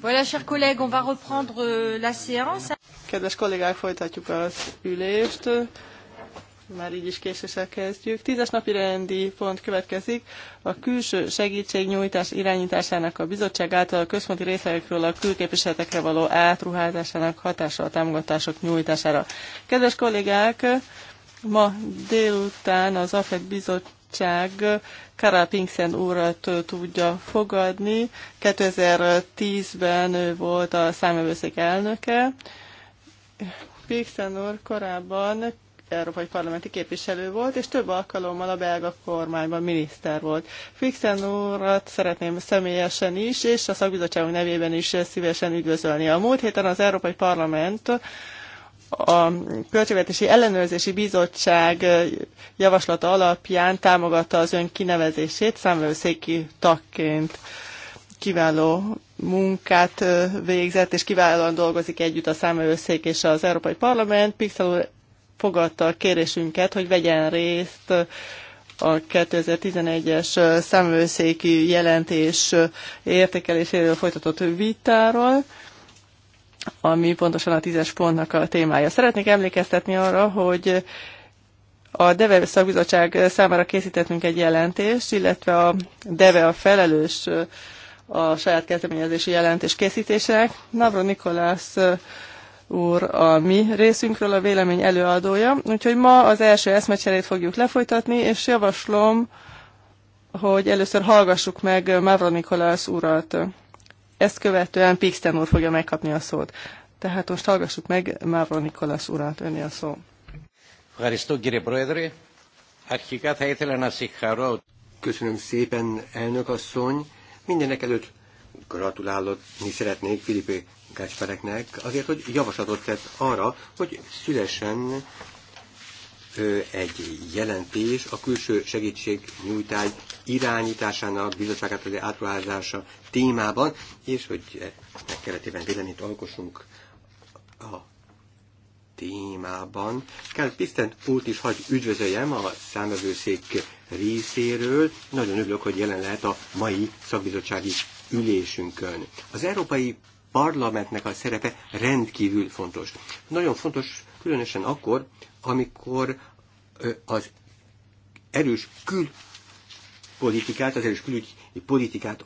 Voilà, chers collègues, on va reprendre euh, la séance. Kedves kollégák, folytatjuk az ülést. Már így is késéssel kezdjük. Tízes napi rendi pont következik. A külső segítségnyújtás irányításának a bizottság által a központi részlegekről a külképviseletekre való átruházásának hatása a támogatások nyújtására. Kedves kollégák, ma délután az AFED bizottság bizottság Kara Pinkszen úrat tudja fogadni. 2010-ben ő volt a számövőszék elnöke. Pinkszen úr korábban európai parlamenti képviselő volt, és több alkalommal a belga kormányban miniszter volt. Fixen úrat szeretném személyesen is, és a szakbizottságunk nevében is szívesen üdvözölni. A múlt héten az Európai Parlament a Költségvetési Ellenőrzési Bizottság javaslata alapján támogatta az ön kinevezését számvevőszéki tagként. Kiváló munkát végzett, és kiválóan dolgozik együtt a számvevőszék és az Európai Parlament. Pixel úr fogadta a kérésünket, hogy vegyen részt a 2011-es számvevőszéki jelentés értékeléséről folytatott vitáról ami pontosan a tízes pontnak a témája. Szeretnék emlékeztetni arra, hogy a DEVE szakbizottság számára készítettünk egy jelentést, illetve a DEVE a felelős a saját kezdeményezési jelentés készítésének. Navro Nikolász úr a mi részünkről a vélemény előadója, úgyhogy ma az első eszmecserét fogjuk lefolytatni, és javaslom, hogy először hallgassuk meg Mavro Nikolász urat. Ezt követően Pixten úr fogja megkapni a szót. Tehát most hallgassuk meg Mávro Nikolas urát, önni a szó. Köszönöm szépen, elnök asszony. Mindenek előtt gratulálni szeretnék Filipe Gácspereknek azért, hogy javaslatot tett arra, hogy szülesen egy jelentés a külső segítség nyújtány irányításának, bizottságát az átruházása témában, és hogy ennek keretében véleményt alkossunk a témában. Kell Pisztent út is hagy üdvözöljem a számövőszék részéről. Nagyon örülök, hogy jelen lehet a mai szakbizottsági ülésünkön. Az Európai Parlamentnek a szerepe rendkívül fontos. Nagyon fontos, különösen akkor, amikor az erős kül politikát, az erős külügyi politikát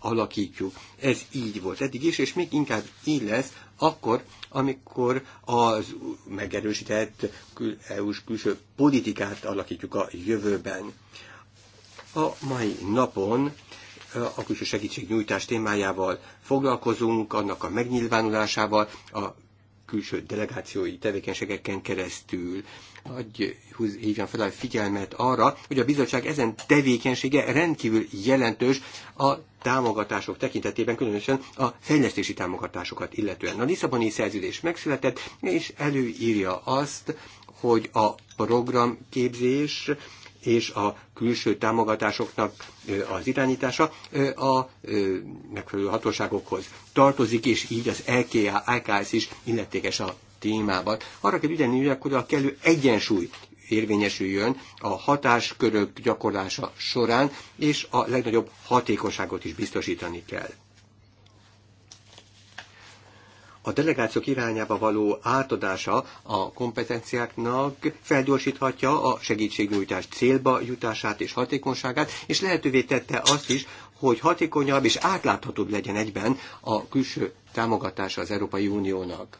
alakítjuk. Ez így volt eddig is, és még inkább így lesz akkor, amikor az megerősített kül- EU-s külső politikát alakítjuk a jövőben. A mai napon a külső segítségnyújtás témájával foglalkozunk, annak a megnyilvánulásával, a külső delegációi tevékenységeken keresztül adj, hívjam fel a figyelmet arra, hogy a bizottság ezen tevékenysége rendkívül jelentős a támogatások tekintetében, különösen a fejlesztési támogatásokat illetően. A Lisszaboni szerződés megszületett, és előírja azt, hogy a programképzés és a külső támogatásoknak az irányítása a megfelelő hatóságokhoz tartozik, és így az LKA, AKS is illetékes a témában. Arra kell ügyelni, hogy a kellő egyensúly érvényesüljön a hatáskörök gyakorlása során, és a legnagyobb hatékonyságot is biztosítani kell. A delegációk irányába való átadása a kompetenciáknak felgyorsíthatja a segítségnyújtás célba jutását és hatékonyságát, és lehetővé tette azt is, hogy hatékonyabb és átláthatóbb legyen egyben a külső támogatása az Európai Uniónak.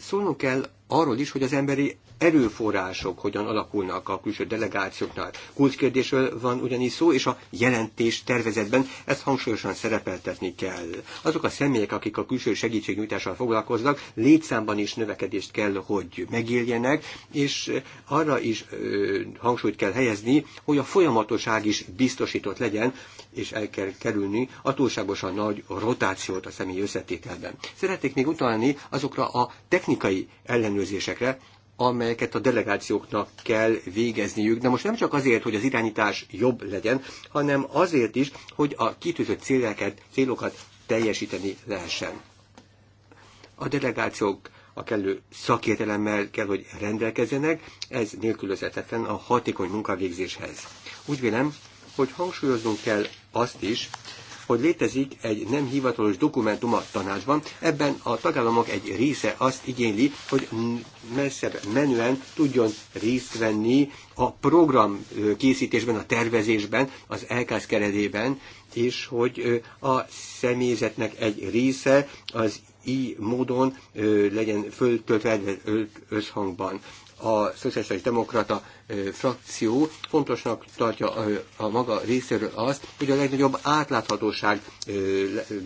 Szólnunk kell arról is, hogy az emberi erőforrások hogyan alakulnak a külső delegációknál. Kulcskérdésről van ugyanis szó, és a jelentés tervezetben ezt hangsúlyosan szerepeltetni kell. Azok a személyek, akik a külső segítségnyújtással foglalkoznak, létszámban is növekedést kell, hogy megéljenek, és arra is ö, hangsúlyt kell helyezni, hogy a folyamatosság is biztosított legyen, és el kell kerülni a túlságosan nagy rotációt a személy összetételben. Szeretnék még utalni azokra a technikai ellenőrzésekre, amelyeket a delegációknak kell végezniük. De most nem csak azért, hogy az irányítás jobb legyen, hanem azért is, hogy a kitűzött célokat, célokat teljesíteni lehessen. A delegációk a kellő szakértelemmel kell, hogy rendelkezzenek, ez nélkülözhetetlen a hatékony munkavégzéshez. Úgy vélem, hogy hangsúlyoznunk kell azt is, hogy létezik egy nem hivatalos dokumentum a tanácsban. Ebben a tagállamok egy része azt igényli, hogy messzebb menően tudjon részt venni a program készítésben, a tervezésben, az elkász keredében, és hogy a személyzetnek egy része az így módon ö, legyen föltöltve összhangban a szocialista demokrata frakció fontosnak tartja a maga részéről azt, hogy a legnagyobb átláthatóság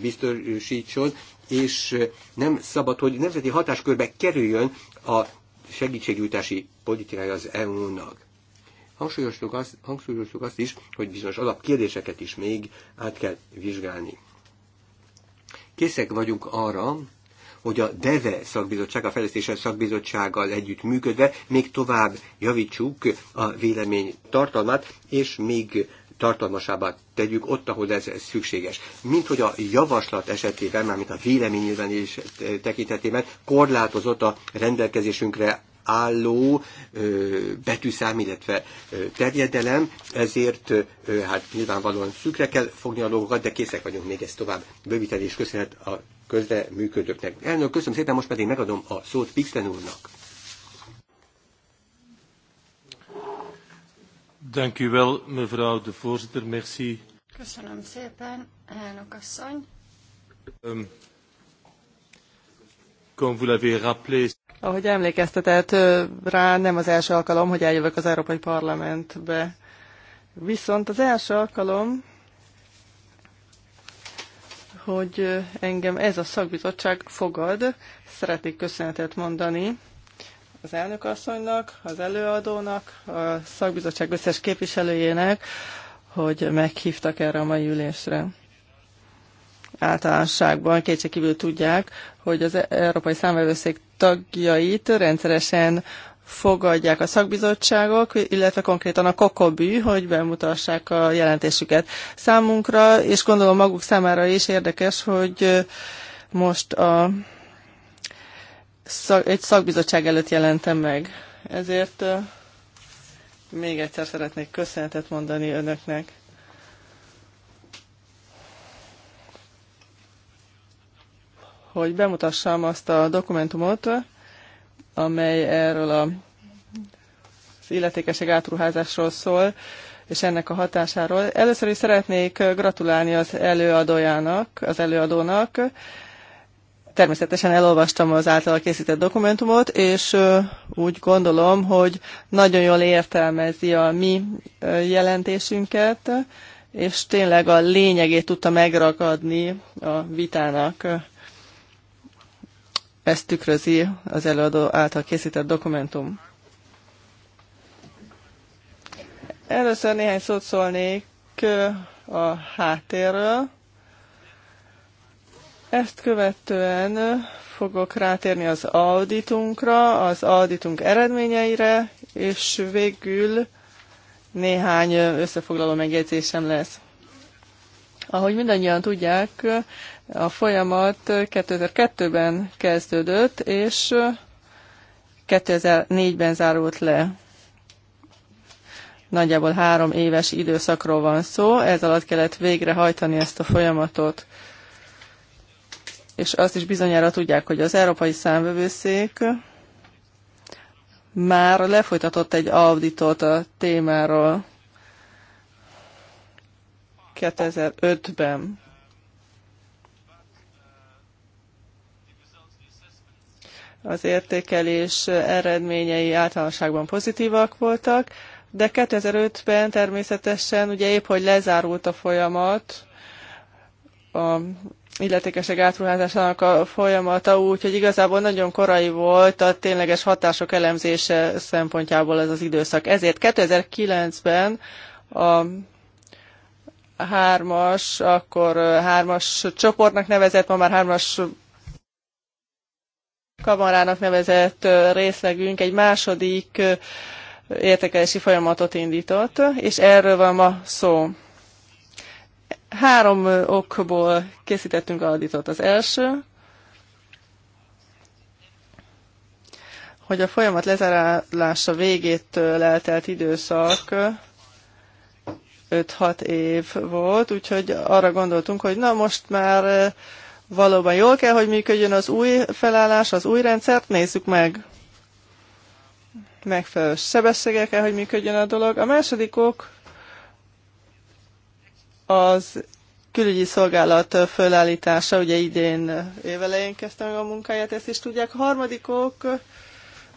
biztosítson, és nem szabad, hogy nemzeti hatáskörbe kerüljön a segítségnyújtási politikája az EU-nak. Hangsúlyoztuk azt, hangsúlyoztuk azt is, hogy bizonyos alapkérdéseket is még át kell vizsgálni. Készek vagyunk arra, hogy a DEVE szakbizottság, a fejlesztési szakbizottsággal együtt működve még tovább javítsuk a vélemény tartalmát, és még tartalmasába tegyük ott, ahol ez, ez szükséges. Mint hogy a javaslat esetében, mármint a véleménynyilvánítás tekintetében korlátozott a rendelkezésünkre álló betűszám, illetve terjedelem, ezért hát nyilvánvalóan szükre kell fogni a dolgokat, de készek vagyunk még ezt tovább bővíteni, és köszönhet a közreműködőknek. Elnök, köszönöm szépen, most pedig megadom a szót Pixten úrnak. Dank u wel, mevrouw de voorzitter. Merci. Köszönöm szépen, elnök asszony. Um, comme vous l'avez rappelé, ahogy emlékeztetett rá, nem az első alkalom, hogy eljövök az Európai Parlamentbe. Viszont az első alkalom, hogy engem ez a szakbizottság fogad. Szeretnék köszönetet mondani az elnökasszonynak, az előadónak, a szakbizottság összes képviselőjének, hogy meghívtak erre a mai ülésre. Általánosságban kétségkívül tudják, hogy az Európai Számvevőszék tagjait rendszeresen fogadják a szakbizottságok, illetve konkrétan a kokobű, hogy bemutassák a jelentésüket. Számunkra, és gondolom maguk számára is érdekes, hogy most a szak, egy szakbizottság előtt jelentem meg. Ezért még egyszer szeretnék köszönetet mondani önöknek. hogy bemutassam azt a dokumentumot, amely erről a, az illetékesség átruházásról szól, és ennek a hatásáról. Először is szeretnék gratulálni az előadójának, az előadónak. Természetesen elolvastam az általa készített dokumentumot, és úgy gondolom, hogy nagyon jól értelmezi a mi jelentésünket, és tényleg a lényegét tudta megragadni a vitának ezt tükrözi az előadó által készített dokumentum. Először néhány szót szólnék a háttérről. Ezt követően fogok rátérni az auditunkra, az auditunk eredményeire, és végül néhány összefoglaló megjegyzésem lesz. Ahogy mindannyian tudják, a folyamat 2002-ben kezdődött, és 2004-ben zárult le. Nagyjából három éves időszakról van szó, ez alatt kellett végrehajtani ezt a folyamatot. És azt is bizonyára tudják, hogy az Európai Számvevőszék már lefolytatott egy auditot a témáról 2005-ben. az értékelés eredményei általánosságban pozitívak voltak, de 2005-ben természetesen ugye épp, hogy lezárult a folyamat, a illetékesek átruházásának a folyamata, úgyhogy igazából nagyon korai volt a tényleges hatások elemzése szempontjából ez az időszak. Ezért 2009-ben a hármas, akkor hármas csoportnak nevezett, ma már hármas kamarának nevezett részlegünk egy második értékelési folyamatot indított, és erről van ma szó. Három okból készítettünk auditot. Az első, hogy a folyamat lezárása végétől eltelt időszak 5-6 év volt, úgyhogy arra gondoltunk, hogy na most már valóban jól kell, hogy működjön az új felállás, az új rendszert, nézzük meg. Megfelelő sebességgel kell, hogy működjön a dolog. A második ok az külügyi szolgálat fölállítása, ugye idén évelején kezdtem meg a munkáját, ezt is tudják. A harmadik ok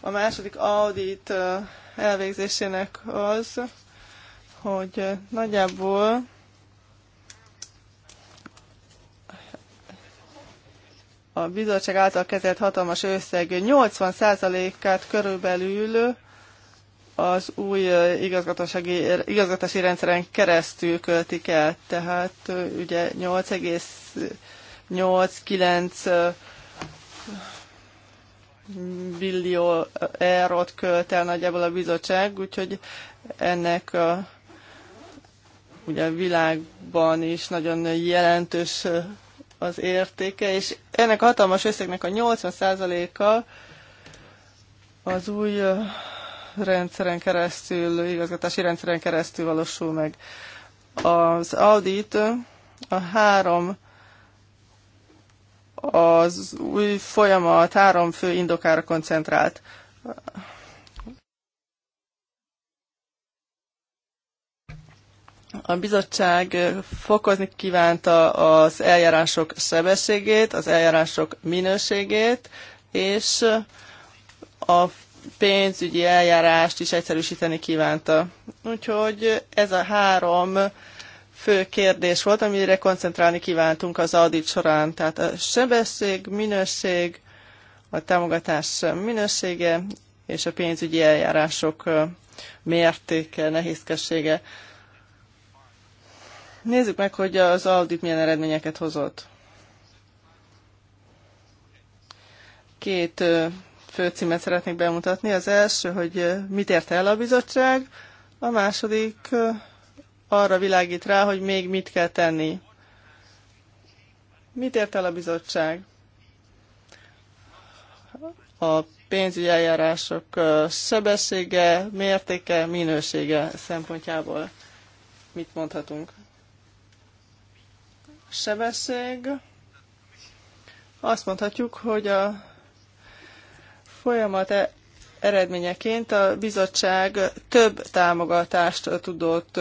a második audit eh, elvégzésének az, hogy nagyjából a bizottság által kezelt hatalmas összeg 80%-át körülbelül az új igazgatósági, igazgatási rendszeren keresztül költik el. Tehát ugye 8,89 billió eurót költ el nagyjából a bizottság, úgyhogy ennek a, ugye a világban is nagyon jelentős az értéke, és ennek a hatalmas összegnek a 80%-a az új rendszeren keresztül, igazgatási rendszeren keresztül valósul meg. Az audit a három az új folyamat három fő indokára koncentrált. A bizottság fokozni kívánta az eljárások sebességét, az eljárások minőségét, és a pénzügyi eljárást is egyszerűsíteni kívánta. Úgyhogy ez a három fő kérdés volt, amire koncentrálni kívántunk az audit során. Tehát a sebesség, minőség, a támogatás minősége és a pénzügyi eljárások mértéke, nehézkessége. Nézzük meg, hogy az audit milyen eredményeket hozott. Két főcímet szeretnék bemutatni. Az első, hogy mit ért el a bizottság, a második arra világít rá, hogy még mit kell tenni. Mit ért el a bizottság? A pénzügyi eljárások sebessége, mértéke, minősége szempontjából mit mondhatunk? sebesség. Azt mondhatjuk, hogy a folyamat e- eredményeként a bizottság több támogatást tudott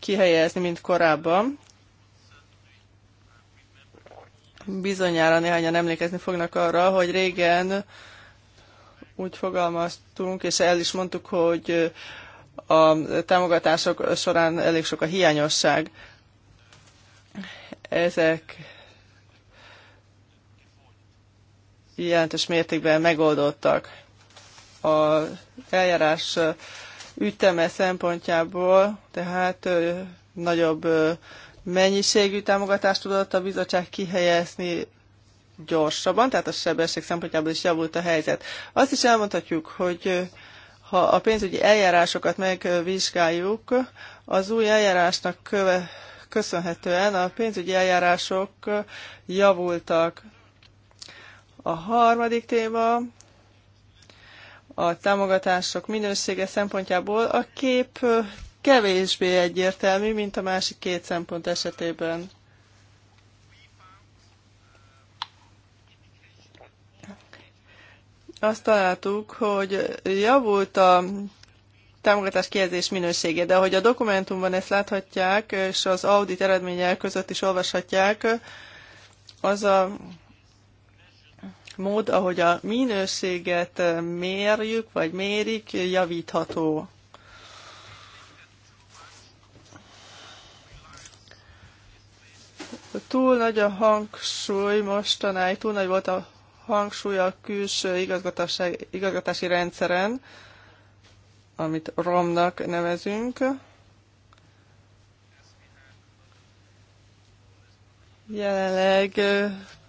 kihelyezni, mint korábban. Bizonyára néhányan emlékezni fognak arra, hogy régen úgy fogalmaztunk, és el is mondtuk, hogy a támogatások során elég sok a hiányosság. Ezek jelentős mértékben megoldottak. A eljárás üteme szempontjából, tehát nagyobb mennyiségű támogatást tudott a bizottság kihelyezni gyorsabban, tehát a sebesség szempontjából is javult a helyzet. Azt is elmondhatjuk, hogy ha a pénzügyi eljárásokat megvizsgáljuk, az új eljárásnak köve, köszönhetően a pénzügyi eljárások javultak. A harmadik téma a támogatások minősége szempontjából a kép kevésbé egyértelmű, mint a másik két szempont esetében. Azt találtuk, hogy javult a támogatás kijelzés minősége, De ahogy a dokumentumban ezt láthatják, és az audit eredménye között is olvashatják, az a mód, ahogy a minőséget mérjük, vagy mérik, javítható. Túl nagy a hangsúly mostanáig, túl nagy volt a hangsúly a külső igazgatási, igazgatási rendszeren, amit romnak nevezünk. Jelenleg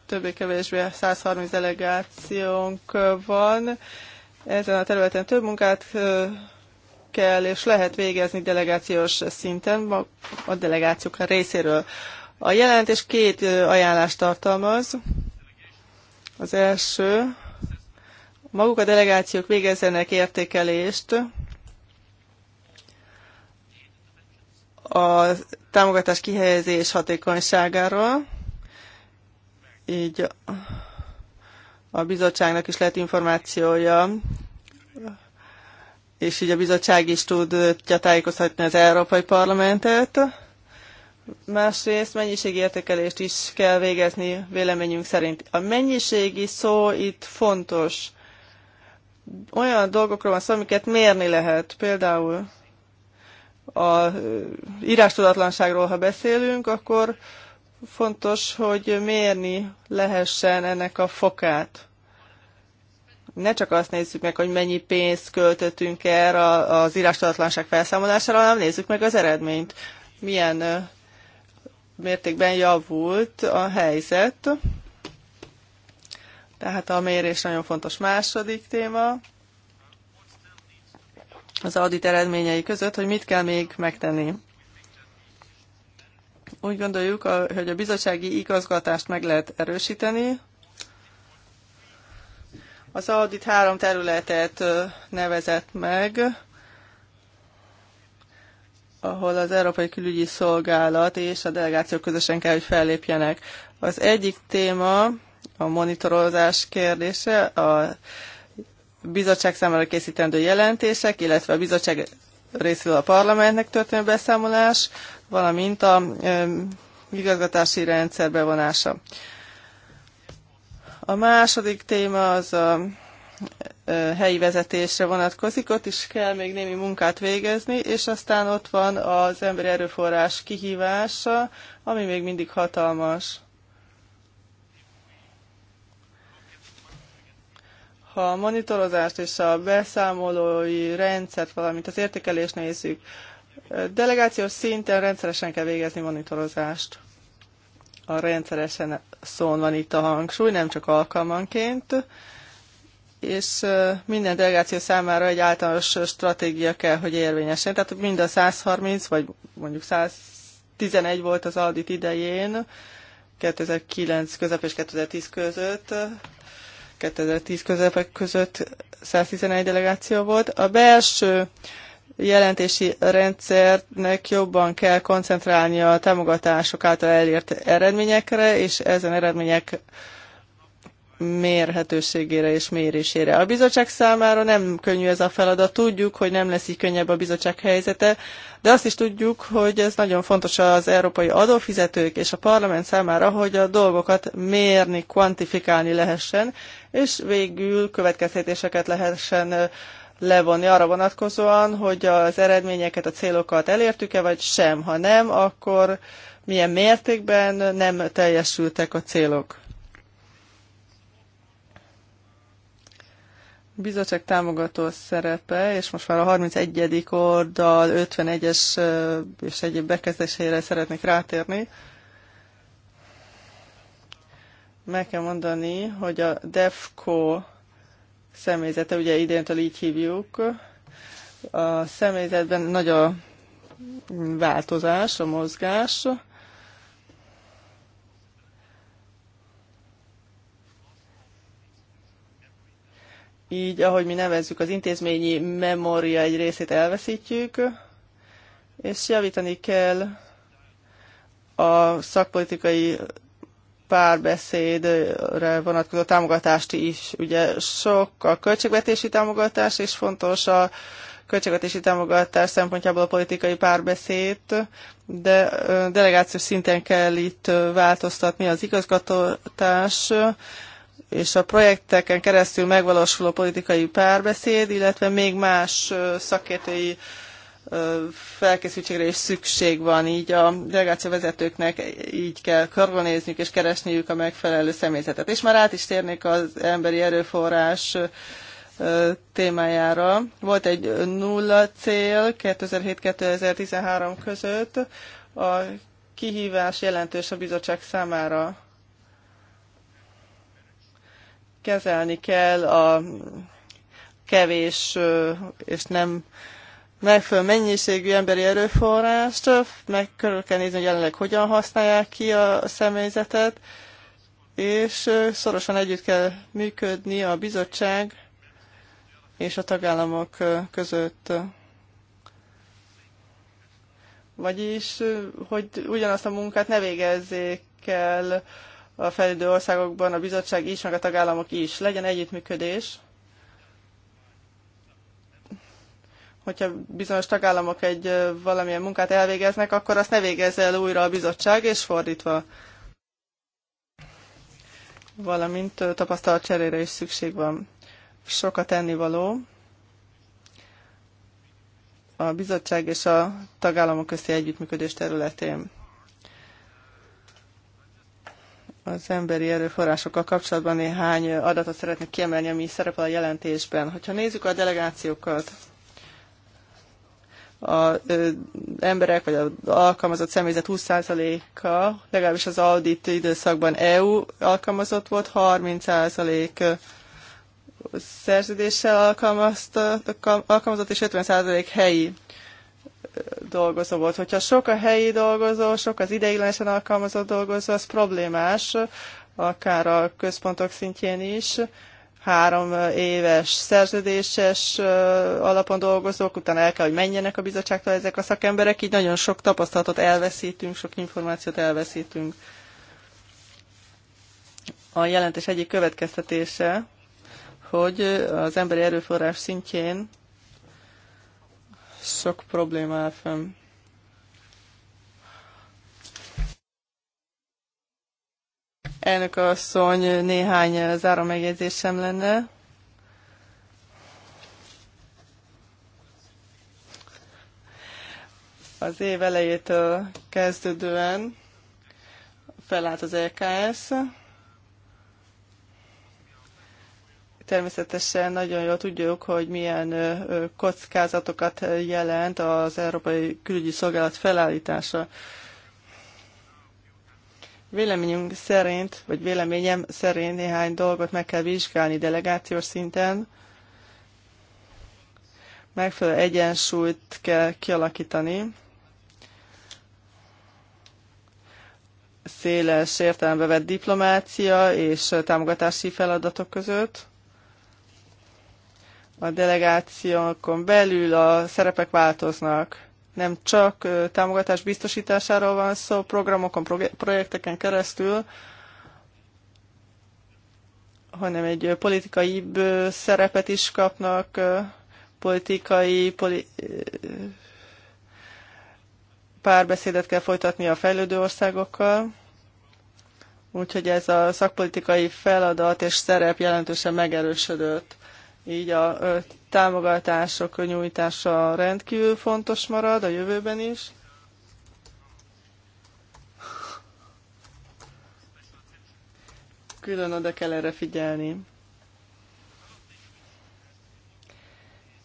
többé-kevésbé 130 delegációnk van. Ezen a területen több munkát kell és lehet végezni delegációs szinten a delegációk részéről. A jelentés két ajánlást tartalmaz. Az első, maguk a delegációk végezzenek értékelést a támogatás kihelyezés hatékonyságáról, így a bizottságnak is lehet információja, és így a bizottság is tudja tájékoztatni az Európai Parlamentet. Másrészt mennyiségi értékelést is kell végezni véleményünk szerint. A mennyiségi szó itt fontos. Olyan dolgokról van szó, amiket mérni lehet. Például a írástudatlanságról, ha beszélünk, akkor fontos, hogy mérni lehessen ennek a fokát. Ne csak azt nézzük meg, hogy mennyi pénzt költöttünk erre az írástudatlanság felszámolására, hanem nézzük meg az eredményt. Milyen mértékben javult a helyzet. Tehát a mérés nagyon fontos második téma az audit eredményei között, hogy mit kell még megtenni. Úgy gondoljuk, hogy a bizottsági igazgatást meg lehet erősíteni. Az audit három területet nevezett meg, ahol az Európai Külügyi Szolgálat és a delegációk közösen kell, hogy fellépjenek. Az egyik téma a monitorozás kérdése, a bizottság számára készítendő jelentések, illetve a bizottság részéről a parlamentnek történő beszámolás, valamint a igazgatási rendszer bevonása. A második téma az a e, helyi vezetésre vonatkozik, ott is kell még némi munkát végezni, és aztán ott van az emberi erőforrás kihívása, ami még mindig hatalmas. Ha a monitorozást és a beszámolói rendszert, valamint az értékelést nézzük, delegációs szinten rendszeresen kell végezni monitorozást. A rendszeresen szón van itt a hangsúly, nem csak alkalmanként, és minden delegáció számára egy általános stratégia kell, hogy érvényesen. Tehát mind a 130, vagy mondjuk 111 volt az audit idején, 2009 közep és 2010 között 2010 közepek között 111 delegáció volt. A belső jelentési rendszernek jobban kell koncentrálni a támogatások által elért eredményekre, és ezen eredmények mérhetőségére és mérésére. A bizottság számára nem könnyű ez a feladat, tudjuk, hogy nem lesz így könnyebb a bizottság helyzete, de azt is tudjuk, hogy ez nagyon fontos az európai adófizetők és a parlament számára, hogy a dolgokat mérni, kvantifikálni lehessen, és végül következtetéseket lehessen levonni arra vonatkozóan, hogy az eredményeket, a célokat elértük-e, vagy sem. Ha nem, akkor milyen mértékben nem teljesültek a célok. bizottság támogató szerepe, és most már a 31. oldal 51-es és egyéb bekezdésére szeretnék rátérni meg kell mondani, hogy a DEFCO személyzete, ugye idéntől így hívjuk, a személyzetben nagy a változás, a mozgás. Így, ahogy mi nevezzük, az intézményi memória egy részét elveszítjük, és javítani kell a szakpolitikai párbeszédre vonatkozó támogatást is. Ugye sok a költségvetési támogatás, és fontos a költségvetési támogatás szempontjából a politikai párbeszéd, de delegációs szinten kell itt változtatni az igazgatótás, és a projekteken keresztül megvalósuló politikai párbeszéd, illetve még más szakértői felkészültségre is szükség van, így a delegáció vezetőknek így kell körbenézniük és keresniük a megfelelő személyzetet. És már át is térnék az emberi erőforrás témájára. Volt egy nulla cél 2007-2013 között. A kihívás jelentős a bizottság számára. Kezelni kell a kevés és nem megfelelő mennyiségű emberi erőforrást, meg körül kell nézni, hogy jelenleg hogyan használják ki a személyzetet, és szorosan együtt kell működni a bizottság és a tagállamok között. Vagyis, hogy ugyanazt a munkát ne végezzék el a fejlődő országokban a bizottság is, meg a tagállamok is. Legyen együttműködés hogyha bizonyos tagállamok egy valamilyen munkát elvégeznek, akkor azt ne végezze el újra a bizottság, és fordítva. Valamint tapasztalat cserére is szükség van. Sokat tennivaló. A bizottság és a tagállamok közti együttműködés területén. Az emberi erőforrásokkal kapcsolatban néhány adatot szeretnék kiemelni, ami szerepel a jelentésben. Hogyha nézzük a delegációkat, az emberek vagy az alkalmazott személyzet 20%-a legalábbis az audit időszakban EU alkalmazott volt, 30% szerződéssel alkalmazott, és 50% helyi dolgozó volt. Hogyha sok a helyi dolgozó, sok az ideiglenesen alkalmazott dolgozó, az problémás, akár a központok szintjén is, három éves szerződéses alapon dolgozók, utána el kell, hogy menjenek a bizottságtól ezek a szakemberek, így nagyon sok tapasztalatot elveszítünk, sok információt elveszítünk. A jelentés egyik következtetése, hogy az emberi erőforrás szintjén sok probléma áll fenn. Elnök asszony, néhány uh, záró megjegyzésem lenne. Az év elejétől kezdődően felállt az LKS. Természetesen nagyon jól tudjuk, hogy milyen uh, kockázatokat jelent az Európai Külügyi Szolgálat felállítása. Véleményünk szerint, vagy véleményem szerint néhány dolgot meg kell vizsgálni delegációs szinten, megfelelő egyensúlyt kell kialakítani, széles értelembe vett diplomácia és támogatási feladatok között, a delegációkon belül a szerepek változnak nem csak támogatás biztosításáról van szó, programokon, projekteken keresztül, hanem egy politikai szerepet is kapnak, politikai poli, párbeszédet kell folytatni a fejlődő országokkal. Úgyhogy ez a szakpolitikai feladat és szerep jelentősen megerősödött. Így a támogatások nyújtása rendkívül fontos marad a jövőben is. Külön oda kell erre figyelni.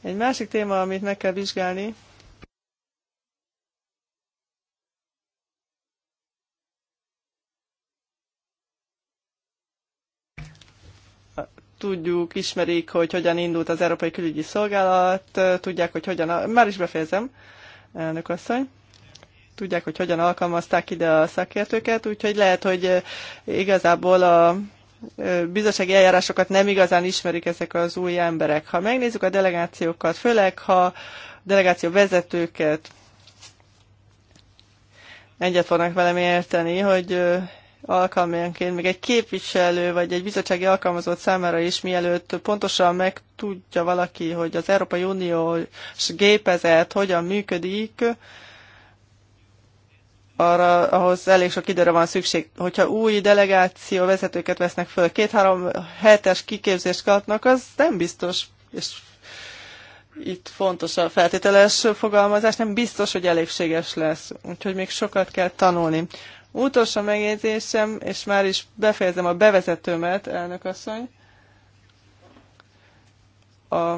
Egy másik téma, amit meg kell vizsgálni, tudjuk, ismerik, hogy hogyan indult az Európai Külügyi Szolgálat, tudják, hogy hogyan, már is befejezem, elnök asszony, tudják, hogy hogyan alkalmazták ide a szakértőket, úgyhogy lehet, hogy igazából a bizottsági eljárásokat nem igazán ismerik ezek az új emberek. Ha megnézzük a delegációkat, főleg ha delegáció vezetőket, egyet fognak velem érteni, hogy alkalmánként még egy képviselő vagy egy bizottsági alkalmazott számára is, mielőtt pontosan meg tudja valaki, hogy az Európai Uniós gépezet hogyan működik, arra, ahhoz elég sok időre van szükség. Hogyha új delegáció vezetőket vesznek föl, két-három hetes kiképzést kapnak, az nem biztos, és itt fontos a feltételes fogalmazás, nem biztos, hogy elégséges lesz. Úgyhogy még sokat kell tanulni. Utolsó megjegyzésem, és már is befejezem a bevezetőmet, elnök asszony. A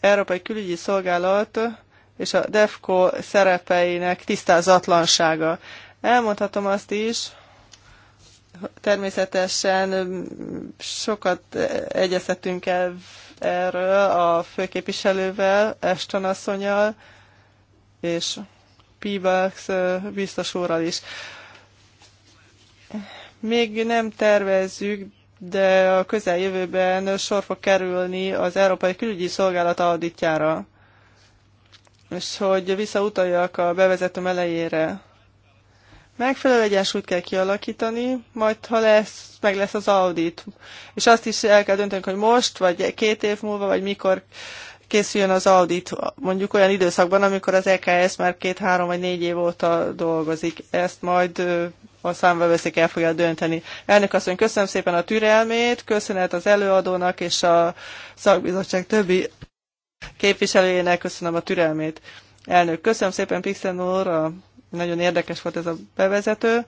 Európai Külügyi Szolgálat és a DEFCO szerepeinek tisztázatlansága. Elmondhatom azt is, természetesen sokat egyeztetünk el erről a főképviselővel, Eston asszonyal, és Pibax biztos úrral is. Még nem tervezzük, de a közeljövőben sor fog kerülni az Európai Külügyi Szolgálat auditjára. És hogy visszautaljak a bevezetőm elejére. Megfelelő egyensúlyt kell kialakítani, majd ha lesz, meg lesz az audit. És azt is el kell döntenünk, hogy most, vagy két év múlva, vagy mikor készüljön az audit mondjuk olyan időszakban, amikor az EKS már két-három vagy négy év óta dolgozik. Ezt majd a számvevőszék el fogja dönteni. Elnök asszony, köszönöm szépen a türelmét, köszönet az előadónak és a szakbizottság többi képviselőjének, köszönöm a türelmét. Elnök, köszönöm szépen Pixen úr, a, nagyon érdekes volt ez a bevezető.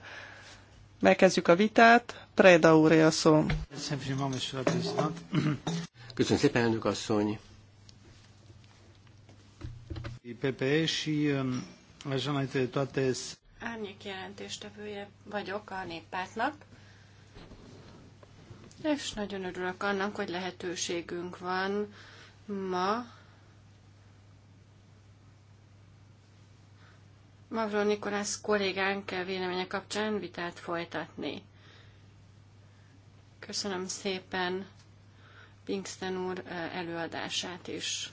Megkezdjük a vitát. Preda úr, a szó. Köszönöm szépen, elnök asszony. PPE și așa mai toate... Árnyék jelentéstevője vagyok a néppártnak, és nagyon örülök annak, hogy lehetőségünk van ma Mavro Nikolász kollégánk véleménye kapcsán vitát folytatni. Köszönöm szépen Pinkston úr eh, előadását is.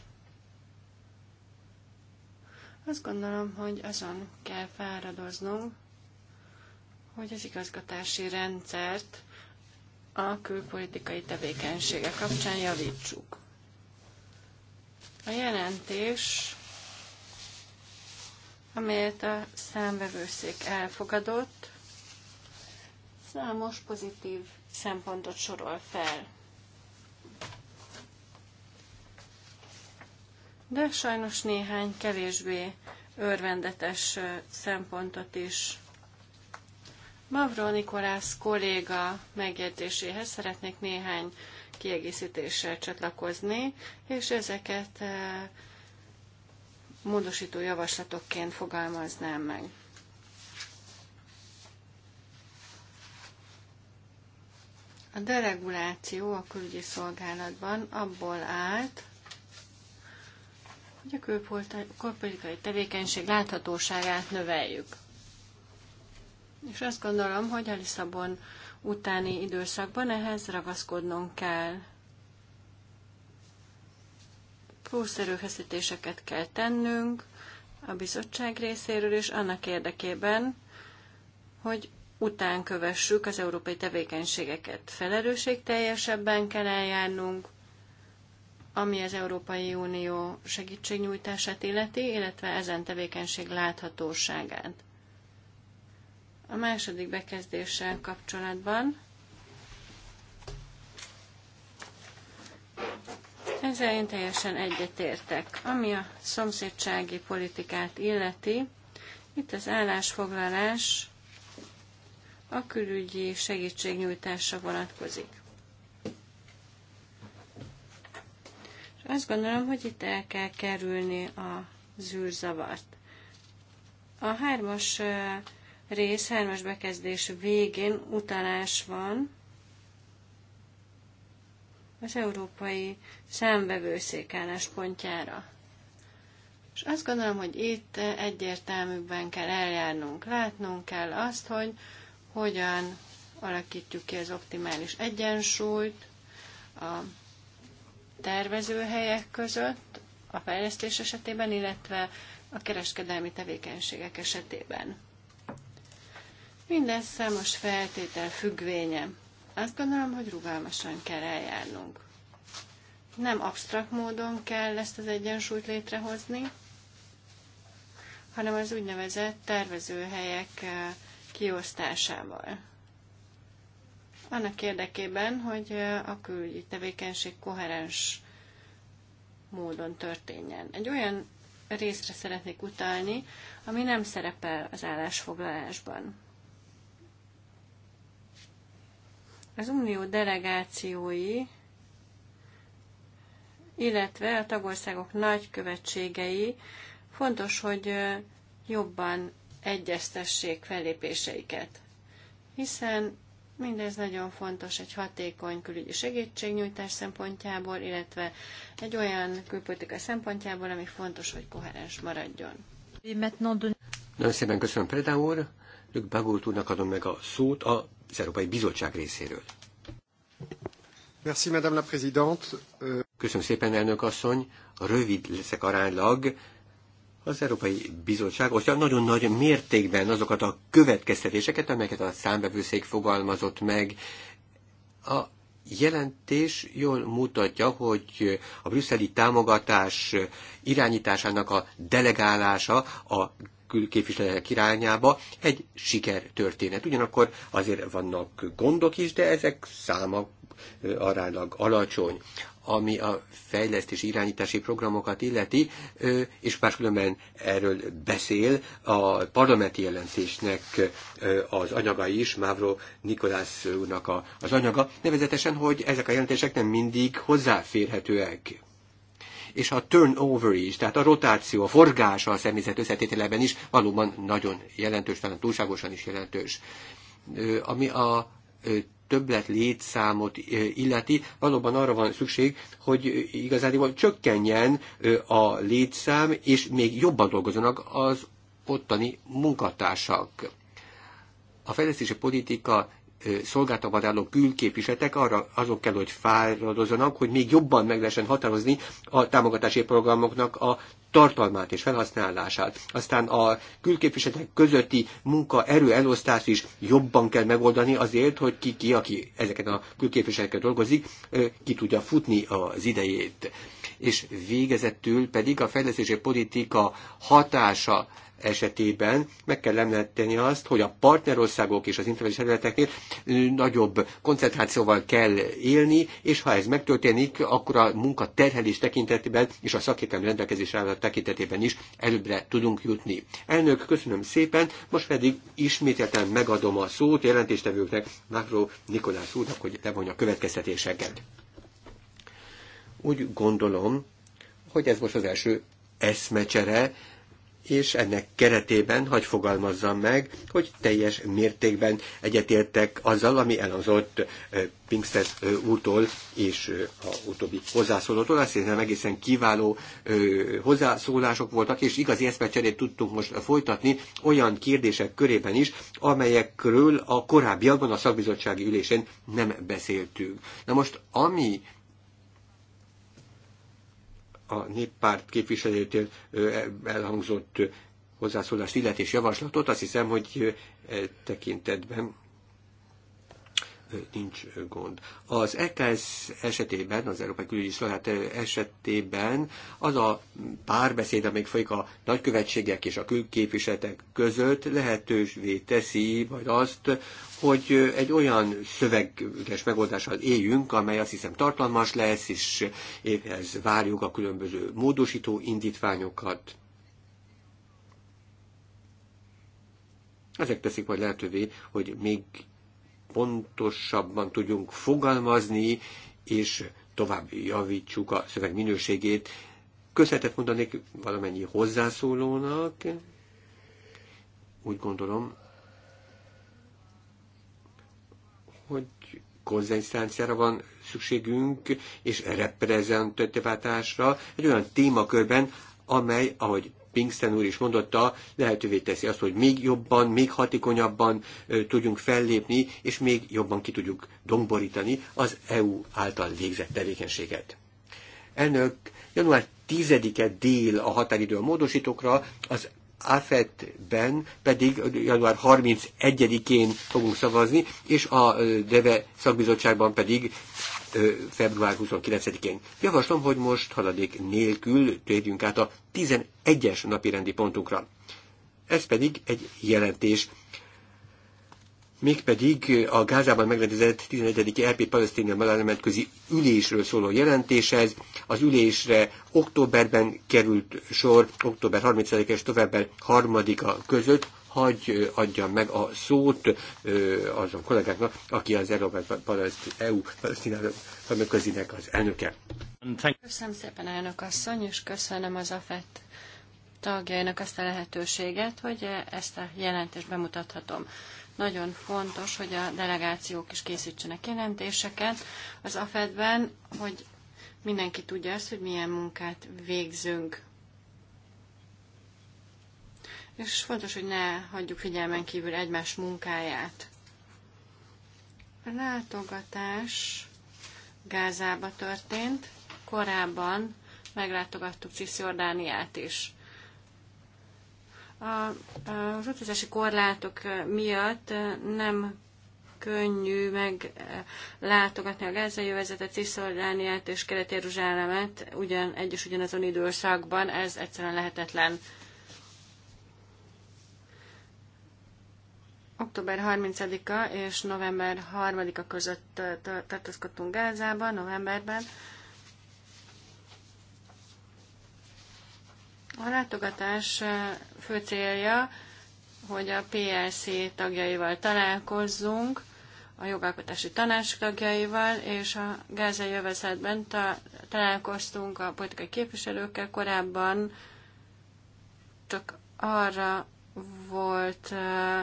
Azt gondolom, hogy azon kell fáradoznunk, hogy az igazgatási rendszert a külpolitikai tevékenysége kapcsán javítsuk. A jelentés, amelyet a számvevőszék elfogadott, számos pozitív szempontot sorol fel. de sajnos néhány kevésbé örvendetes szempontot is. Mavro Nikolász kolléga megjegyzéséhez szeretnék néhány kiegészítéssel csatlakozni, és ezeket módosító javaslatokként fogalmaznám meg. A dereguláció a külügyi szolgálatban abból állt, hogy a külpolitikai tevékenység láthatóságát növeljük. És azt gondolom, hogy a Lisszabon utáni időszakban ehhez ragaszkodnunk kell. Plusz erőfeszítéseket kell tennünk a bizottság részéről is annak érdekében, hogy után kövessük az európai tevékenységeket. Felelősségteljesebben kell eljárnunk, ami az Európai Unió segítségnyújtását illeti, illetve ezen tevékenység láthatóságát. A második bekezdéssel kapcsolatban Ezzel én teljesen egyetértek. Ami a szomszédsági politikát illeti, itt az állásfoglalás a külügyi segítségnyújtásra vonatkozik. És azt gondolom, hogy itt el kell kerülni a zűrzavart. A hármas rész, hármas bekezdés végén utalás van az európai számbevőszék álláspontjára. És azt gondolom, hogy itt egyértelműbben kell eljárnunk, látnunk kell azt, hogy hogyan alakítjuk ki az optimális egyensúlyt a tervezőhelyek között a fejlesztés esetében, illetve a kereskedelmi tevékenységek esetében. Minden számos feltétel függvénye. Azt gondolom, hogy rugalmasan kell eljárnunk. Nem absztrakt módon kell ezt az egyensúlyt létrehozni, hanem az úgynevezett tervezőhelyek eh, kiosztásával annak érdekében, hogy a külügyi tevékenység koherens módon történjen. Egy olyan részre szeretnék utalni, ami nem szerepel az állásfoglalásban. Az unió delegációi, illetve a tagországok nagykövetségei fontos, hogy jobban egyeztessék fellépéseiket, hiszen Mindez nagyon fontos egy hatékony külügyi segítségnyújtás szempontjából, illetve egy olyan külpolitika szempontjából, ami fontos, hogy koherens maradjon. Nagyon szépen köszönöm Preda úr. Lük Bagult úrnak adom meg a szót az Európai Bizottság részéről. Merci, Madame la Présidente. Köszönöm szépen, elnök asszony. Rövid leszek aránylag, az Európai Bizottság osztja nagyon nagy mértékben azokat a következtetéseket, amelyeket a számbevőszék fogalmazott meg. A jelentés jól mutatja, hogy a brüsszeli támogatás irányításának a delegálása a külképviselők irányába egy sikertörténet. Ugyanakkor azért vannak gondok is, de ezek száma aránylag alacsony ami a fejlesztési irányítási programokat illeti, és máskülönben erről beszél a parlamenti jelentésnek az anyaga is, Mávro Nikolász úrnak a, az anyaga, nevezetesen, hogy ezek a jelentések nem mindig hozzáférhetőek és a turnover is, tehát a rotáció, a forgása a személyzet összetételeben is valóban nagyon jelentős, talán túlságosan is jelentős. Ami a többlet létszámot illeti, valóban arra van szükség, hogy igazán csökkenjen a létszám, és még jobban dolgozzanak az ottani munkatársak. A fejlesztési politika szolgáltatban álló külképviseletek arra azok kell, hogy fáradozzanak, hogy még jobban meg lehessen határozni a támogatási programoknak a tartalmát és felhasználását. Aztán a külképviseletek közötti munka erő elosztás is jobban kell megoldani azért, hogy ki, ki aki ezeket a külképviseleket dolgozik, ki tudja futni az idejét. És végezetül pedig a fejlesztési politika hatása esetében meg kell említeni azt, hogy a partnerországok és az internetes területeknél nagyobb koncentrációval kell élni, és ha ez megtörténik, akkor a munka terhelés tekintetében és a szakértelmi rendelkezés állat tekintetében is előbbre tudunk jutni. Elnök, köszönöm szépen, most pedig ismételten megadom a szót jelentéstevőknek, Makro Nikolás úrnak, hogy levonja a következtetéseket. Úgy gondolom, hogy ez most az első eszmecsere, és ennek keretében hagy fogalmazzam meg, hogy teljes mértékben egyetértek azzal, ami elhozott Pinkster úrtól és a utóbbi hozzászólótól. Azt hiszem egészen kiváló hozzászólások voltak, és igazi eszmecserét tudtunk most folytatni olyan kérdések körében is, amelyekről a korábbiakban a szakbizottsági ülésen nem beszéltünk. Na most, ami a néppárt képviselőtől e, elhangzott hozzászólást, illetés javaslatot, azt hiszem, hogy e, tekintetben nincs gond. Az EKS esetében, az Európai Külügyi Szolgálat esetében az a párbeszéd, amely folyik a nagykövetségek és a külképviseletek között lehetősvé teszi majd azt, hogy egy olyan szöveges megoldással éljünk, amely azt hiszem tartalmas lesz, és ez várjuk a különböző módosító indítványokat. Ezek teszik majd lehetővé, hogy még pontosabban tudjunk fogalmazni, és tovább javítsuk a szöveg minőségét. Köszönetet mondanék valamennyi hozzászólónak. Úgy gondolom, hogy konzenszánciára van szükségünk, és reprezentatívátásra egy olyan témakörben, amely, ahogy Pinkston úr is mondotta, lehetővé teszi azt, hogy még jobban, még hatékonyabban tudjunk fellépni, és még jobban ki tudjuk domborítani az EU által végzett tevékenységet. Elnök, január 10-e dél a határidő a módosítókra, az AFET-ben pedig január 31-én fogunk szavazni, és a DEVE szakbizottságban pedig február 29-én. Javaslom, hogy most haladék nélkül térjünk át a 11-es napirendi pontunkra. Ez pedig egy jelentés, mégpedig a Gázában megrendezett 11. palesztinia palesztin parlamentközi ülésről szóló jelentéshez. Az ülésre októberben került sor, október 30-es, november 3-a között, hagy adjam meg a szót azon kollégáknak, aki az Európai EU Palesztinának közinek az elnöke. Köszönöm szépen, elnök asszony, és köszönöm az AFET tagjainak azt a lehetőséget, hogy ezt a jelentést bemutathatom. Nagyon fontos, hogy a delegációk is készítsenek jelentéseket az AFED-ben, hogy mindenki tudja azt, hogy milyen munkát végzünk és fontos, hogy ne hagyjuk figyelmen kívül egymás munkáját. A látogatás Gázába történt, korábban meglátogattuk Cisziordániát is. A, az utazási korlátok miatt nem könnyű meglátogatni a gázai övezetet, Cisziordániát és Kelet-Jeruzsálemet ugyan, egyes ugyanazon időszakban, ez egyszerűen lehetetlen. Október 30-a és november 3-a között eh, tartózkodtunk Gázában, novemberben. A látogatás eh, fő célja, hogy a PLC tagjaival találkozzunk, a jogalkotási tanács tagjaival, és a gázai övezetben ta- találkoztunk a politikai képviselőkkel korábban, csak arra volt uh,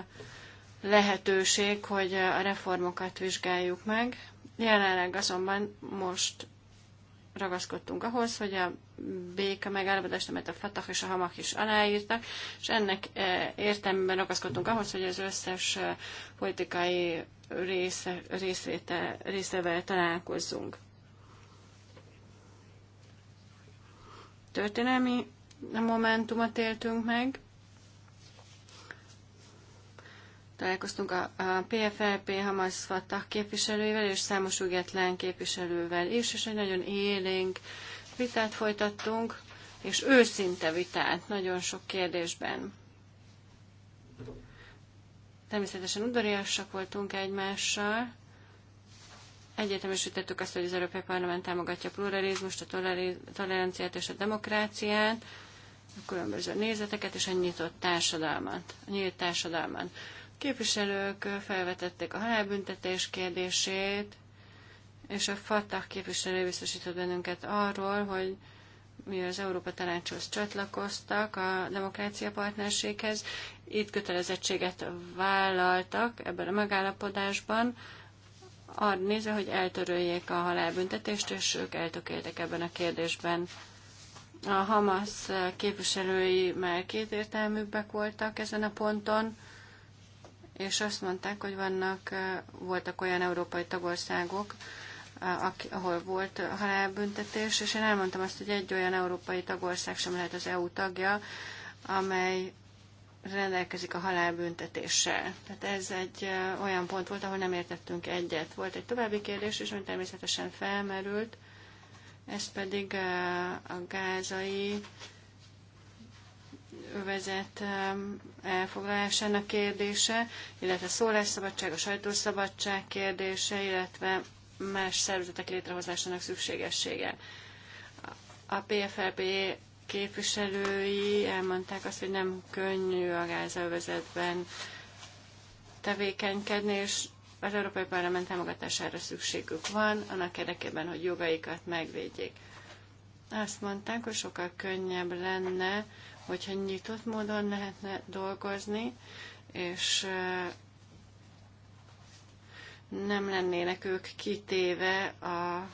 lehetőség, hogy a reformokat vizsgáljuk meg. Jelenleg azonban most ragaszkodtunk ahhoz, hogy a béka megállapodást, amit a Fatah és a Hamak is aláírtak, és ennek e, értelmében ragaszkodtunk ahhoz, hogy az összes e, politikai része, részvétel, részevel találkozzunk. Történelmi momentumot éltünk meg, Találkoztunk a, a PFLP Hamas Fatah képviselőivel és számos független képviselővel is, és egy nagyon élénk vitát folytattunk, és őszinte vitát nagyon sok kérdésben. Természetesen udvariasak voltunk egymással, egyetemesítettük azt, hogy az Európai Parlament támogatja a pluralizmust, a toleranciát és a demokráciát, a különböző nézeteket és a nyitott társadalmat, a nyílt társadalmat. Képviselők felvetették a halálbüntetés kérdését, és a Fatah képviselő biztosított bennünket arról, hogy mi az Európa Tanácshoz csatlakoztak a demokrácia partnerséghez, itt kötelezettséget vállaltak ebben a megállapodásban, arra nézve, hogy eltöröljék a halálbüntetést, és ők eltökéltek ebben a kérdésben. A Hamas képviselői már kétértelműbbek voltak ezen a ponton, és azt mondták, hogy vannak, voltak olyan európai tagországok, ahol volt halálbüntetés, és én elmondtam azt, hogy egy olyan európai tagország sem lehet az EU tagja, amely rendelkezik a halálbüntetéssel. Tehát ez egy olyan pont volt, ahol nem értettünk egyet. Volt egy további kérdés is, ami természetesen felmerült, ez pedig a gázai övezet um, elfoglalásának kérdése, illetve szólásszabadság, a sajtószabadság kérdése, illetve más szervezetek létrehozásának szükségessége. A PFLP képviselői elmondták azt, hogy nem könnyű a gázövezetben tevékenykedni, és az Európai Parlament támogatására szükségük van, annak érdekében, hogy jogaikat megvédjék. Azt mondták, hogy sokkal könnyebb lenne hogyha nyitott módon lehetne dolgozni, és eh, nem lennének ők kitéve a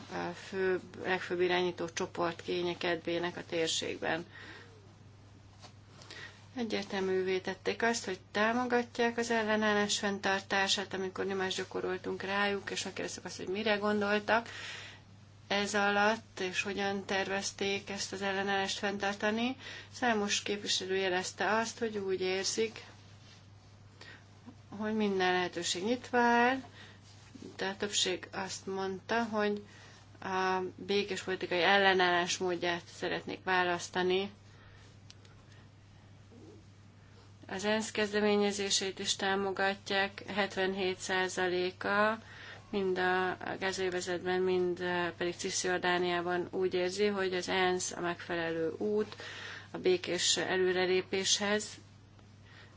fő, legfőbb irányító csoport kényekedvének a térségben. Egyértelművé tették azt, hogy támogatják az ellenállás fenntartását, amikor nyomást gyakoroltunk rájuk, és megkérdeztük azt, hogy mire gondoltak, ez alatt, és hogyan tervezték ezt az ellenállást fenntartani. Számos képviselő jelezte azt, hogy úgy érzik, hogy minden lehetőség nyitva áll, de a többség azt mondta, hogy a békés politikai ellenállás módját szeretnék választani. Az ENSZ kezdeményezését is támogatják, 77%-a mind a vezetben, mind pedig Cisziordániában úgy érzi, hogy az ENSZ a megfelelő út a békés előrelépéshez,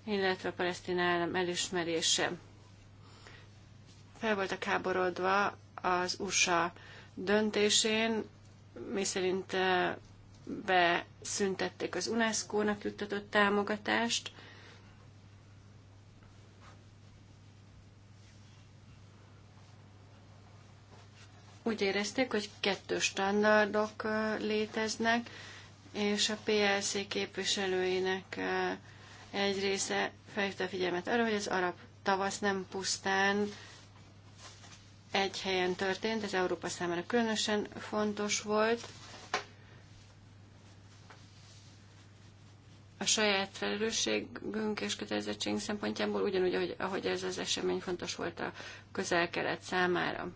illetve a palesztin állam elismerése. Fel voltak háborodva az USA döntésén, miszerint eh, beszüntették az UNESCO-nak juttatott támogatást, úgy érezték, hogy kettő standardok léteznek, és a PLC képviselőinek egy része felhívta a figyelmet arra, hogy az arab tavasz nem pusztán egy helyen történt, ez Európa számára különösen fontos volt. A saját felelősségünk és kötelezettségünk szempontjából ugyanúgy, ahogy, ez az esemény fontos volt a közel-kelet számára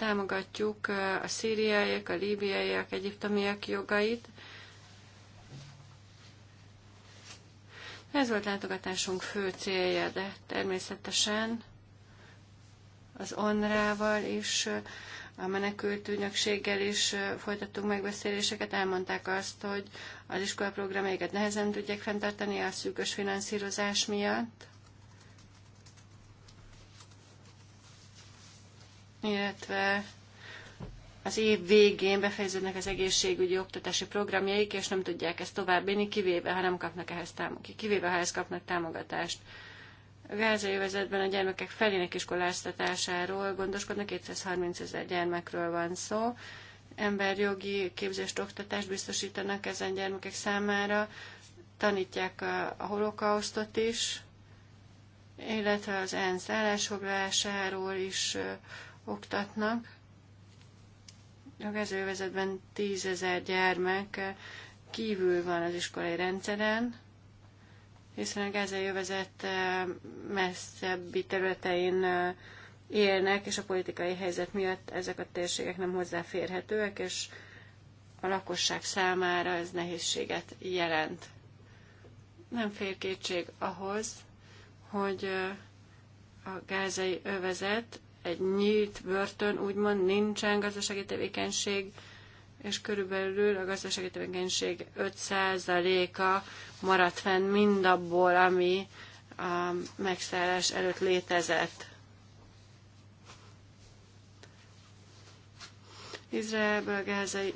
támogatjuk a szíriaiak, a líbiaiak, egyiptomiak jogait. Ez volt látogatásunk fő célja, de természetesen az onrával is, a menekült ügynökséggel is folytattunk megbeszéléseket, elmondták azt, hogy az iskolaprogramjaikat nehezen tudják fenntartani a szűkös finanszírozás miatt. illetve az év végén befejeződnek az egészségügyi oktatási programjaik, és nem tudják ezt továbbvinni, kivéve, ha nem kapnak ehhez támogatást, kivéve, ha ehhez kapnak támogatást. A gázai övezetben a gyermekek felének iskoláztatásáról gondoskodnak, 230 ezer gyermekről van szó. Emberjogi képzést, oktatást biztosítanak ezen gyermekek számára, tanítják a, a holokausztot is, illetve az ENSZ állásfoglalásáról is oktatnak. A gázővezetben tízezer gyermek kívül van az iskolai rendszeren, hiszen a gázai övezet eh, messzebbi területein eh, élnek, és a politikai helyzet miatt ezek a térségek nem hozzáférhetőek, és a lakosság számára ez nehézséget jelent. Nem fér kétség ahhoz, hogy eh, a gázai övezet egy nyílt börtön, úgymond nincsen gazdasági tevékenység, és körülbelül a gazdasági tevékenység 5%-a maradt fenn mindabból, ami a megszállás előtt létezett. Izraelből a gázai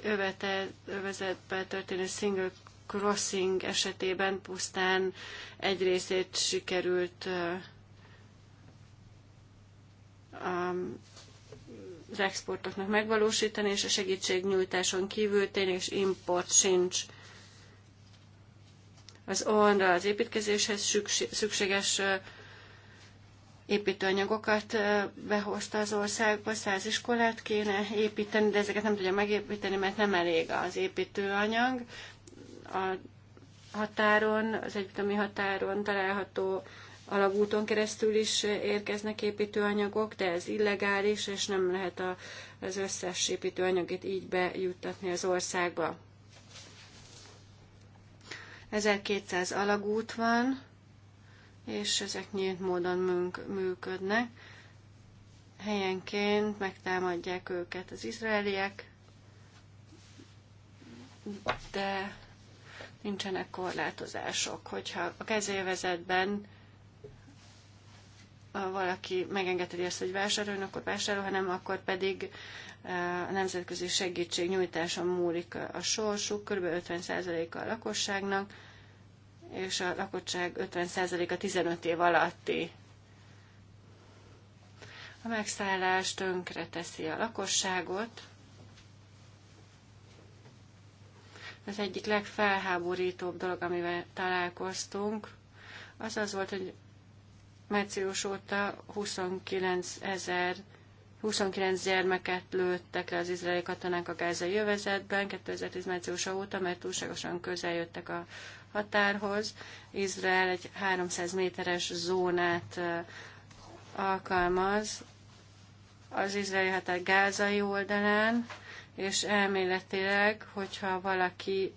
övezetbe történő single crossing esetében pusztán egy részét sikerült uh, az exportoknak megvalósítani, és a segítségnyújtáson kívül is import sincs. Az onra az építkezéshez szükséges építőanyagokat behozta az országba, száz iskolát kéne építeni, de ezeket nem tudja megépíteni, mert nem elég az építőanyag. A határon, az egyetemi határon található alagúton keresztül is érkeznek építőanyagok, de ez illegális, és nem lehet a, az összes építőanyagot így bejuttatni az országba. 1200 alagút van, és ezek nyílt módon működnek. Helyenként megtámadják őket az izraeliek, de nincsenek korlátozások. Hogyha a kezélvezetben valaki megengedheti azt, hogy vásároljon, akkor vásárol, hanem akkor pedig e, a nemzetközi segítség nyújtása múlik a sorsuk, kb. 50%-a a lakosságnak, és a lakosság 50%-a 15 év alatti. A megszállás tönkre teszi a lakosságot. Az egyik legfelháborítóbb dolog, amivel találkoztunk, az az volt, hogy Március óta 29 ezer 29 gyermeket lőttek le az izraeli katonák a gázai jövezetben 2010 márciusa óta, mert túlságosan közel jöttek a határhoz. Izrael egy 300 méteres zónát alkalmaz az izraeli határ gázai oldalán, és elméletileg, hogyha valaki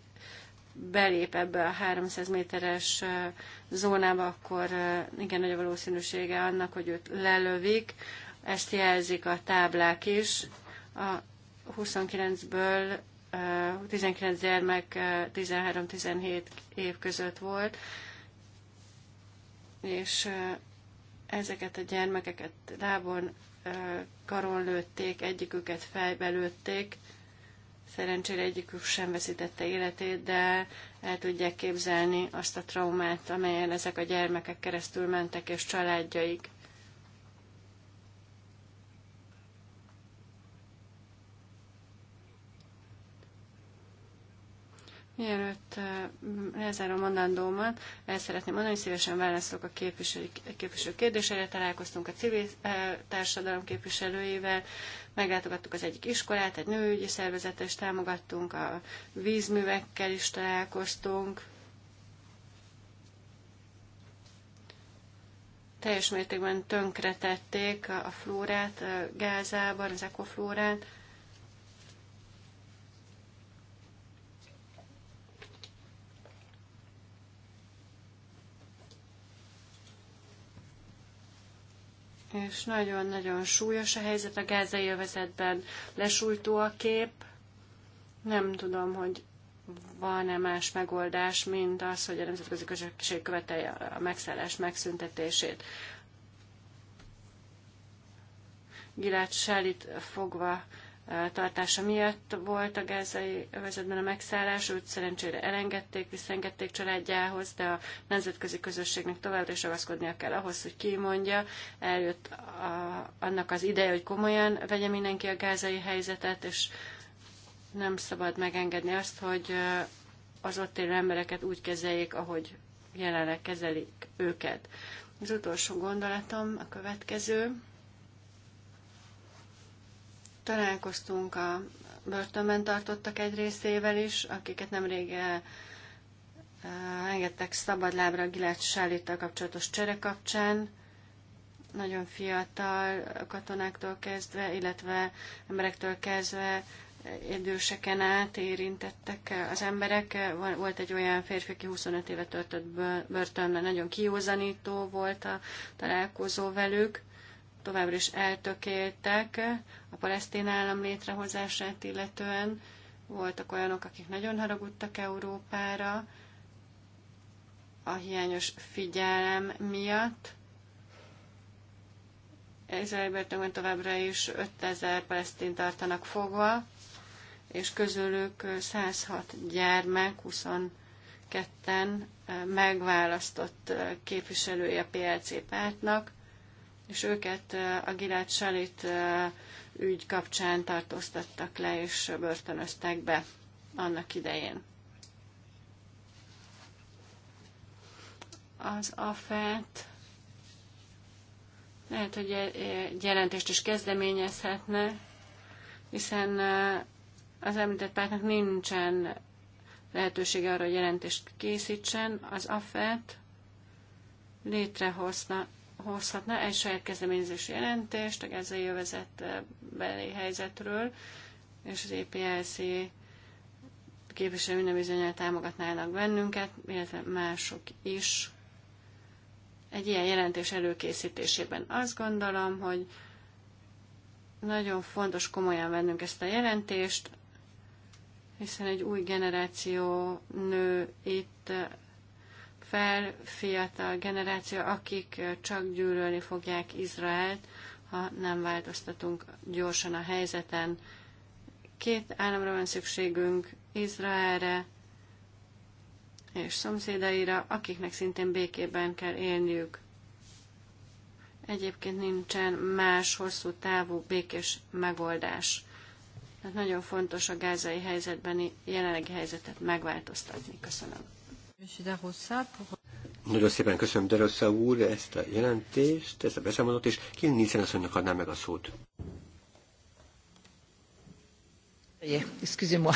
belép ebbe a 300 méteres zónába, akkor igen nagy a valószínűsége annak, hogy őt lelövik. Ezt jelzik a táblák is. A 29-ből 19 gyermek 13-17 év között volt, és ezeket a gyermekeket lábon karon lőtték, egyiküket fejbe lőtték, Szerencsére egyikük sem veszítette életét, de el tudják képzelni azt a traumát, amelyen ezek a gyermekek keresztül mentek és családjaik. Mielőtt lezárom a mondandómat, el szeretném mondani, hogy szívesen válaszolok a képviselő, kérdésére. Találkoztunk a civil társadalom képviselőivel, meglátogattuk az egyik iskolát, egy nőügyi szervezetet is támogattunk, a vízművekkel is találkoztunk. Teljes mértékben tönkretették a flórát a Gázában, az ekoflórát és nagyon-nagyon súlyos a helyzet a gázai övezetben, lesújtó a kép. Nem tudom, hogy van-e más megoldás, mint az, hogy a nemzetközi közösség követelje a megszállás megszüntetését. Gilát Sálit fogva tartása miatt volt a gázai övezetben a megszállás, őt szerencsére elengedték, visszengedték családjához, de a nemzetközi közösségnek továbbra is ragaszkodnia kell ahhoz, hogy kimondja. Eljött a, annak az ideje, hogy komolyan vegye mindenki a gázai helyzetet, és nem szabad megengedni azt, hogy az ott élő embereket úgy kezeljék, ahogy jelenleg kezelik őket. Az utolsó gondolatom a következő. Találkoztunk a börtönben tartottak egy részével is, akiket nemrég eh, eh, engedtek szabadlábra a Gilát Sálittal kapcsolatos csere kapcsán nagyon fiatal katonáktól kezdve, illetve emberektől kezdve időseken át érintettek eh, az emberek. Volt egy olyan férfi, aki 25 éve töltött börtönben, nagyon kiózanító volt a találkozó velük továbbra is eltökéltek a palesztin állam létrehozását illetően. Voltak olyanok, akik nagyon haragudtak Európára a hiányos figyelem miatt. Izraelbörtönben továbbra is 5000 palesztin tartanak fogva, és közülük 106 gyermek, 22-en megválasztott képviselője a PLC pártnak és őket a Gilad Salit ügy kapcsán tartóztattak le és börtönöztek be annak idején. Az AFET lehet, hogy egy e, jelentést is kezdeményezhetne, hiszen az említett pártnak nincsen lehetősége arra, hogy jelentést készítsen. Az AFET létrehozna hozhatna egy saját kezdeményezési jelentést a gázai eh, beli helyzetről, és az EPLC képviselő minden bizonyára támogatnának bennünket, illetve mások is. Egy ilyen jelentés előkészítésében azt gondolom, hogy nagyon fontos komolyan vennünk ezt a jelentést, hiszen egy új generáció nő itt fel fiatal generáció, akik csak gyűlölni fogják Izraelt, ha nem változtatunk gyorsan a helyzeten. Két államra van szükségünk, Izraelre és szomszédaira, akiknek szintén békében kell élniük. Egyébként nincsen más hosszú távú békés megoldás. Tehát nagyon fontos a gázai helyzetben jelenlegi helyzetet megváltoztatni. Köszönöm. Nagyon szépen köszönöm Derossa úr ezt a jelentést, ezt a beszámolót, és Kill Nielsen asszonynak adnám meg a szót. Excusez-moi.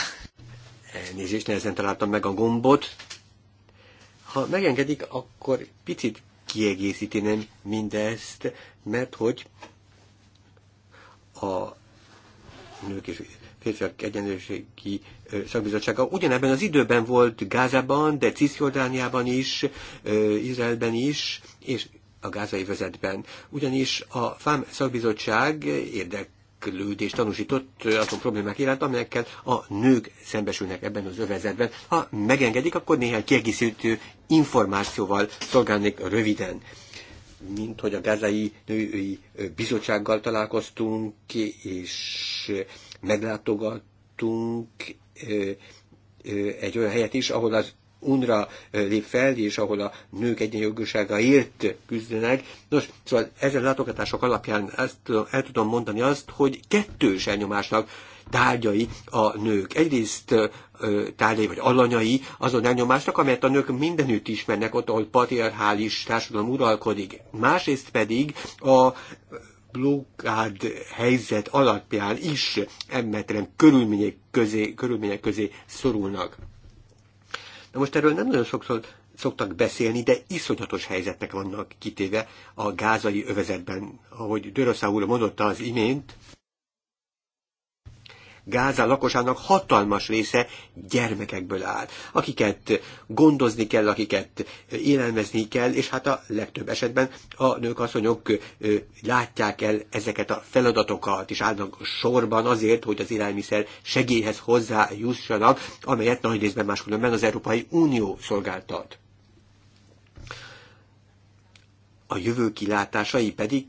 Elnézést, nehezen találtam meg a gombot. Ha megengedik, akkor picit kiegészítenem mindezt, mert hogy a nők és férfiak egyenlőségi szakbizottsága ugyanebben az időben volt Gázában, de Cisjordániában is, Izraelben is, és a gázai vezetben. Ugyanis a FAM szakbizottság érdek és tanúsított azon problémák iránt, amelyekkel a nők szembesülnek ebben az övezetben. Ha megengedik, akkor néhány kiegészítő információval szolgálnék röviden mint hogy a gázai női bizottsággal találkoztunk, és meglátogattunk egy olyan helyet is, ahol az UNRA lép fel, és ahol a nők egyenjogúságaért küzdenek. Nos, szóval ezen látogatások alapján ezt el tudom mondani azt, hogy kettős elnyomásnak tárgyai a nők. Egyrészt tárgyai vagy alanyai azon elnyomásnak, amelyet a nők mindenütt ismernek, ott, ahol patriarchális társadalom uralkodik. Másrészt pedig a blokkád helyzet alapján is emmetlen körülmények közé, körülmények közé szorulnak. Na most erről nem nagyon sokszor szoktak beszélni, de iszonyatos helyzetnek vannak kitéve a gázai övezetben, ahogy Dörösszá úr mondotta az imént. Gáza lakosának hatalmas része gyermekekből áll, akiket gondozni kell, akiket élelmezni kell, és hát a legtöbb esetben a nők, asszonyok látják el ezeket a feladatokat, és állnak sorban azért, hogy az élelmiszer segélyhez hozzájussanak, amelyet nagy részben máskülönben az Európai Unió szolgáltat. A jövő kilátásai pedig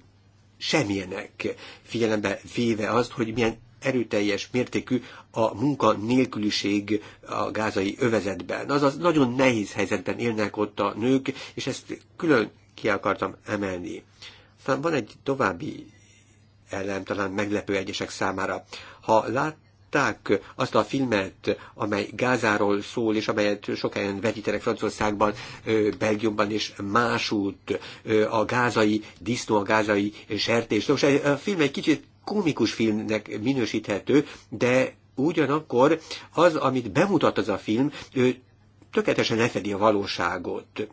semmilyenek, figyelembe véve azt, hogy milyen erőteljes mértékű a munka nélküliség a gázai övezetben. Azaz nagyon nehéz helyzetben élnek ott a nők, és ezt külön ki akartam emelni. Aztán van egy további elem, talán meglepő egyesek számára. Ha lát látták azt a filmet, amely Gázáról szól, és amelyet sok helyen vetítenek Franciaországban, Belgiumban és másút, a gázai disznó, a gázai sertés. most a film egy kicsit komikus filmnek minősíthető, de ugyanakkor az, amit bemutat az a film, ő tökéletesen lefedi a valóságot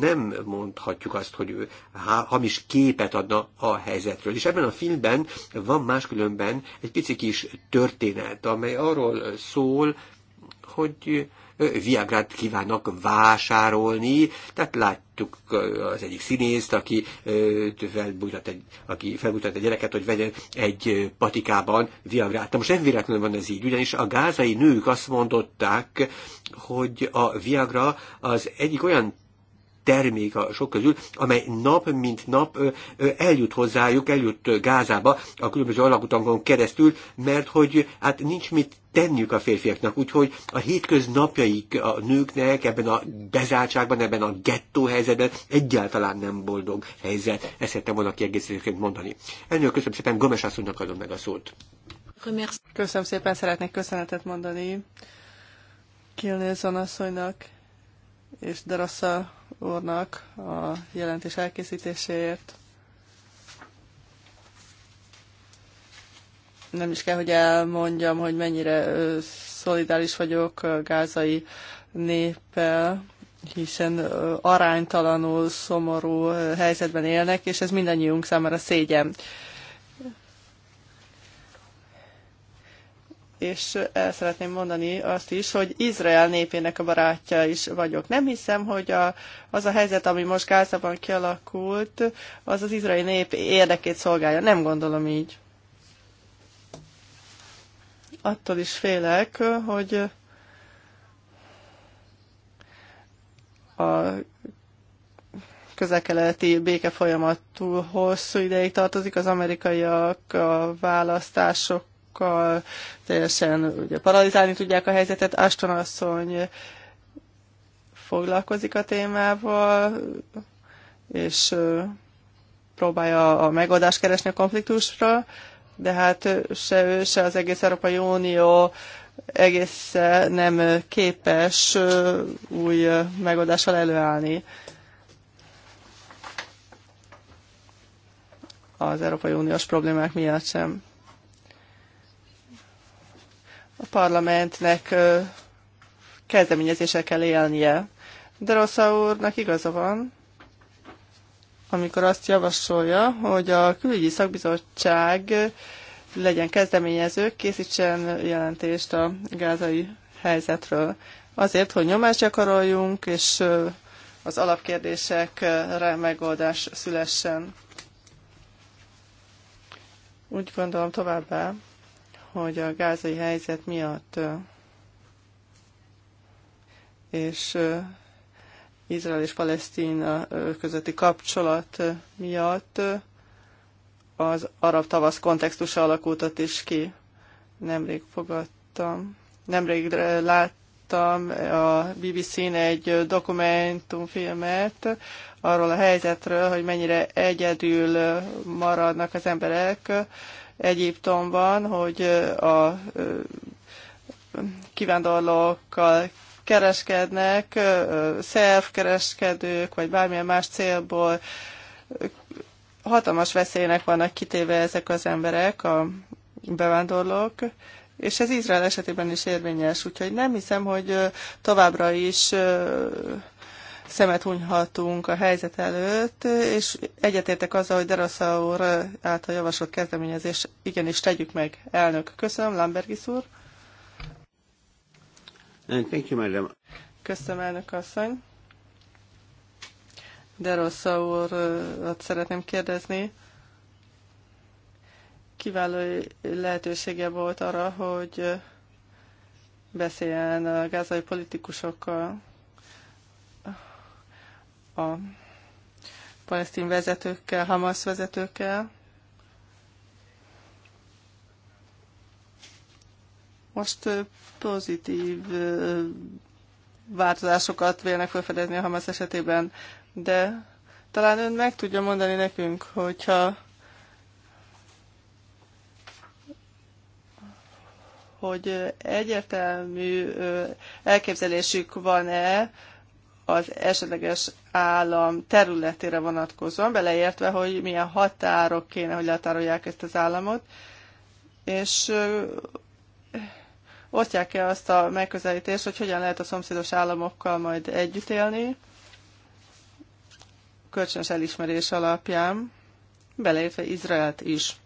nem mondhatjuk azt, hogy ő hamis képet adna a helyzetről. És ebben a filmben van máskülönben egy pici kis történet, amely arról szól, hogy Viagrát kívánnak vásárolni, tehát láttuk az egyik színészt, aki felmutat egy, aki felmutat egy gyereket, hogy vegyen egy patikában Viagrát. Na most nem véletlenül van ez így, ugyanis a gázai nők azt mondották, hogy a Viagra az egyik olyan termék a sok közül, amely nap mint nap eljut hozzájuk, eljut Gázába a különböző alakutangon keresztül, mert hogy hát nincs mit tenniük a férfiaknak, úgyhogy a hétköznapjaik a nőknek ebben a bezártságban, ebben a gettó helyzetben egyáltalán nem boldog helyzet. Ezt szerettem volna kiegészítőként mondani. Ennél köszönöm szépen, Gomes asszonynak adom meg a szót. Köszönöm szépen, szeretnék köszönetet mondani Kilnézon asszonynak és Darassa úrnak a jelentés elkészítéséért. Nem is kell, hogy elmondjam, hogy mennyire szolidális vagyok a gázai néppel, hiszen aránytalanul szomorú helyzetben élnek, és ez mindannyiunk számára szégyen. és el szeretném mondani azt is, hogy Izrael népének a barátja is vagyok. Nem hiszem, hogy a, az a helyzet, ami most Gázában kialakult, az az izraeli nép érdekét szolgálja. Nem gondolom így. Attól is félek, hogy a közelkeleti béke folyamat túl hosszú ideig tartozik, az amerikaiak a választások tagállamokkal, teljesen ugye, paralizálni tudják a helyzetet. Aston asszony foglalkozik a témával, és próbálja a megoldást keresni a konfliktusra, de hát se ő, se az egész Európai Unió egész nem képes új megoldással előállni. az Európai Uniós problémák miatt sem a parlamentnek kezdeményezése kell élnie. De Rossza úrnak igaza van, amikor azt javasolja, hogy a külügyi szakbizottság legyen kezdeményező, készítsen jelentést a gázai helyzetről. Azért, hogy nyomást gyakoroljunk, és az alapkérdésekre megoldás szülessen. Úgy gondolom továbbá, hogy a gázai helyzet miatt és Izrael és Palesztina közötti kapcsolat miatt az arab tavasz kontextusa alakultat is ki. Nemrég fogadtam, nemrég láttam a BBC-n egy dokumentumfilmet arról a helyzetről, hogy mennyire egyedül maradnak az emberek Egyiptomban, hogy a kivándorlókkal kereskednek, szervkereskedők, vagy bármilyen más célból hatalmas veszélynek vannak kitéve ezek az emberek, a bevándorlók, és ez Izrael esetében is érvényes, úgyhogy nem hiszem, hogy továbbra is szemet hunyhatunk a helyzet előtt, és egyetértek azzal, hogy Derasza úr által javasolt kezdeményezés, igenis tegyük meg, elnök. Köszönöm, Lambergis úr. Uh, thank you, madam. Köszönöm, elnök asszony. Derosza úrat szeretném kérdezni. Kiváló lehetősége volt arra, hogy beszéljen a gázai politikusokkal a palesztin vezetőkkel, Hamas vezetőkkel. Most pozitív változásokat vélnek felfedezni a Hamas esetében, de talán ön meg tudja mondani nekünk, hogyha hogy egyértelmű elképzelésük van-e az esetleges állam területére vonatkozóan, beleértve, hogy milyen határok kéne, hogy letárolják ezt az államot, és osztják-e azt a megközelítést, hogy hogyan lehet a szomszédos államokkal majd együtt élni, kölcsönös elismerés alapján, beleértve Izraelt is.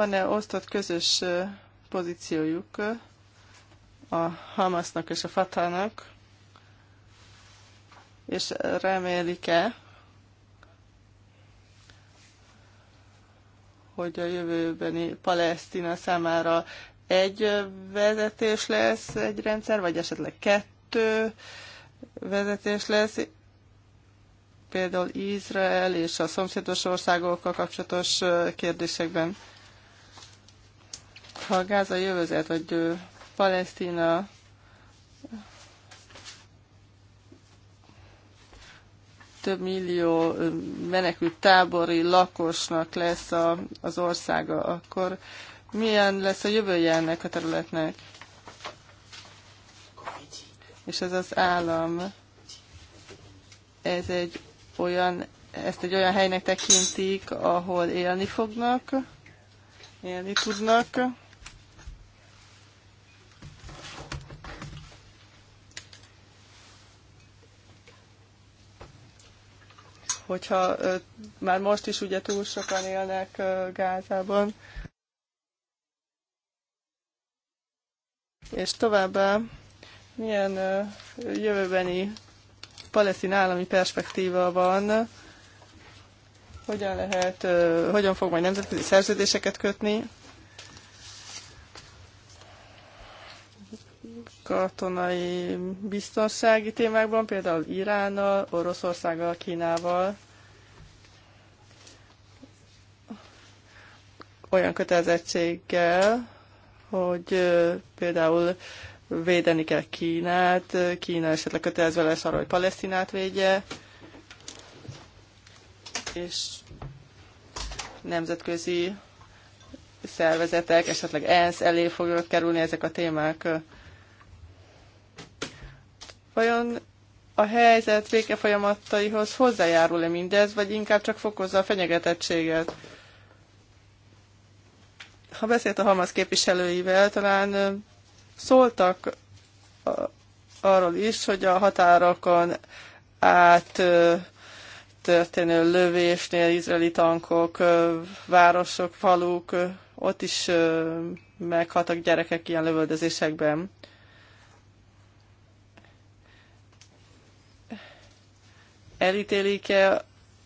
Van-e osztott közös pozíciójuk a Hamasnak és a Fatának? És remélik-e, hogy a jövőbeni Palesztina számára egy vezetés lesz egy rendszer, vagy esetleg kettő vezetés lesz, például Izrael és a szomszédos országokkal kapcsolatos kérdésekben hogyha a Gáza jövőzet, vagy Palesztina több millió menekült tábori lakosnak lesz a, az országa, akkor milyen lesz a jövője ennek a területnek? És ez az állam, ez egy olyan, ezt egy olyan helynek tekintik, ahol élni fognak, élni tudnak. hogyha már most is ugye túl sokan élnek Gázában. És továbbá milyen jövőbeni palesztin állami perspektíva van, hogyan lehet, hogyan fog majd nemzetközi szerződéseket kötni, katonai biztonsági témákban, például Iránnal, Oroszországgal, Kínával. Olyan kötelezettséggel, hogy például védeni kell Kínát, Kína esetleg kötelezve lesz arra, hogy Palesztinát védje, és nemzetközi szervezetek, esetleg ENSZ elé fognak kerülni ezek a témák. Vajon a helyzet véke folyamataihoz hozzájárul-e mindez, vagy inkább csak fokozza a fenyegetettséget? Ha beszélt a Hamas képviselőivel, talán szóltak arról is, hogy a határokon át történő lövésnél izraeli tankok, városok, faluk, ott is meghaltak gyerekek ilyen lövöldözésekben. elítélik-e,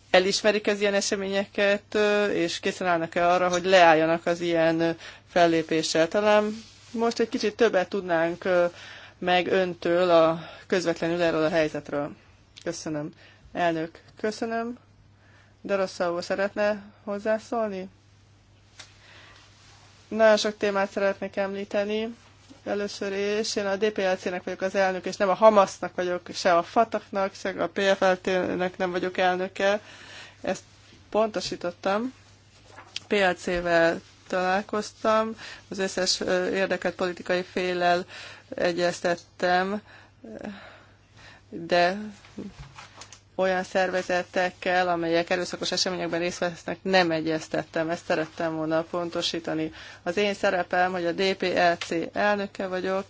elismerik az ilyen eseményeket, és készen állnak-e arra, hogy leálljanak az ilyen fellépéssel. Talán most egy kicsit többet tudnánk meg öntől a közvetlenül erről a helyzetről. Köszönöm. Elnök, köszönöm. Darasszáó szeretne hozzászólni? Nagyon sok témát szeretnék említeni. Először is én a DPLC-nek vagyok az elnök, és nem a Hamasznak vagyok, se a Fataknak, se a PFLT-nek nem vagyok elnöke. Ezt pontosítottam. PLC-vel találkoztam, az összes érdekelt politikai félel egyeztettem, de olyan szervezetekkel, amelyek erőszakos eseményekben részt vesznek, nem egyeztettem. Ezt szerettem volna pontosítani. Az én szerepem, hogy a DPLC elnöke vagyok,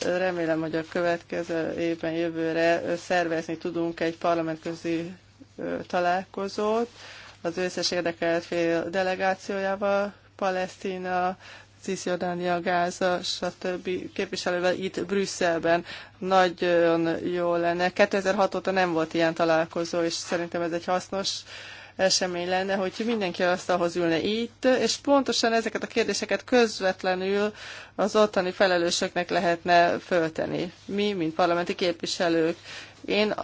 remélem, hogy a következő évben jövőre szervezni tudunk egy parlamentközi találkozót az összes érdekelt fél delegációjával, Palesztina, Cisjordánia, Gáza, stb. képviselővel itt Brüsszelben. Nagyon jó lenne. 2006 óta nem volt ilyen találkozó, és szerintem ez egy hasznos esemény lenne, hogy mindenki azt ahhoz ülne itt, és pontosan ezeket a kérdéseket közvetlenül az ottani felelősöknek lehetne fölteni. Mi, mint parlamenti képviselők. Én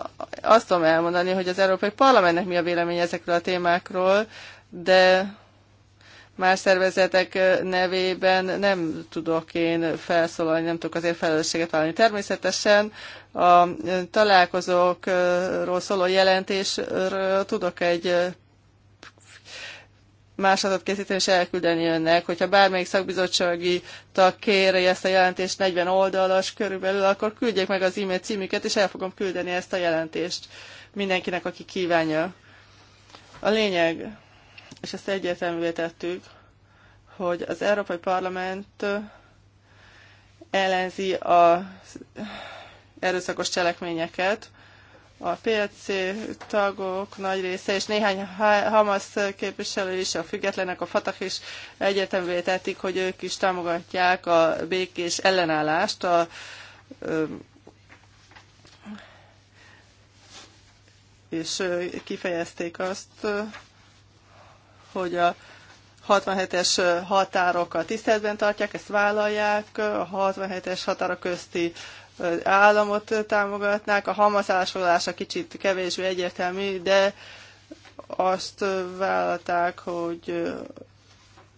azt tudom elmondani, hogy az Európai Parlamentnek mi a véleménye ezekről a témákról, de más szervezetek nevében nem tudok én felszólalni, nem tudok azért felelősséget vállalni. Természetesen a találkozókról szóló jelentésről tudok egy másodat készíteni és elküldeni önnek. Hogyha bármelyik szakbizottsági tag kéri ezt a jelentést 40 oldalas körülbelül, akkor küldjék meg az e-mail címüket, és el fogom küldeni ezt a jelentést mindenkinek, aki kívánja. A lényeg, és ezt egyértelművé tettük, hogy az Európai Parlament ellenzi az erőszakos cselekményeket. A PLC tagok nagy része, és néhány Hamas képviselő is, a függetlenek, a Fatah is egyértelművé tették, hogy ők is támogatják a békés ellenállást, a és kifejezték azt, hogy a 67-es határokat tiszteletben tartják, ezt vállalják, a 67-es határok közti államot támogatnák, a Hamas kicsit kevésbé egyértelmű, de azt vállalták, hogy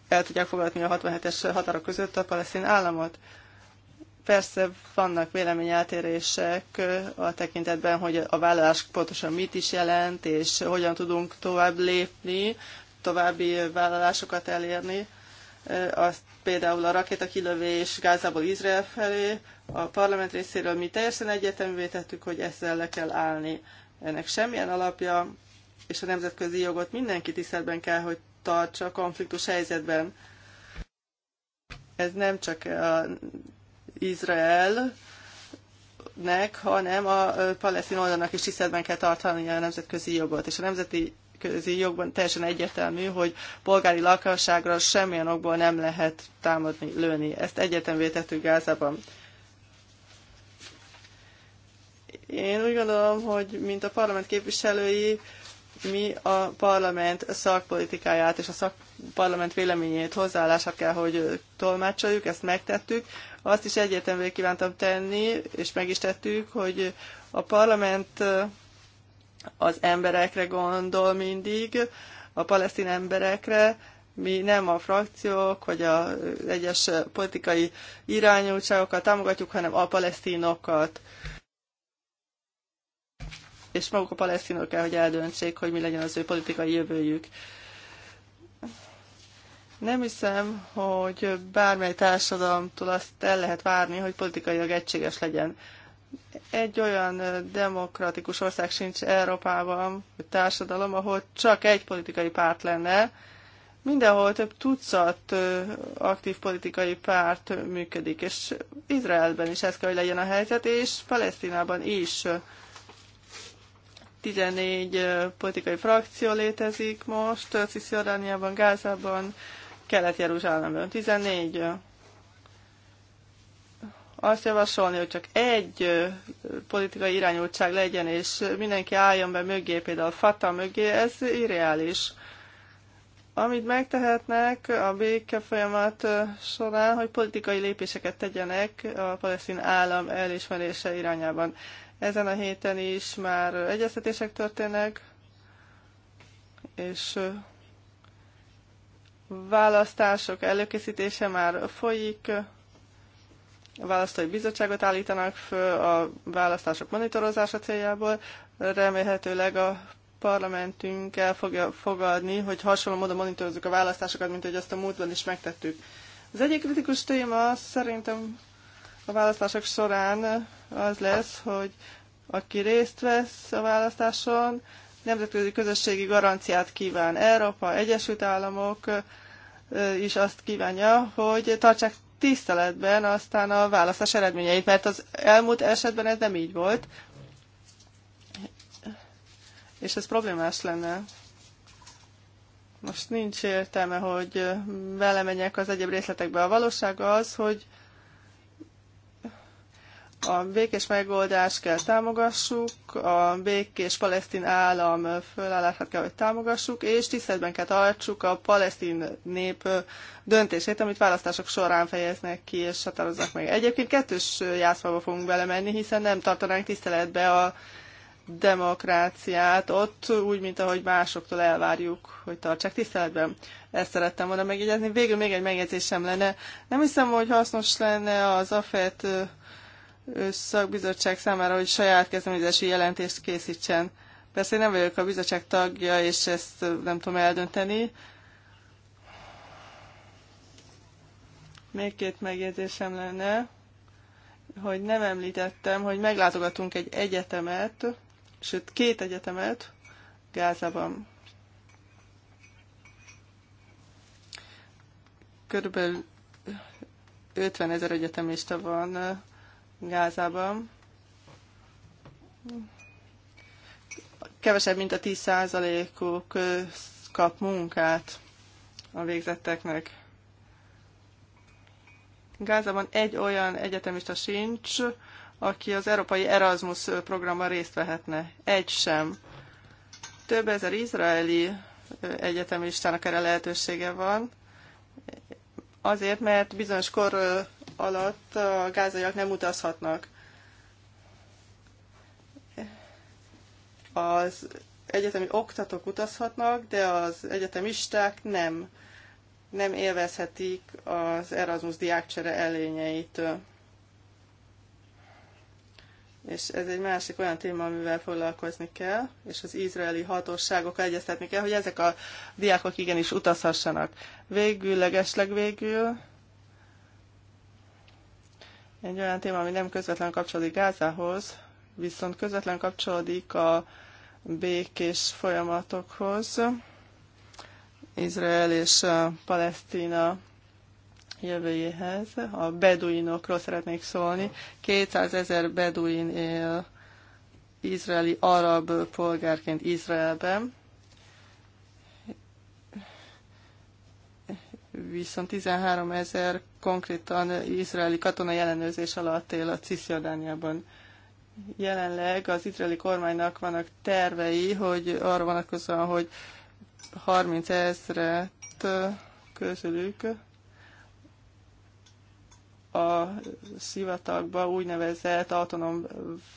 el tudják fogadni a 67-es határok között a palesztin államot. Persze vannak véleményeltérések a tekintetben, hogy a vállalás pontosan mit is jelent, és hogyan tudunk tovább lépni, további vállalásokat elérni. az például a rakéta kilövés Gázából Izrael felé, a parlament részéről mi teljesen egyetemvé tettük, hogy ezzel le kell állni. Ennek semmilyen alapja, és a nemzetközi jogot mindenki tiszteletben kell, hogy tartsa a konfliktus helyzetben. Ez nem csak a Izrael, hanem a palesztin oldalnak is tiszteletben kell tartani a nemzetközi jogot. És a nemzeti közi jogban teljesen egyértelmű, hogy polgári lakosságra semmilyen okból nem lehet támadni, lőni. Ezt egyértelművé tettük Gázában. Én úgy gondolom, hogy mint a parlament képviselői, mi a parlament szakpolitikáját és a szak parlament véleményét, hozzáállását kell, hogy tolmácsoljuk, ezt megtettük. Azt is egyértelművé kívántam tenni, és meg is tettük, hogy a parlament az emberekre gondol mindig, a palesztin emberekre, mi nem a frakciók, vagy az egyes politikai irányultságokat támogatjuk, hanem a palesztinokat. És maguk a palesztinok kell, hogy eldöntsék, hogy mi legyen az ő politikai jövőjük. Nem hiszem, hogy bármely társadalomtól azt el lehet várni, hogy politikailag egységes legyen egy olyan demokratikus ország sincs Európában, vagy társadalom, ahol csak egy politikai párt lenne. Mindenhol több tucat aktív politikai párt működik, és Izraelben is ez kell, hogy legyen a helyzet, és Palesztinában is. 14 politikai frakció létezik most, Cisziordániában, Gázában, Kelet-Jeruzsálemben 14 azt javasolni, hogy csak egy politikai irányultság legyen, és mindenki álljon be mögé, például Fata mögé, ez irreális. Amit megtehetnek a béke folyamat során, hogy politikai lépéseket tegyenek a palesztin állam elismerése irányában. Ezen a héten is már egyeztetések történnek, és választások előkészítése már folyik, a választói bizottságot állítanak föl a választások monitorozása céljából. Remélhetőleg a parlamentünk el fogja fogadni, hogy hasonló módon monitorozzuk a választásokat, mint hogy azt a múltban is megtettük. Az egyik kritikus téma szerintem a választások során az lesz, hogy aki részt vesz a választáson, nemzetközi közösségi garanciát kíván. Európa, Egyesült Államok is azt kívánja, hogy tartsák tiszteletben aztán a választás eredményeit, mert az elmúlt esetben ez nem így volt, és ez problémás lenne. Most nincs értelme, hogy belemegyek az egyéb részletekbe. A valóság az, hogy a békés megoldást kell támogassuk, a békés palesztin állam fölállását kell, hogy támogassuk, és tiszteletben kell tartsuk a palesztin nép döntését, amit választások során fejeznek ki és határoznak meg. Egyébként kettős játszmába fogunk belemenni, hiszen nem tartanánk tiszteletbe a demokráciát ott, úgy, mint ahogy másoktól elvárjuk, hogy tartsák tiszteletben. Ezt szerettem volna megjegyezni. Végül még egy megjegyzésem lenne. Nem hiszem, hogy hasznos lenne az AFET szakbizottság számára, hogy saját kezdeményezési jelentést készítsen. Persze én nem vagyok a bizottság tagja, és ezt nem tudom eldönteni. Még két megjegyzésem lenne, hogy nem említettem, hogy meglátogatunk egy egyetemet, sőt két egyetemet Gázában. Körülbelül 50 ezer egyetemista van Gázában. Kevesebb, mint a 10%-uk kap munkát a végzetteknek. Gázában egy olyan egyetemista sincs, aki az Európai Erasmus programban részt vehetne. Egy sem. Több ezer izraeli egyetemistának erre lehetősége van, azért, mert bizonyos kor alatt a gázaiak nem utazhatnak. Az egyetemi oktatók utazhatnak, de az egyetemisták nem, nem élvezhetik az Erasmus diákcsere elényeit. És ez egy másik olyan téma, amivel foglalkozni kell, és az izraeli hatóságok egyeztetni kell, hogy ezek a diákok igenis utazhassanak. Végül, legesleg végül, egy olyan téma, ami nem közvetlen kapcsolódik Gázához, viszont közvetlen kapcsolódik a békés folyamatokhoz. Izrael és Palesztina jövőjéhez. A beduinokról szeretnék szólni. 200 ezer beduin él izraeli arab polgárként Izraelben. viszont 13 ezer konkrétan izraeli katona ellenőrzés alatt él a Cisziadániában. Jelenleg az izraeli kormánynak vannak tervei, hogy arra vonatkozóan, hogy 30 ezret közülük a szivatagba, úgynevezett autonóm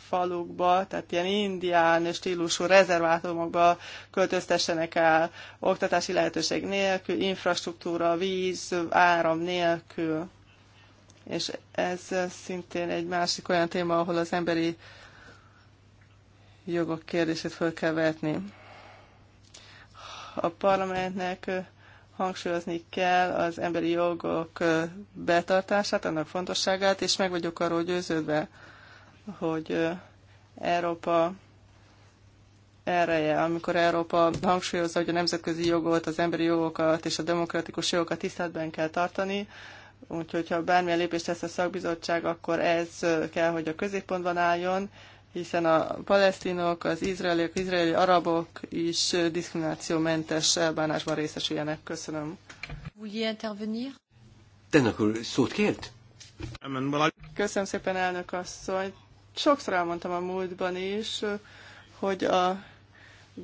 falukba, tehát ilyen indián stílusú rezervátumokba költöztessenek el oktatási lehetőség nélkül, infrastruktúra, víz, áram nélkül. És ez szintén egy másik olyan téma, ahol az emberi jogok kérdését föl kell vetni. A parlamentnek hangsúlyozni kell az emberi jogok betartását, annak fontosságát, és meg vagyok arról győződve, hogy Európa ereje, amikor Európa hangsúlyozza, hogy a nemzetközi jogot, az emberi jogokat és a demokratikus jogokat tiszteletben kell tartani, úgyhogy ha bármilyen lépést tesz a szakbizottság, akkor ez kell, hogy a középpontban álljon, hiszen a palesztinok, az izraeliek, az izraeli arabok is diszkriminációmentes elbánásban részesüljenek. Köszönöm. Tennak úr szót kért? Köszönöm szépen, elnök asszony. Sokszor elmondtam a múltban is, hogy a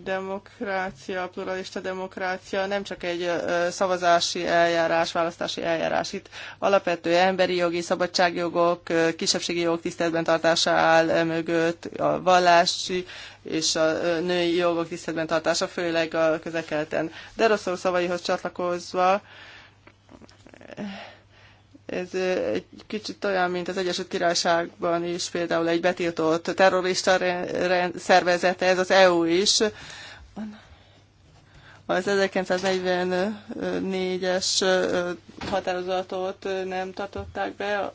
demokrácia, pluralista demokrácia nem csak egy szavazási eljárás, választási eljárás. Itt alapvető emberi jogi, szabadságjogok, kisebbségi jogok tiszteletben tartása áll e mögött, a vallási és a női jogok tiszteletben tartása, főleg a közekelten. De rosszul szavaihoz csatlakozva, ez egy kicsit olyan, mint az Egyesült Királyságban is például egy betiltott terrorista szervezete, ez az EU is. Az 1944-es határozatot nem tartották be.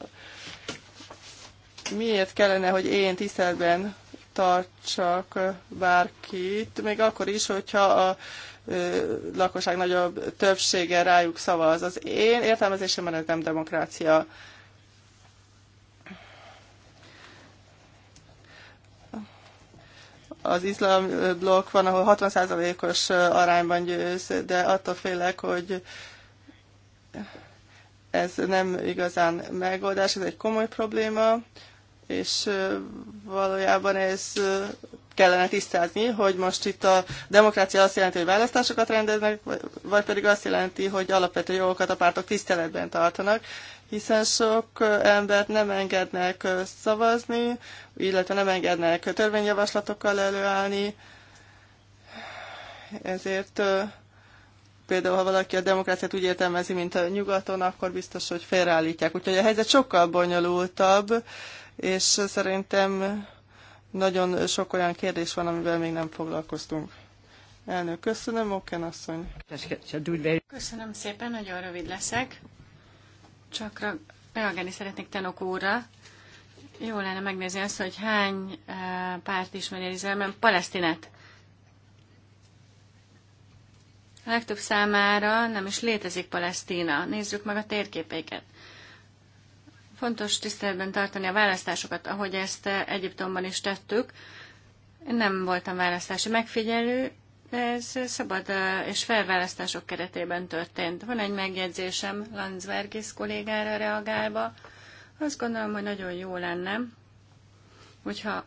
Miért kellene, hogy én tiszteletben tartsak bárkit, még akkor is, hogyha a lakosság nagyobb többsége rájuk szavaz. Az én értelmezésemben ez nem demokrácia. az iszlám blokk van, ahol 60%-os arányban győz, de attól félek, hogy ez nem igazán megoldás, ez egy komoly probléma, és valójában ez kellene tisztázni, hogy most itt a demokrácia azt jelenti, hogy választásokat rendeznek, vagy pedig azt jelenti, hogy alapvető jogokat a pártok tiszteletben tartanak, hiszen sok embert nem engednek szavazni, illetve nem engednek törvényjavaslatokkal előállni, ezért például, ha valaki a demokráciát úgy értelmezi, mint a nyugaton, akkor biztos, hogy félreállítják. Úgyhogy a helyzet sokkal bonyolultabb, és szerintem nagyon sok olyan kérdés van, amivel még nem foglalkoztunk. Elnök, köszönöm, Oken asszony. Köszönöm szépen, nagyon rövid leszek. Csak reagálni szeretnék Tenok úrra. Jó lenne megnézni azt, hogy hány eh, párt ismeri elmen. Palesztinát. A legtöbb számára nem is létezik Palesztina. Nézzük meg a térképeiket. Fontos tiszteletben tartani a választásokat, ahogy ezt eh, Egyiptomban is tettük. Én nem voltam választási megfigyelő, de ez szabad eh, és felválasztások keretében történt. Van egy megjegyzésem Landsbergis kollégára reagálva. Azt gondolom, hogy nagyon jó lenne, hogyha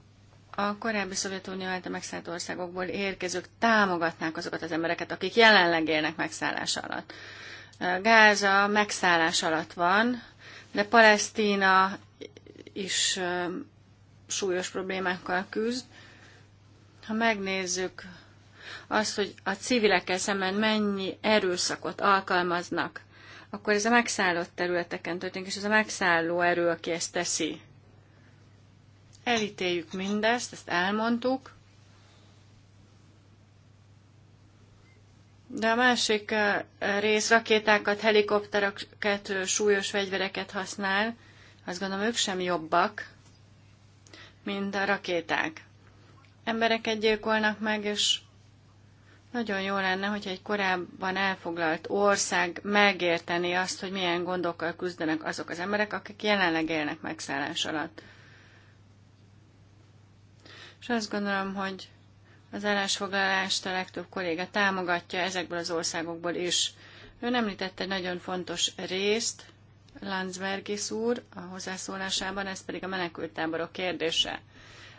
a korábbi Szovjetunió által megszállt országokból érkezők támogatnák azokat az embereket, akik jelenleg élnek megszállás alatt. Eh, Gáza megszállás alatt van, de Palesztína is súlyos problémákkal küzd. Ha megnézzük azt, hogy a civilekkel szemben mennyi erőszakot alkalmaznak, akkor ez a megszállott területeken történik, és ez a megszálló erő, aki ezt teszi. Elítéljük mindezt, ezt elmondtuk, De a másik eh, rész rakétákat, helikoptereket, súlyos fegyvereket használ, azt gondolom ők sem jobbak, mint a rakéták. Embereket gyilkolnak meg, és nagyon jó lenne, hogyha egy korábban elfoglalt ország megérteni azt, hogy milyen gondokkal küzdenek azok az emberek, akik jelenleg élnek megszállás alatt. És azt gondolom, hogy az állásfoglalást a legtöbb kolléga támogatja ezekből az országokból is. Ön említette egy nagyon fontos részt, Landsbergis úr a hozzászólásában, ez pedig a menekülttáborok kérdése.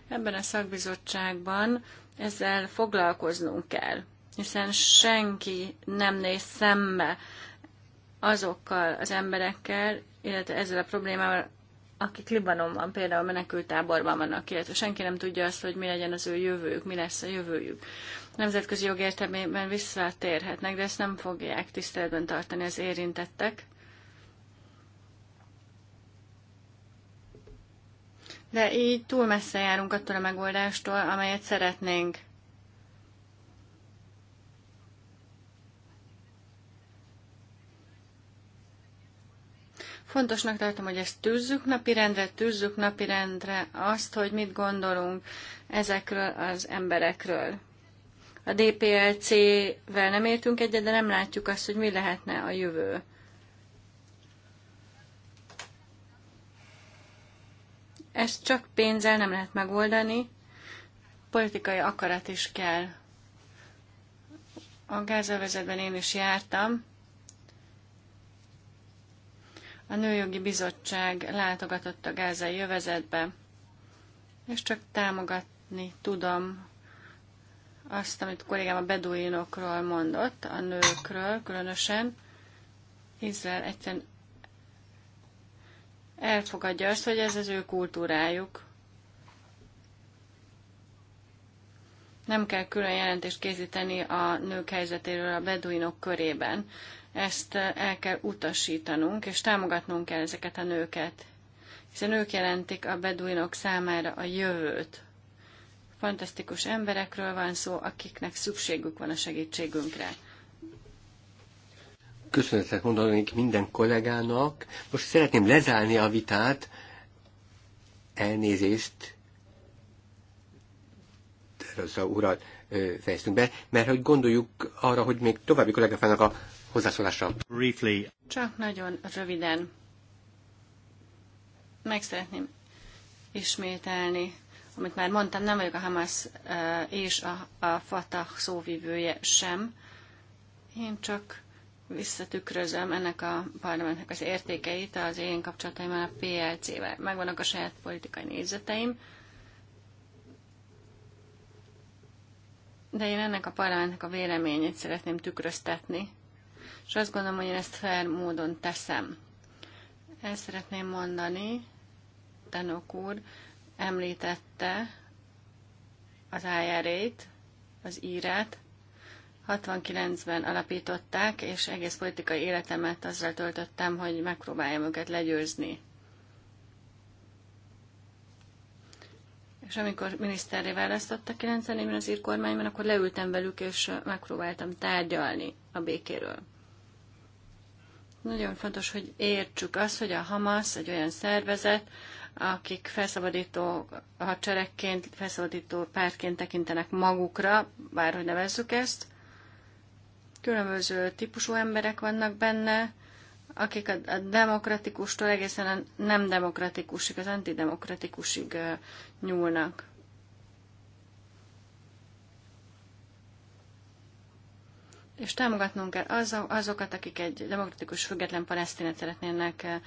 Ebben a szakbizottságban ezzel foglalkoznunk kell, hiszen senki nem néz szembe azokkal az emberekkel, illetve ezzel a problémával, akik Libanonban például menekültáborban vannak, illetve senki nem tudja azt, hogy mi legyen az ő jövőjük, mi lesz a jövőjük. Nemzetközi jogértelmében visszatérhetnek, de ezt nem fogják tiszteletben tartani az érintettek. De így túl messze járunk attól a megoldástól, amelyet szeretnénk. Fontosnak tartom, hogy ezt tűzzük napirendre, tűzzük napirendre azt, hogy mit gondolunk ezekről az emberekről. A DPLC-vel nem értünk egyet, de nem látjuk azt, hogy mi lehetne a jövő. Ezt csak pénzzel nem lehet megoldani, politikai akarat is kell. A gázavezetben én is jártam, a Nőjogi Bizottság látogatott a gázai jövezetbe, és csak támogatni tudom azt, amit a kollégám a beduinokról mondott, a nőkről különösen. Izrael egyszerűen elfogadja azt, hogy ez az ő kultúrájuk. Nem kell külön jelentést készíteni a nők helyzetéről a beduinok körében. Ezt eh, el kell utasítanunk, és támogatnunk kell ezeket a nőket, hiszen ők jelentik a beduinok számára a jövőt. Fantasztikus emberekről van szó, akiknek szükségük van a segítségünkre köszönetet mondanék minden kollégának. Most szeretném lezárni a vitát. Elnézést. a urat eh, fejeztünk be, mert hogy gondoljuk arra, hogy még további kollégák vannak a hozzászólásra. Csak nagyon röviden. Meg szeretném ismételni, amit már mondtam, nem vagyok a Hamas eh, és a, a Fatah szóvivője sem. Én csak visszatükrözöm ennek a parlamentnek az értékeit az én kapcsolataimmal a PLC-vel. Megvannak a saját politikai nézeteim, de én ennek a parlamentnek a véleményét szeretném tükröztetni és azt gondolom, hogy én ezt fair módon teszem. Ezt szeretném mondani, Tanok úr említette az ira az írát, 69-ben alapították, és egész politikai életemet azzal töltöttem, hogy megpróbáljam őket legyőzni. És amikor miniszterré választotta 94-ben az ír kormányban, akkor leültem velük, és megpróbáltam tárgyalni a békéről. Nagyon fontos, hogy értsük azt, hogy a Hamas egy olyan szervezet, akik felszabadító hadseregként, felszabadító pártként tekintenek magukra, bárhogy nevezzük ezt. Különböző típusú emberek vannak benne, akik a, demokratikustól egészen a nem demokratikusig, az antidemokratikusig nyúlnak. és támogatnunk kell azokat, akik egy demokratikus, független palesztinet szeretnének eh,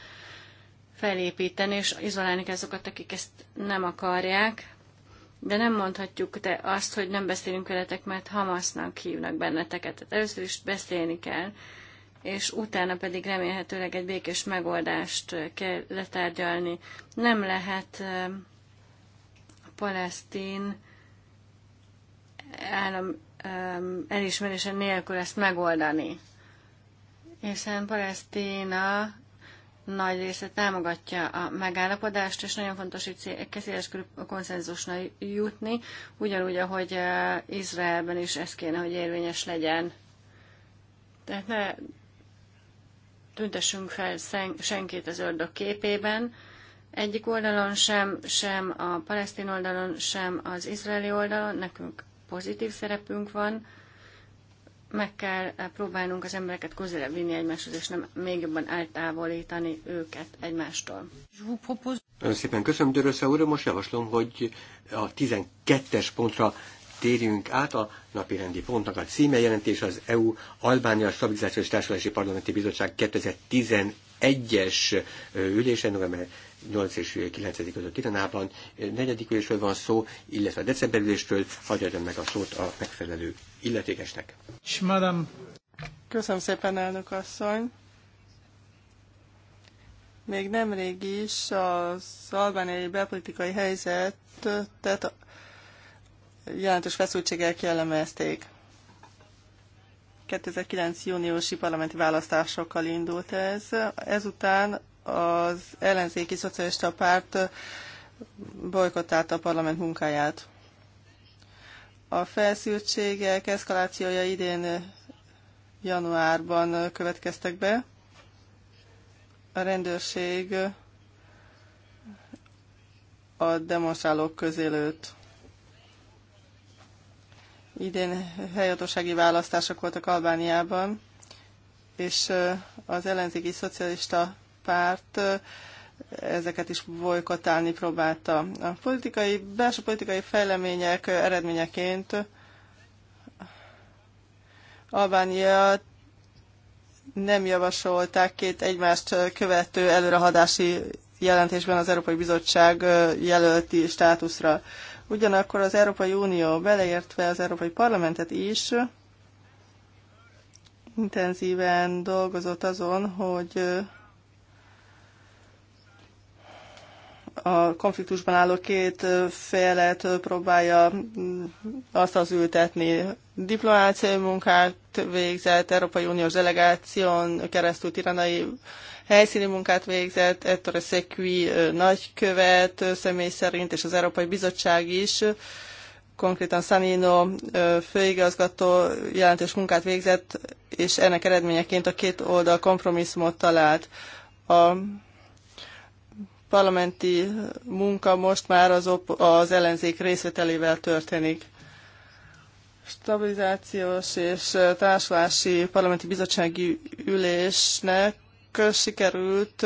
felépíteni, és izolálni kell azokat, akik ezt nem akarják. De nem mondhatjuk te azt, hogy nem beszélünk veletek, mert Hamasznak hívnak benneteket. Tehát először is beszélni kell, és utána pedig remélhetőleg egy békés megoldást eh, kell letárgyalni. Nem lehet eh, a palesztin állam elismerése nélkül ezt megoldani. Hiszen Palesztina nagy része támogatja a megállapodást, és nagyon fontos, hogy széles konszenzusra jutni, ugyanúgy, ahogy eh, Izraelben is ez kéne, hogy érvényes legyen. Tehát ne tüntessünk fel senkit az ördög képében, egyik oldalon sem, sem a palesztin oldalon, sem az izraeli oldalon, nekünk pozitív szerepünk van, meg kell eh, próbálnunk az embereket közelebb vinni egymáshoz, és nem még jobban eltávolítani őket egymástól. Nagyon szépen köszönöm, Dörösze úr, most javaslom, hogy a 12-es pontra térjünk át a napirendi pontnak a címe jelentés az EU Albánia Stabilizációs Társulási Parlamenti Bizottság 2011-es ülése november 8 és 9 között Tiranában, negyedik ülésről van szó, illetve december ülésről, hagyjadjon meg a szót a megfelelő illetékesnek. Madam. Köszönöm szépen, elnök asszony. Még nemrég is az albániai belpolitikai helyzetet jelentős feszültségek jellemezték. 2009. júniusi parlamenti választásokkal indult ez. Ezután az ellenzéki szocialista párt bolykottálta a parlament munkáját. A felszültségek eszkalációja idén januárban következtek be. A rendőrség a demonstrálók közélőtt. Idén helyhatósági választások voltak Albániában, és az ellenzéki szocialista párt ezeket is bolykotálni próbálta. A politikai, belső politikai fejlemények eredményeként Albánia nem javasolták két egymást követő előrehadási jelentésben az Európai Bizottság jelölti státuszra. Ugyanakkor az Európai Unió, beleértve az Európai Parlamentet is, intenzíven dolgozott azon, hogy a konfliktusban álló két félet próbálja azt az ültetni. Diplomáciai munkát végzett, Európai Uniós delegáción keresztül tiranai helyszíni munkát végzett, a Szekvi nagykövet személy szerint, és az Európai Bizottság is konkrétan Sanino főigazgató jelentős munkát végzett, és ennek eredményeként a két oldal kompromisszumot talált. A parlamenti munka most már az, op- az ellenzék részvételével történik. Stabilizációs és társulási parlamenti bizottsági ülésnek sikerült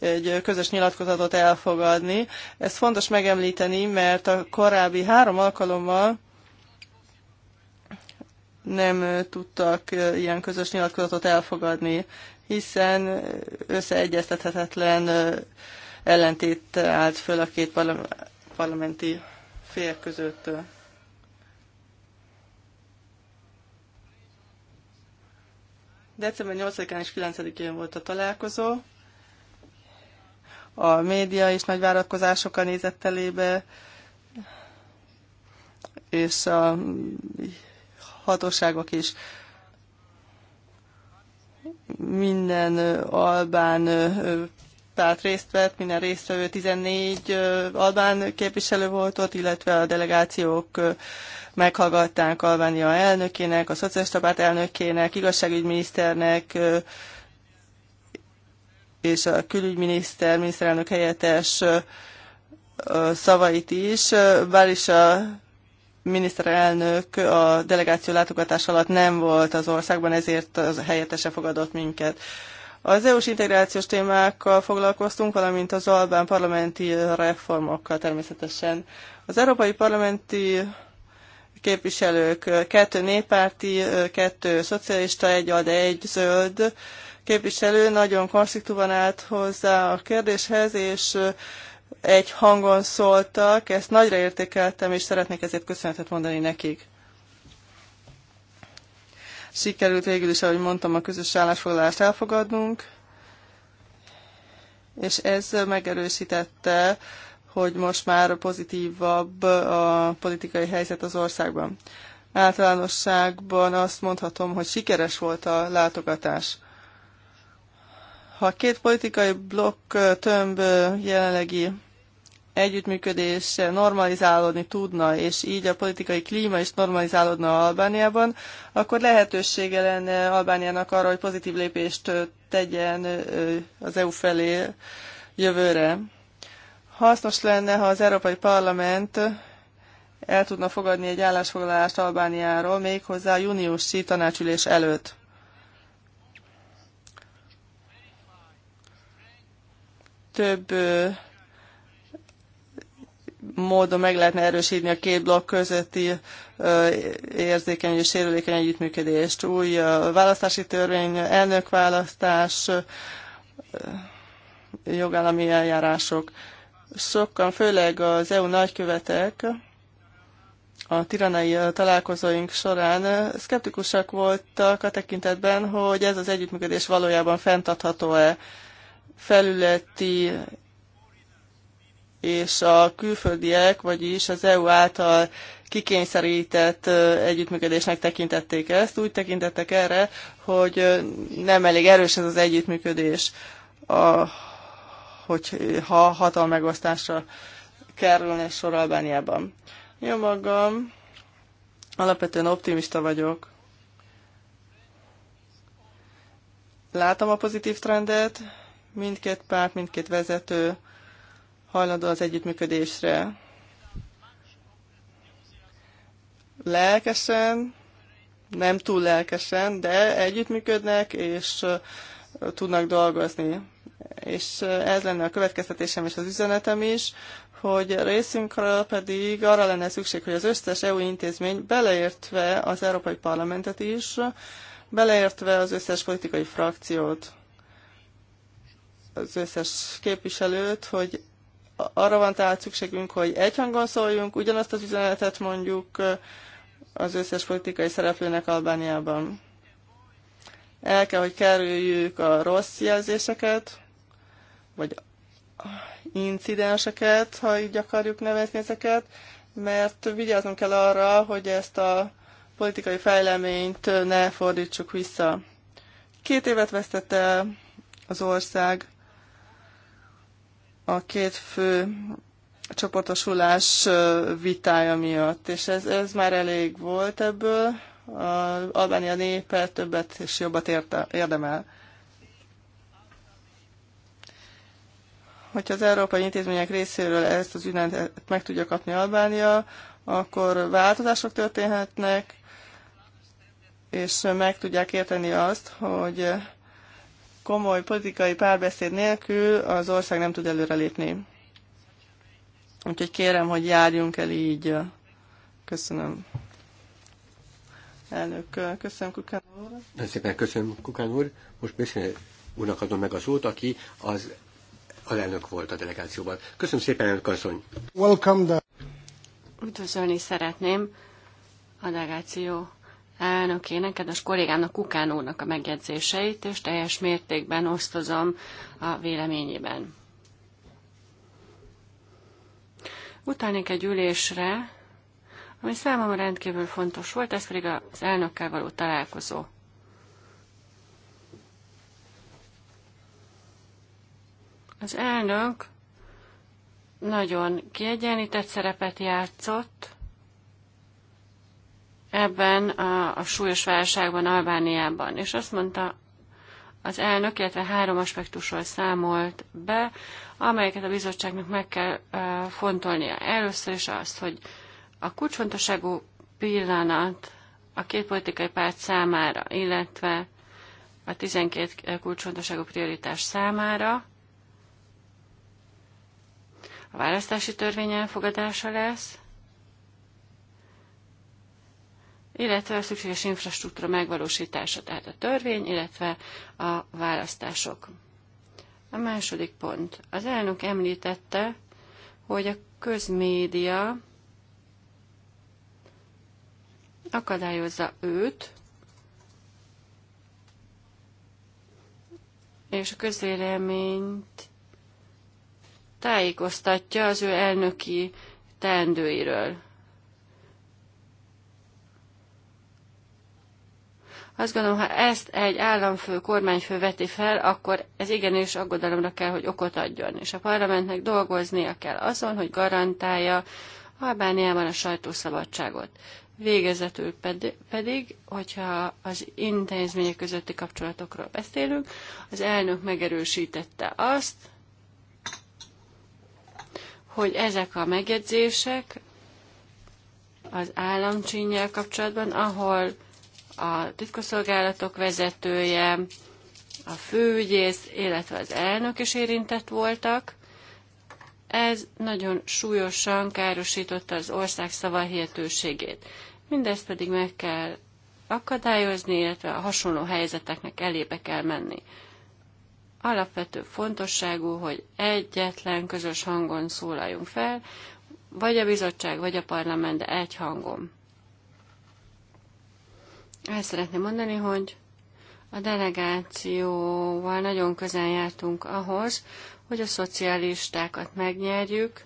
egy közös nyilatkozatot elfogadni. Ezt fontos megemlíteni, mert a korábbi három alkalommal nem tudtak ilyen közös nyilatkozatot elfogadni, hiszen összeegyeztethetetlen ellentét állt föl a két parlamenti fél között. December 8-án és 9-én volt a találkozó. A média is nagy várakozásokkal nézett elébe, és a hatóságok is minden albán párt részt vett, minden résztvevő 14 albán képviselő volt ott, illetve a delegációk meghallgatták Albánia elnökének, a szocialista párt elnökének, igazságügyminiszternek, és a külügyminiszter, miniszterelnök helyettes szavait is, bár is a miniszterelnök a delegáció látogatás alatt nem volt az országban, ezért az helyettese fogadott minket. Az EU-s integrációs témákkal foglalkoztunk, valamint az albán parlamenti reformokkal természetesen. Az európai parlamenti képviselők kettő néppárti, kettő szocialista, egy ad, egy zöld képviselő nagyon konstruktúvan állt hozzá a kérdéshez, és egy hangon szóltak, ezt nagyra értékeltem, és szeretnék ezért köszönetet mondani nekik sikerült végül is, ahogy mondtam, a közös állásfoglalást elfogadnunk, és ez megerősítette, hogy most már pozitívabb a politikai helyzet az országban. Általánosságban azt mondhatom, hogy sikeres volt a látogatás. Ha a két politikai blokk tömb jelenlegi együttműködés normalizálódni tudna, és így a politikai klíma is normalizálódna Albániában, akkor lehetősége lenne Albániának arra, hogy pozitív lépést tegyen az EU felé jövőre. Hasznos lenne, ha az Európai Parlament el tudna fogadni egy állásfoglalást Albániáról, méghozzá júniusi tanácsülés előtt. Több módon meg lehetne erősíteni a két blokk közötti érzékeny és sérülékeny együttműködést. Új választási törvény, elnökválasztás, jogállami eljárások. Sokan, főleg az EU nagykövetek a tiranai találkozóink során szkeptikusak voltak a tekintetben, hogy ez az együttműködés valójában fenntartható-e felületi és a külföldiek, vagyis az EU által kikényszerített együttműködésnek tekintették ezt. Úgy tekintettek erre, hogy nem elég erős ez az együttműködés, a, hogy ha hatalmegosztásra kerülne sor Albániában. Jó magam, alapvetően optimista vagyok. Látom a pozitív trendet, mindkét párt, mindkét vezető hajlandó az együttműködésre. Lelkesen, nem túl lelkesen, de együttműködnek, és tudnak dolgozni. És ez lenne a következtetésem és az üzenetem is, hogy részünkről pedig arra lenne szükség, hogy az összes EU intézmény, beleértve az Európai Parlamentet is, beleértve az összes politikai frakciót, az összes képviselőt, hogy arra van tehát szükségünk, hogy egyhangon szóljunk, ugyanazt az üzenetet mondjuk az összes politikai szereplőnek Albániában. El kell, hogy kerüljük a rossz jelzéseket, vagy incidenseket, ha így akarjuk nevezni ezeket, mert vigyáznunk kell arra, hogy ezt a politikai fejleményt ne fordítsuk vissza. Két évet vesztette az ország a két fő csoportosulás vitája miatt, és ez, ez már elég volt ebből. A Albánia népe többet és jobbat érte, érdemel. Hogyha az európai intézmények részéről ezt az ünnepet meg tudja kapni Albánia, akkor változások történhetnek, és meg tudják érteni azt, hogy komoly politikai párbeszéd nélkül az ország nem tud előrelépni. Úgyhogy kérem, hogy járjunk el így. Köszönöm. Elnök, köszönöm Kukán úr. Nagyon szépen köszönöm Kukán úr. Most beszélni úrnak adom meg a szót, aki az alelnök volt a delegációban. Köszönöm szépen, elnök asszony. Welcome the... Üdvözölni szeretném a delegáció elnökének, kedves kollégámnak, Kukán úrnak a megjegyzéseit, és teljes mértékben osztozom a véleményében. Utalnék egy ülésre, ami számomra rendkívül fontos volt, ez pedig az elnökkel való találkozó. Az elnök nagyon kiegyenlített szerepet játszott, ebben a, a súlyos válságban, Albániában. És azt mondta az elnök, illetve három aspektusról számolt be, amelyeket a bizottságnak meg kell uh, fontolnia. Először is azt, hogy a kulcsfontosságú pillanat a két politikai párt számára, illetve a 12 kulcsfontosságú prioritás számára a választási törvény elfogadása lesz, illetve a szükséges infrastruktúra megvalósítása, tehát a törvény, illetve a választások. A második pont. Az elnök említette, hogy a közmédia akadályozza őt, és a közvéleményt tájékoztatja az ő elnöki teendőiről. Azt gondolom, ha ezt egy államfő, kormányfő veti fel, akkor ez igenis aggodalomra kell, hogy okot adjon. És a parlamentnek dolgoznia kell azon, hogy garantálja Albániában a sajtószabadságot. Végezetül pedig, hogyha az intézmények közötti kapcsolatokról beszélünk, az elnök megerősítette azt, hogy ezek a megjegyzések az államcsínyel kapcsolatban, ahol a titkosszolgálatok vezetője, a főügyész, illetve az elnök is érintett voltak. Ez nagyon súlyosan károsította az ország szavahihetőségét. Mindezt pedig meg kell akadályozni, illetve a hasonló helyzeteknek elébe kell menni. Alapvető fontosságú, hogy egyetlen közös hangon szólaljunk fel, vagy a bizottság, vagy a parlament, de egy hangon. El szeretném mondani, hogy a delegációval nagyon közel jártunk ahhoz, hogy a szocialistákat megnyerjük,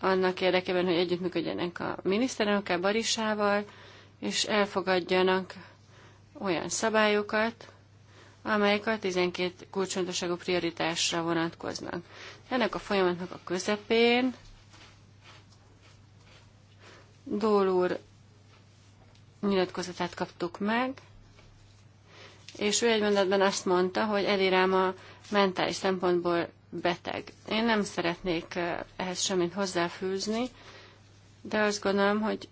annak érdekében, hogy együttműködjenek a miniszterelnökkel, Barisával, és elfogadjanak olyan szabályokat, amelyek a 12 kulcsfontosságú prioritásra vonatkoznak. Ennek a folyamatnak a közepén Dól úr nyilatkozatát kaptuk meg, és ő egy mondatban azt mondta, hogy Elirám a mentális szempontból beteg. Én nem szeretnék eh, ehhez semmit hozzáfűzni, de azt gondolom, hogy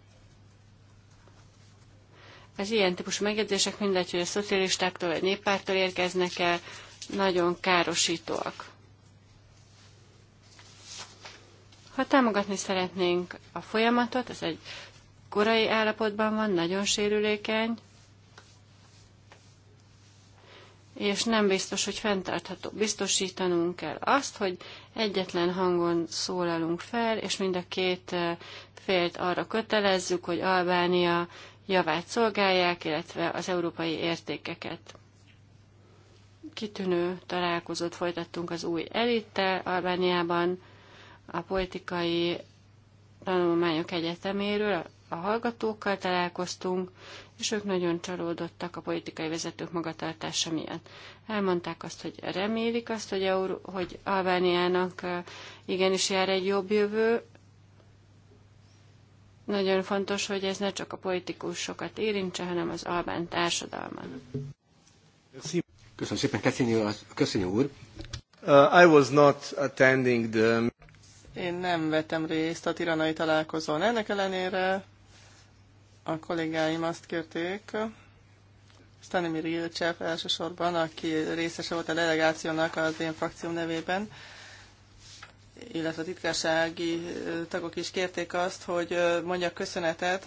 az ilyen típusú megjegyzések, mindegy, hogy a szocialistáktól vagy néppártól érkeznek el, nagyon károsítóak. Ha támogatni szeretnénk a folyamatot, ez egy korai állapotban van, nagyon sérülékeny, és nem biztos, hogy fenntartható. Biztosítanunk kell azt, hogy egyetlen hangon szólalunk fel, és mind a két eh, félt arra kötelezzük, hogy Albánia javát szolgálják, illetve az európai értékeket. Kitűnő találkozót folytattunk az új elittel Albániában, a politikai tanulmányok egyeteméről, a hallgatókkal találkoztunk, és ők nagyon csalódottak a politikai vezetők magatartása miatt. Elmondták azt, hogy remélik azt, hogy, Euró- hogy Albániának igenis jár egy jobb jövő. Nagyon fontos, hogy ez ne csak a politikusokat érintse, hanem az albán társadalmat. Köszönöm szépen, köszönjük úr. Uh, I was not attending the... Én nem vettem részt a tiranai találkozón. Ennek ellenére a kollégáim azt kérték, Stanimir Ilcsev elsősorban, aki részese volt a delegációnak az én frakció nevében, illetve a titkársági tagok is kérték azt, hogy mondjak köszönetet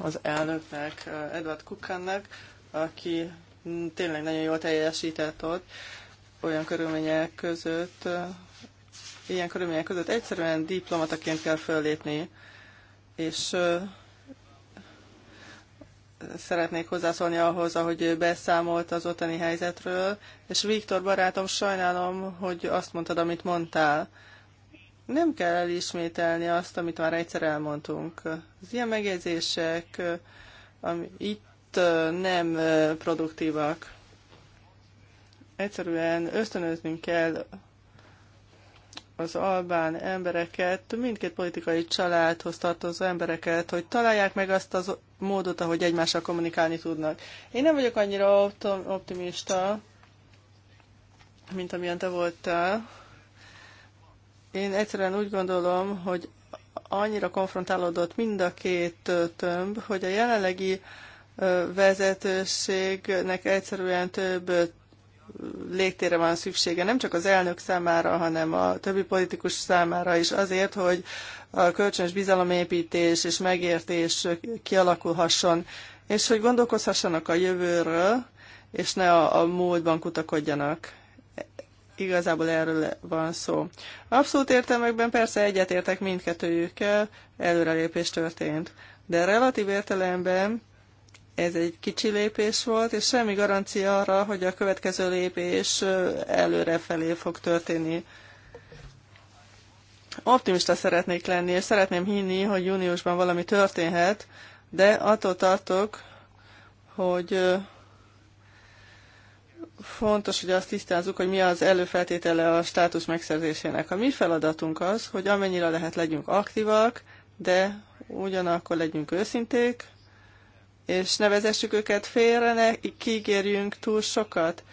az elnöknek, Edward Kukkannak, aki tényleg nagyon jól teljesített ott, olyan körülmények között, ilyen körülmények között egyszerűen diplomataként kell föllépni, és szeretnék hozzászólni ahhoz, ahogy ő beszámolt az ottani helyzetről. És Viktor barátom, sajnálom, hogy azt mondtad, amit mondtál. Nem kell elismételni azt, amit már egyszer elmondtunk. Az ilyen megjegyzések ami itt nem produktívak. Egyszerűen ösztönöznünk kell az albán embereket, mindkét politikai családhoz tartozó embereket, hogy találják meg azt az módot, ahogy egymással kommunikálni tudnak. Én nem vagyok annyira optimista, mint amilyen te voltál. Én egyszerűen úgy gondolom, hogy annyira konfrontálódott mind a két tömb, hogy a jelenlegi vezetőségnek egyszerűen több légtére van szüksége, nem csak az elnök számára, hanem a többi politikus számára is azért, hogy a kölcsönös bizalomépítés és megértés kialakulhasson, és hogy gondolkozhassanak a jövőről, és ne a, a múltban kutakodjanak. Igazából erről van szó. Abszolút értelmekben persze egyetértek mindkettőjükkel, előrelépés történt. De relatív értelemben ez egy kicsi lépés volt, és semmi garancia arra, hogy a következő lépés előrefelé fog történni. Optimista szeretnék lenni, és szeretném hinni, hogy júniusban valami történhet, de attól tartok, hogy fontos, hogy azt tisztázzuk, hogy mi az előfeltétele a státusz megszerzésének. A mi feladatunk az, hogy amennyire lehet legyünk aktívak, de ugyanakkor legyünk őszinték, és nevezessük őket félre, ne kígérjünk túl sokat.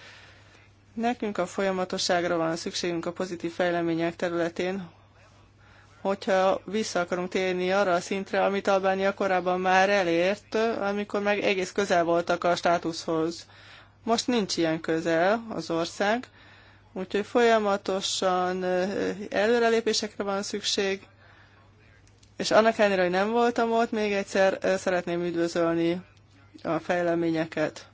Nekünk a folyamatosságra van szükségünk a pozitív fejlemények területén, hogyha vissza akarunk térni arra a szintre, amit Albánia korábban már elért, amikor meg egész közel voltak a státuszhoz. Most nincs ilyen közel az ország, úgyhogy folyamatosan eh, előrelépésekre van szükség, és annak ellenére, hogy nem voltam ott, még egyszer szeretném üdvözölni a fejleményeket.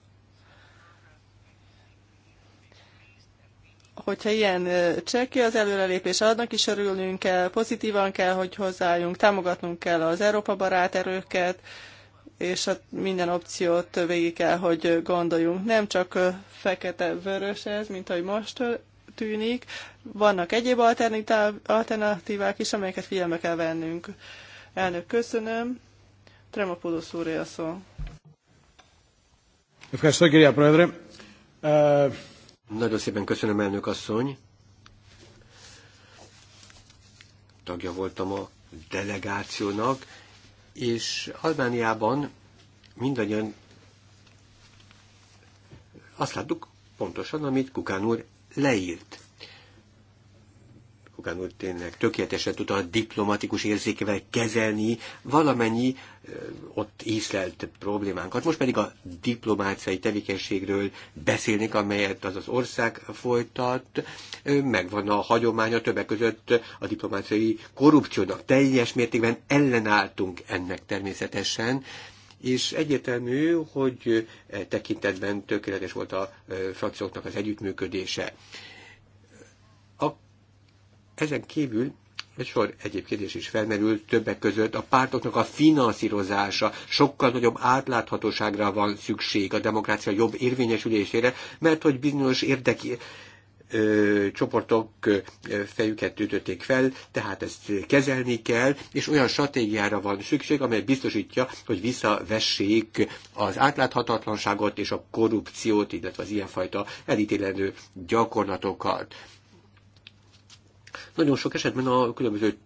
Hogyha ilyen csekki az előrelépés, adnak is örülnünk kell, pozitívan kell, hogy hozzájunk, támogatnunk kell az Európa barát erőket, és a minden opciót végig kell, hogy gondoljunk. Nem csak fekete-vörös ez, mint ahogy most tűnik. Vannak egyéb alternatívák is, amelyeket figyelme kell vennünk. Elnök, köszönöm. Tremopoulos úr a szó. Nagyon szépen köszönöm, elnök asszony. Tagja voltam a delegációnak, és Albániában mindannyian azt láttuk pontosan, amit Kukán úr leírt. Kukán úr tényleg tökéletesen tudta a diplomatikus érzékevel kezelni valamennyi ott észlelt problémánkat. Most pedig a diplomáciai tevékenységről beszélnék, amelyet az az ország folytat. Megvan a hagyománya többek között a diplomáciai korrupciónak. Teljes mértékben ellenálltunk ennek természetesen, és egyetemű, hogy e, tekintetben tökéletes volt a e, frakcióknak az együttműködése. A, ezen kívül egy sor egyéb kérdés is felmerült többek között a pártoknak a finanszírozása, sokkal nagyobb átláthatóságra van szükség a demokrácia jobb érvényesülésére, mert hogy bizonyos érdeki csoportok fejüket ütötték fel, tehát ezt kezelni kell, és olyan stratégiára van szükség, amely biztosítja, hogy visszavessék az átláthatatlanságot és a korrupciót, illetve az ilyenfajta elítélendő gyakorlatokat. Nagyon sok esetben a különböző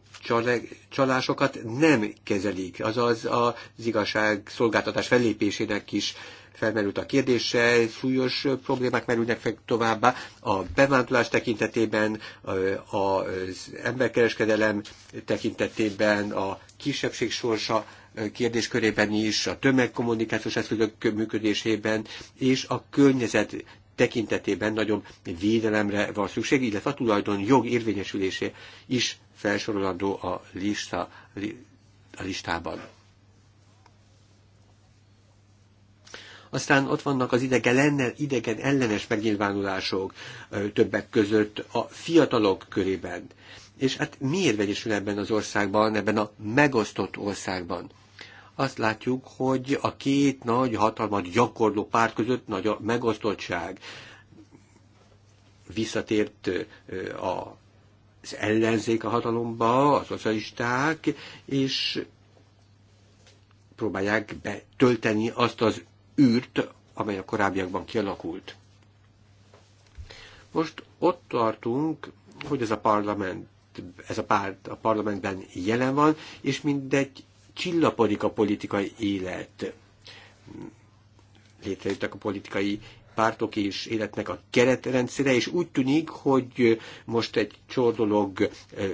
csalásokat nem kezelik, azaz az igazság szolgáltatás fellépésének is felmerült a kérdése, súlyos problémák merülnek fel továbbá a bevándorlás tekintetében, az emberkereskedelem tekintetében, a kisebbség sorsa kérdéskörében is, a tömegkommunikációs eszközök működésében és a környezet tekintetében nagyobb védelemre van szükség, illetve a tulajdon jog érvényesülésé is felsorolandó a, lista, a listában. Aztán ott vannak az idegen, ellen, idegen ellenes megnyilvánulások többek között a fiatalok körében. És hát miért vegyesül ebben az országban, ebben a megosztott országban? azt látjuk, hogy a két nagy hatalmat gyakorló párt között nagy a megosztottság. Visszatért a az ellenzék a hatalomba, a szocialisták, és próbálják betölteni azt az űrt, amely a korábbiakban kialakult. Most ott tartunk, hogy ez a parlament, ez a párt a parlamentben jelen van, és mindegy csillapodik a politikai élet. Létrejöttek a politikai pártok és életnek a keretrendszere, és úgy tűnik, hogy most egy sor dolog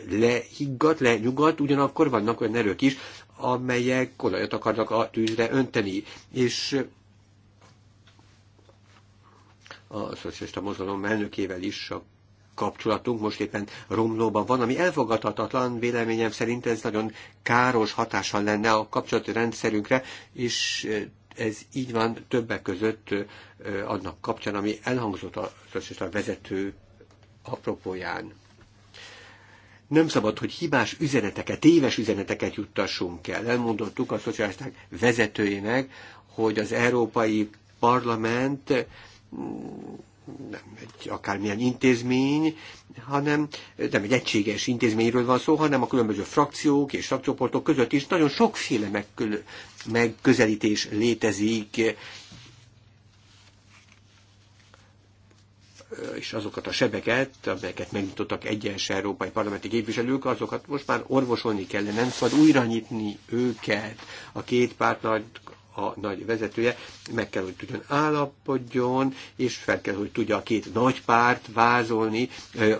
lehiggadt, lenyugat, ugyanakkor vannak olyan erők is, amelyek olajat akarnak a tűzre önteni. És a szocialista mozgalom elnökével is a kapcsolatunk most éppen romlóban van, ami elfogadhatatlan, véleményem szerint ez nagyon káros hatással lenne a kapcsolati rendszerünkre, és eh, ez így van többek között eh, annak kapcsán, ami elhangzott a, a vezető apropóján. Nem szabad, hogy hibás üzeneteket, téves üzeneteket juttassunk el. Elmondottuk a szocialisták vezetőjének, hogy az Európai Parlament nem egy akármilyen intézmény, hanem nem egy egységes intézményről van szó, hanem a különböző frakciók és frakcióportok között is nagyon sokféle megkül- megközelítés létezik, és azokat a sebeket, amelyeket megnyitottak egyes európai parlamenti képviselők, azokat most már orvosolni kellene, nem szabad újra nyitni őket. A két pártnak a nagy vezetője, meg kell, hogy tudjon állapodjon, és fel kell, hogy tudja a két nagy párt vázolni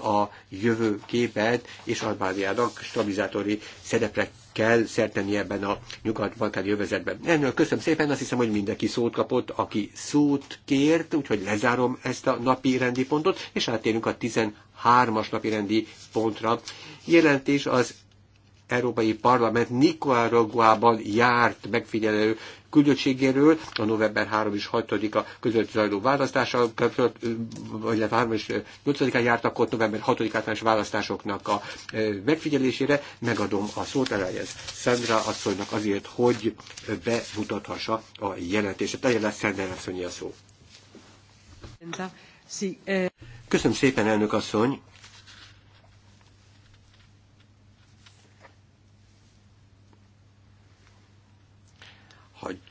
a jövőképet, és Albániának stabilizátori szerepre kell szerteni ebben a nyugat-balkáni övezetben. Ennél köszönöm szépen, azt hiszem, hogy mindenki szót kapott, aki szót kért, úgyhogy lezárom ezt a napi rendi pontot, és átérünk a 13-as napi rendi pontra. Jelentés az Európai Parlament Nicaraguában járt megfigyelő küldöttségéről, a november 3 és 6-a között zajló választással, vagy 3 és 8-án jártak ott november 6 általános választásoknak a megfigyelésére. Megadom a szót elejez Szendra asszonynak azért, hogy bemutathassa a jelentését. lesz Szendra asszonyi a szó. Köszönöm szépen, elnök asszony! hogy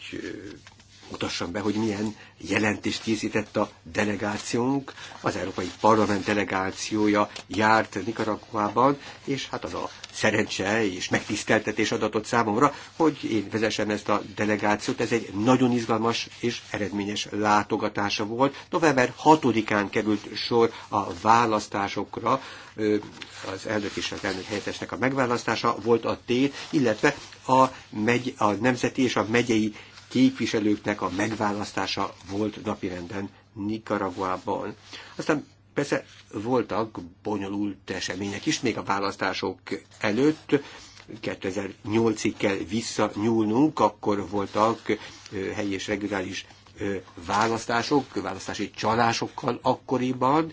mutassam be, hogy milyen jelentést készített a delegációnk, az Európai Parlament delegációja járt Nikaraguában, és hát az a szerencse és megtiszteltetés adatot számomra, hogy én vezessem ezt a delegációt. Ez egy nagyon izgalmas és eredményes látogatása volt. November 6-án került sor a választásokra, az elnök és az elnök helyettesnek a megválasztása volt a tét, illetve a, megy, a nemzeti és a megyei képviselőknek a megválasztása volt napirenden Nicaraguában. Aztán persze voltak bonyolult események is, még a választások előtt, 2008-ig kell visszanyúlnunk, akkor voltak helyi és regionális választások, választási csalásokkal akkoriban,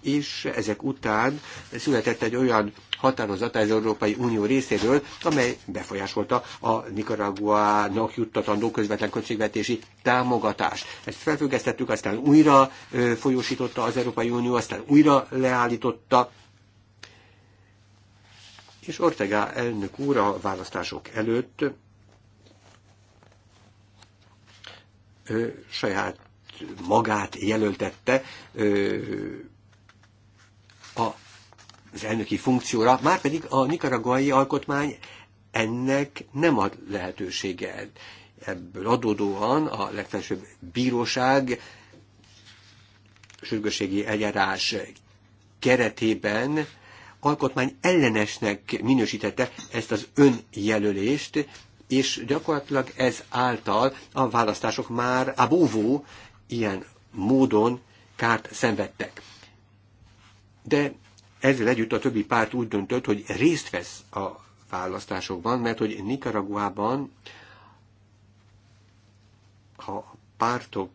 és ezek után született egy olyan határozat az Európai Unió részéről, amely befolyásolta a Nicaraguának juttatandó közvetlen költségvetési támogatást. Ezt felfüggesztettük, aztán újra folyósította az Európai Unió, aztán újra leállította és Ortega elnök úr a választások előtt ö, saját magát jelöltette ö, a az elnöki funkcióra, már pedig a nikaraguai alkotmány ennek nem ad lehetőséget. Ebből adódóan a legfelsőbb bíróság sürgőségi eljárás keretében alkotmány ellenesnek minősítette ezt az önjelölést, és gyakorlatilag ez által a választások már a ilyen módon kárt szenvedtek. De ezzel együtt a többi párt úgy döntött, hogy részt vesz a választásokban, mert hogy Nicaraguában ha pártok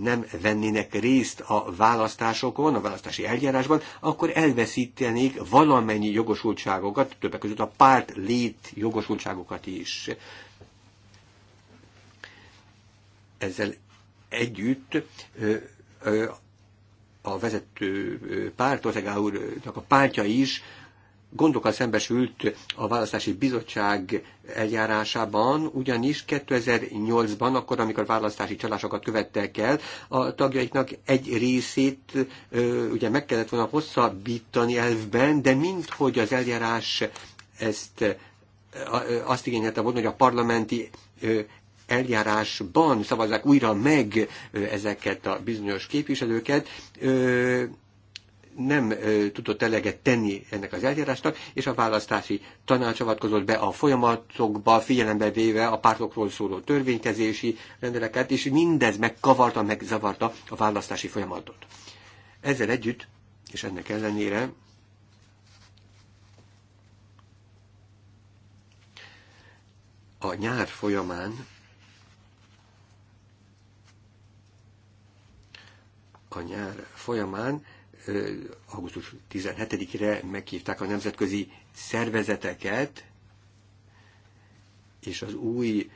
nem vennének részt a választásokon, a választási eljárásban, akkor elveszítenék valamennyi jogosultságokat, többek között a párt lét jogosultságokat is. Ezzel együtt a vezető párt, Ortegá úrnak a pártja is gondokkal szembesült a választási bizottság eljárásában, ugyanis 2008-ban, akkor, amikor választási csalásokat követtek el, a tagjaiknak egy részét ugye meg kellett volna hosszabbítani elvben, de minthogy az eljárás ezt azt igényelte volna, hogy a parlamenti eljárásban szavazzák újra meg ezeket a bizonyos képviselőket, nem tudott eleget tenni ennek az eljárásnak, és a választási tanács avatkozott be a folyamatokba, figyelembe véve a pártokról szóló törvénykezési rendeleket, és mindez megkavarta, megzavarta a választási folyamatot. Ezzel együtt, és ennek ellenére a nyár folyamán a nyár folyamán, augusztus 17-re meghívták a nemzetközi szervezeteket, és az új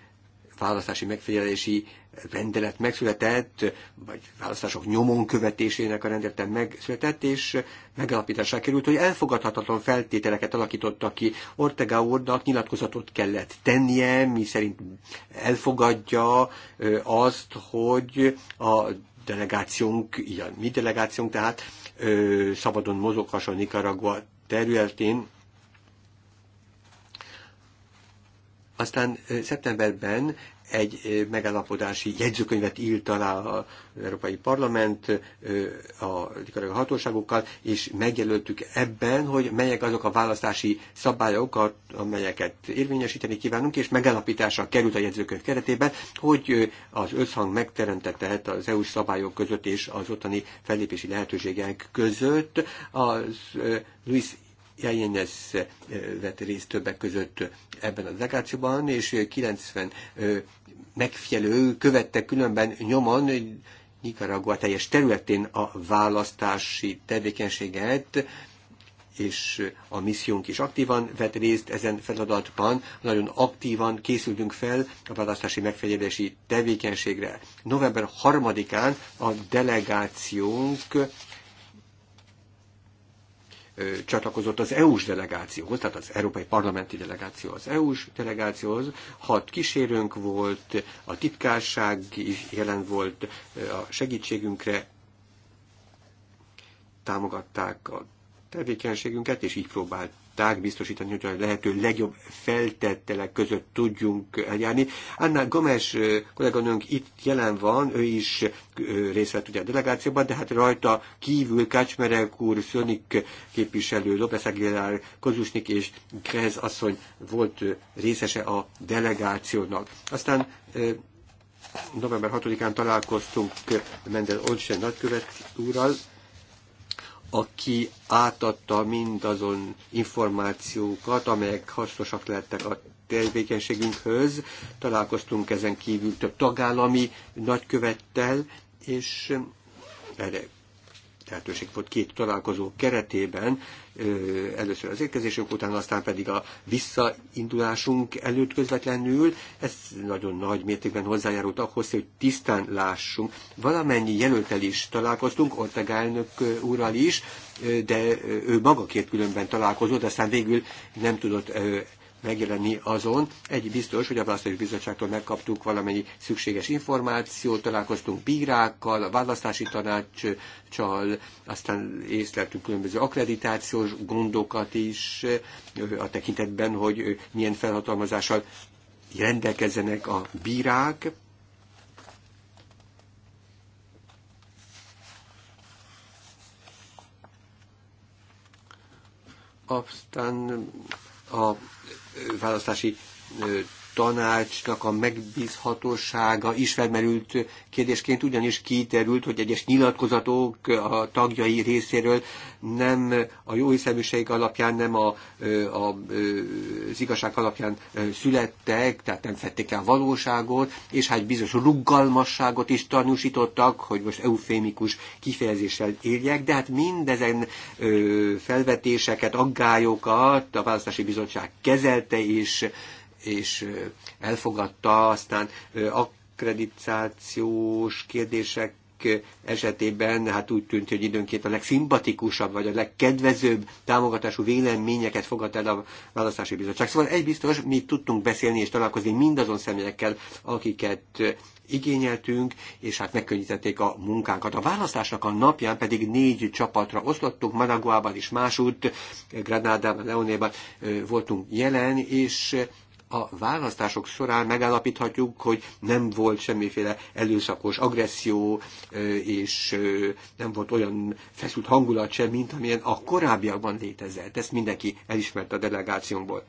választási megfigyelési rendelet megszületett, vagy választások nyomon követésének a rendelete megszületett, és megalapításra került, hogy elfogadhatatlan feltételeket alakítottak ki. Ortega úrnak nyilatkozatot kellett tennie, mi szerint elfogadja azt, hogy a delegációnk, így a mi delegációnk tehát ö, szabadon a Nicaragua területén. Aztán szeptemberben egy megállapodási jegyzőkönyvet írt alá az Európai Parlament a nikaragua hatóságokkal, és megjelöltük ebben, hogy melyek azok a választási szabályok, amelyeket érvényesíteni kívánunk, és megállapításra került a jegyzőkönyv keretében, hogy az összhang megteremtetett az eu szabályok között és az ottani fellépési lehetőségek között. Az Luis Jajénez vett részt többek között ebben a delegációban, és 90 megfigyelő követte különben nyomon Nicaragua teljes területén a választási tevékenységet, és a missziónk is aktívan vett részt ezen feladatban, nagyon aktívan készültünk fel a választási megfigyelési tevékenységre. November 3-án a delegációnk csatlakozott az EU-s delegációhoz, tehát az Európai Parlamenti Delegáció az EU-s delegációhoz. Hat kísérőnk volt, a titkárság is jelen volt a segítségünkre, támogatták a tevékenységünket, és így próbált tudták biztosítani, hogy a lehető legjobb feltettelek között tudjunk eljárni. Anna Gomes kolléganőnk itt jelen van, ő is részt vett ugye a delegációban, de hát rajta kívül Kácsmerek úr, Szönik képviselő, López Aguilar, Kozusnik és Grez asszony volt részese a delegációnak. Aztán november 6-án találkoztunk Mendel Olsen nagykövet úrral, aki átadta mindazon információkat, amelyek hasznosak lettek a tevékenységünkhöz. Találkoztunk ezen kívül több tagállami nagykövettel, és erre lehetőség volt két találkozó keretében, először az érkezésünk után, aztán pedig a visszaindulásunk előtt közvetlenül. Ez nagyon nagy mértékben hozzájárult ahhoz, hogy tisztán lássunk. Valamennyi jelöltel is találkoztunk, Ortega elnök úrral is, de ő maga két különben találkozott, aztán végül nem tudott megjelenni azon. Egy biztos, hogy a választási bizottságtól megkaptuk valamennyi szükséges információt, találkoztunk bírákkal, a választási tanácssal, aztán észleltünk különböző akkreditációs gondokat is a tekintetben, hogy milyen felhatalmazással rendelkezzenek a bírák. Aztán a választási tanácsnak a megbízhatósága is felmerült kérdésként, ugyanis kiterült, hogy egyes nyilatkozatok a tagjai részéről nem a jó hiszeműség alapján, nem a, a, az igazság alapján születtek, tehát nem fették el a valóságot, és hát bizonyos rugalmasságot is tanúsítottak, hogy most eufémikus kifejezéssel éljek, de hát mindezen felvetéseket, aggályokat a választási bizottság kezelte, és és elfogadta, aztán akkreditációs kérdések esetében hát úgy tűnt, hogy időnként a legszimpatikusabb vagy a legkedvezőbb támogatású véleményeket fogadta el a választási bizottság. Szóval egy biztos, mi tudtunk beszélni és találkozni mindazon személyekkel, akiket igényeltünk, és hát megkönnyítették a munkánkat. A választásnak a napján pedig négy csapatra oszlottunk, Managuában is másút, Granádában, Leonéban voltunk jelen, és a választások során megállapíthatjuk, hogy nem volt semmiféle előszakos agresszió, és nem volt olyan feszült hangulat sem, mint amilyen a korábbiakban létezett. Ezt mindenki elismerte a delegációmból.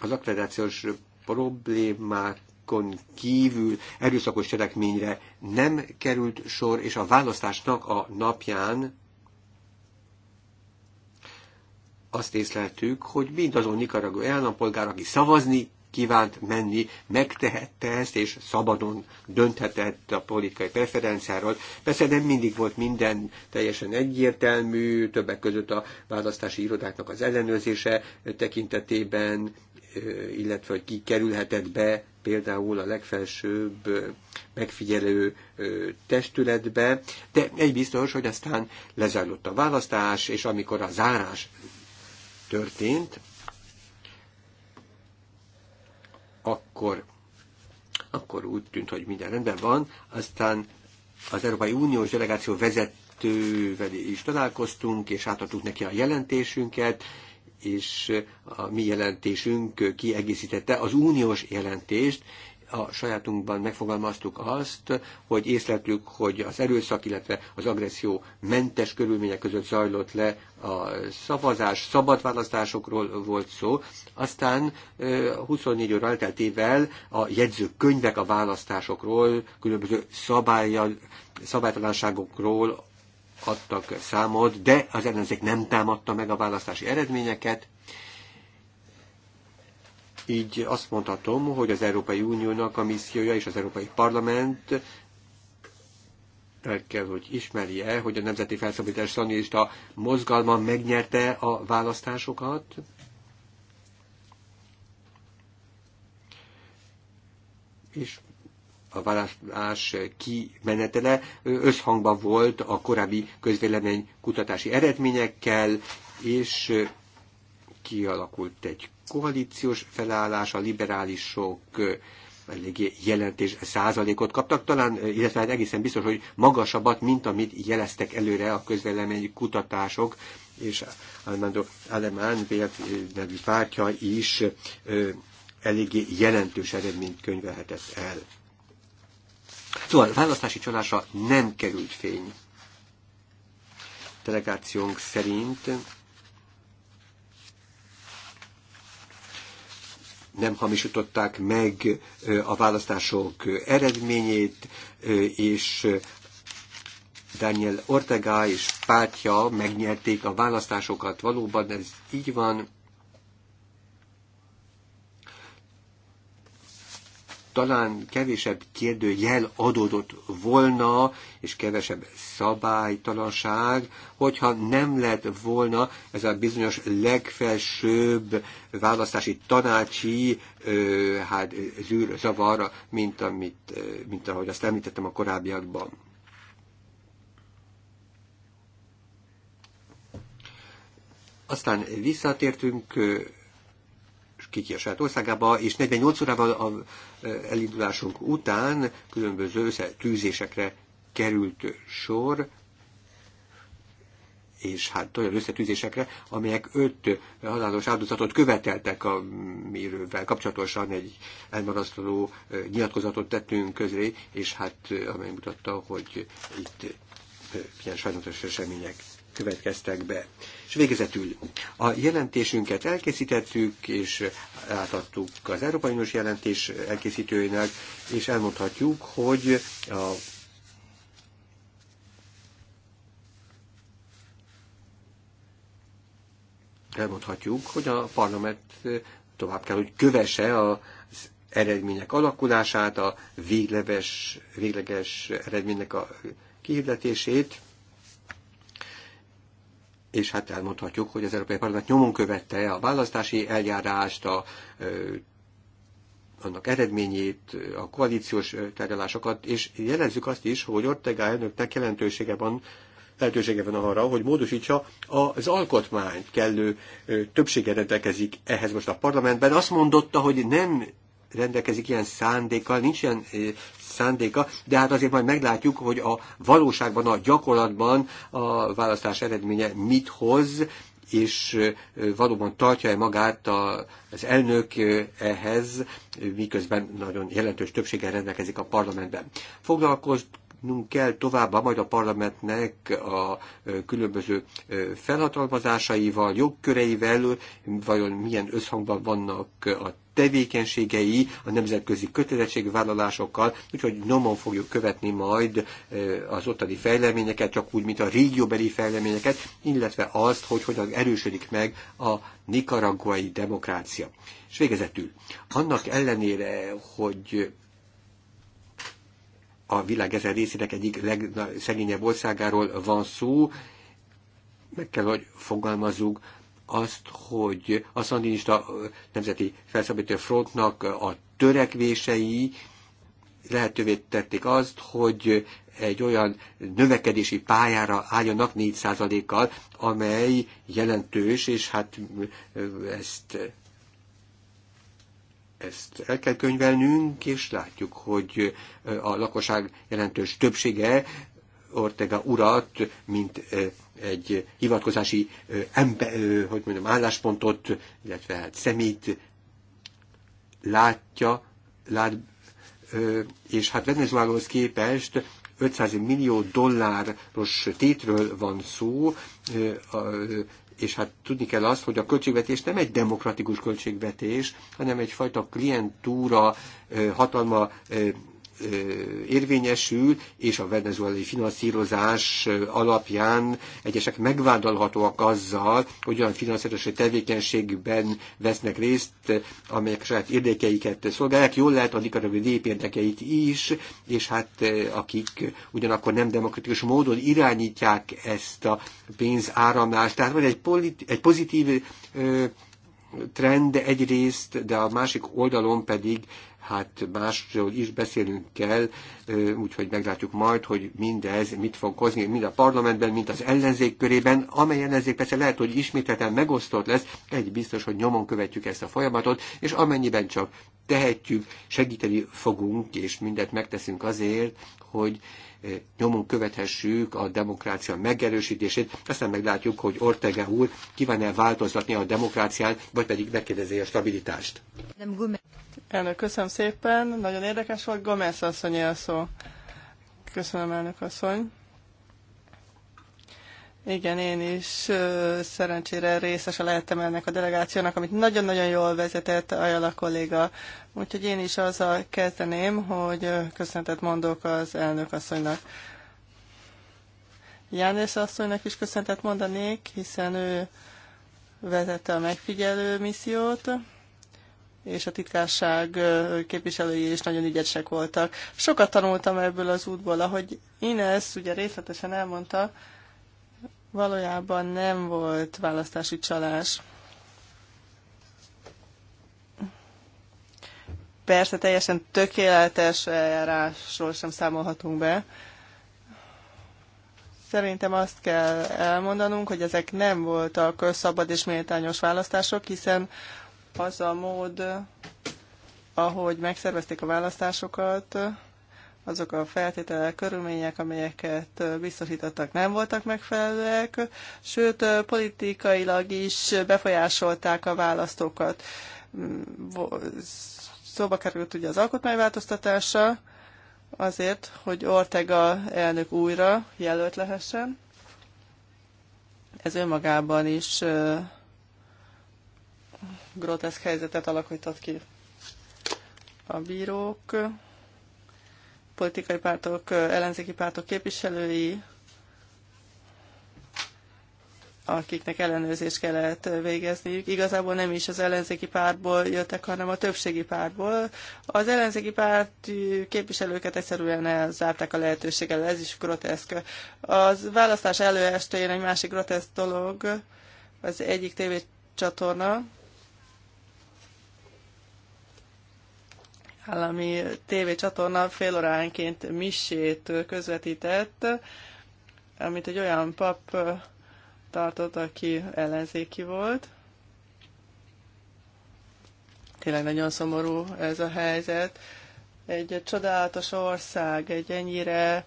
Az akkreditációs problémák kívül erőszakos cselekményre nem került sor, és a választásnak a napján azt észleltük, hogy mindazon nikaragó állampolgár, aki szavazni kívánt menni, megtehette ezt, és szabadon dönthetett a politikai preferenciáról. Persze nem mindig volt minden teljesen egyértelmű, többek között a választási irodáknak az ellenőrzése tekintetében, illetve hogy ki kerülhetett be például a legfelsőbb megfigyelő testületbe, de egy biztos, hogy aztán lezajlott a választás, és amikor a zárás történt, akkor, akkor úgy tűnt, hogy minden rendben van, aztán az Európai Uniós delegáció vezetővel is találkoztunk, és átadtuk neki a jelentésünket, és a mi jelentésünk kiegészítette az uniós jelentést, a sajátunkban megfogalmaztuk azt, hogy észleltük, hogy az erőszak, illetve az agresszió mentes körülmények között zajlott le a szavazás, szabad választásokról volt szó, aztán 24 óra elteltével a jegyzőkönyvek a választásokról, különböző szabályal, szabálytalanságokról adtak számot, de az ellenzék nem támadta meg a választási eredményeket, így azt mondhatom, hogy az Európai Uniónak a missziója és az Európai Parlament el kell, hogy ismerje, hogy a Nemzeti Felszabadítás Szanista mozgalma megnyerte a választásokat. És a választás kimenetele összhangban volt a korábbi közvélemény kutatási eredményekkel, és kialakult egy koalíciós felállás, a liberálisok eléggé jelentés százalékot kaptak, talán, illetve hát egészen biztos, hogy magasabbat, mint amit jeleztek előre a közvélemény kutatások, és Armando Alemán nevű pártja is eléggé jelentős eredményt könyvelhetett el. Szóval választási csalásra nem került fény. Delegációnk szerint nem hamisították meg a választások eredményét, és Daniel Ortega és pártja megnyerték a választásokat. Valóban ez így van. talán kevésebb kérdőjel adódott volna, és kevesebb szabálytalanság, hogyha nem lett volna ez a bizonyos legfelsőbb választási tanácsi ö, hát, zűr mint, amit, mint ahogy azt említettem a korábbiakban. Aztán visszatértünk ki a saját országába, és 48 órával a elindulásunk után különböző összetűzésekre került sor, és hát olyan összetűzésekre, amelyek öt halálos áldozatot követeltek, amiről kapcsolatosan egy elmarasztaló nyilatkozatot tettünk közé, és hát amely mutatta, hogy itt ilyen sajnálatos események következtek be. És végezetül a jelentésünket elkészítettük, és átadtuk az Európai Uniós jelentés elkészítőjének, és elmondhatjuk, hogy a elmondhatjuk, hogy a parlament tovább kell, hogy kövesse az eredmények alakulását, a végleges, végleges eredménynek a kihirdetését, és hát elmondhatjuk, hogy az Európai Parlament nyomon követte a választási eljárást, a, annak eredményét, a koalíciós tárgyalásokat, és jelezzük azt is, hogy Ortega elnöknek jelentősége van, lehetősége van arra, hogy módosítsa az alkotmányt kellő többsége rendelkezik ehhez most a parlamentben. Azt mondotta, hogy nem rendelkezik ilyen szándékkal, nincs ilyen szándéka, de hát azért majd meglátjuk, hogy a valóságban, a gyakorlatban a választás eredménye mit hoz, és valóban tartja-e magát az elnök ehhez, miközben nagyon jelentős többséggel rendelkezik a parlamentben. Foglalkozt adnunk kell továbbá majd a parlamentnek a különböző felhatalmazásaival, jogköreivel, vajon milyen összhangban vannak a tevékenységei, a nemzetközi kötelezettségvállalásokkal, úgyhogy nyomon fogjuk követni majd az ottani fejleményeket, csak úgy, mint a régióbeli fejleményeket, illetve azt, hogy hogyan erősödik meg a nikaraguai demokrácia. És végezetül, annak ellenére, hogy a világ ezen részének egyik legszegényebb országáról van szó, meg kell, hogy fogalmazzuk azt, hogy a szandinista nemzeti felszabadítő frontnak a törekvései lehetővé tették azt, hogy egy olyan növekedési pályára álljanak 4%-kal, amely jelentős, és hát ezt ezt el kell könyvelnünk, és látjuk, hogy a lakosság jelentős többsége Ortega urat, mint egy hivatkozási embe, hogy mondjam, álláspontot, illetve hát szemét látja, lát, és hát Venezuelához képest 500 millió dolláros tétről van szó, és hát tudni kell azt, hogy a költségvetés nem egy demokratikus költségvetés, hanem egyfajta klientúra hatalma érvényesül, és a venezuelai finanszírozás alapján egyesek megvádolhatóak azzal, hogy olyan finanszírozási tevékenységben vesznek részt, amelyek saját érdekeiket szolgálják. Jól lehet addig a népérdekeit is, és hát akik ugyanakkor nem demokratikus módon irányítják ezt a pénzáramlást. Tehát van egy, politi- egy pozitív ö, trend egyrészt, de a másik oldalon pedig hát másról is beszélünk kell, úgyhogy meglátjuk majd, hogy mindez mit fog hozni mind a parlamentben, mind az ellenzék körében, amely ellenzék persze lehet, hogy ismételten megosztott lesz, egy biztos, hogy nyomon követjük ezt a folyamatot, és amennyiben csak tehetjük, segíteni fogunk, és mindent megteszünk azért, hogy nyomon követhessük a demokrácia megerősítését, aztán meglátjuk, hogy Ortega úr kíván-e változtatni a demokrácián, vagy pedig megkérdezi a stabilitást. Elnök, köszönöm szépen, nagyon érdekes volt. Gomez asszony a szó. Köszönöm, elnök asszony. Igen, én is szerencsére részese lehettem ennek a delegációnak, amit nagyon-nagyon jól vezetett Ajala kolléga. Úgyhogy én is azzal kezdeném, hogy köszönetet mondok az elnök asszonynak. János asszonynak is köszöntet mondanék, hiszen ő vezette a megfigyelő missziót, és a titkárság képviselői is nagyon ügyesek voltak. Sokat tanultam ebből az útból, ahogy Ines ugye részletesen elmondta, valójában nem volt választási csalás. Persze teljesen tökéletes eljárásról sem számolhatunk be. Szerintem azt kell elmondanunk, hogy ezek nem voltak szabad és méltányos választások, hiszen az a mód, ahogy megszervezték a választásokat, azok a feltételek, körülmények, amelyeket biztosítottak, nem voltak megfelelőek, sőt, politikailag is befolyásolták a választókat. Mm, szóba került ugye az alkotmányváltoztatása, azért, hogy Ortega elnök újra jelölt lehessen. Ez önmagában is groteszk helyzetet alakított ki. A bírók, politikai pártok, ellenzéki pártok képviselői, akiknek ellenőrzést kellett végezniük. Igazából nem is az ellenzéki pártból jöttek, hanem a többségi pártból. Az ellenzéki párt képviselőket egyszerűen elzárták a lehetőséggel, ez is groteszk. Az választás előestén egy másik groteszk dolog, az egyik tévécsatorna, állami tévécsatorna fél óránként misét közvetített, amit egy olyan pap tartott, aki ellenzéki volt. Tényleg nagyon szomorú ez a helyzet. Egy csodálatos ország, egy ennyire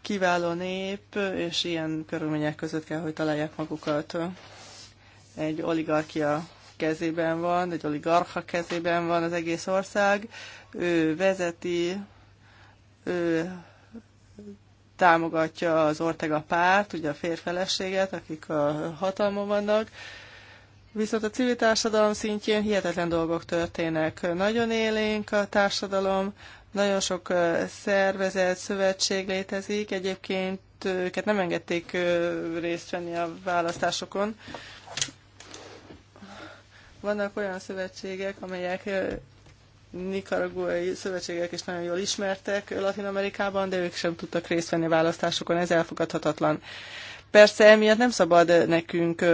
kiváló nép, és ilyen körülmények között kell, hogy találják magukat. Egy oligarkia kezében van, egy oligarcha kezében van az egész ország, ő vezeti, ő támogatja az Ortega párt, ugye a férfeleséget, akik a hatalmon vannak, Viszont a civil társadalom szintjén hihetetlen dolgok történnek. Nagyon élénk a társadalom, nagyon sok szervezet, szövetség létezik. Egyébként őket nem engedték részt venni a választásokon. Vannak olyan szövetségek, amelyek nikaraguai szövetségek is nagyon jól ismertek Latin Amerikában, de ők sem tudtak részt venni választásokon, ez elfogadhatatlan. Persze emiatt nem szabad nekünk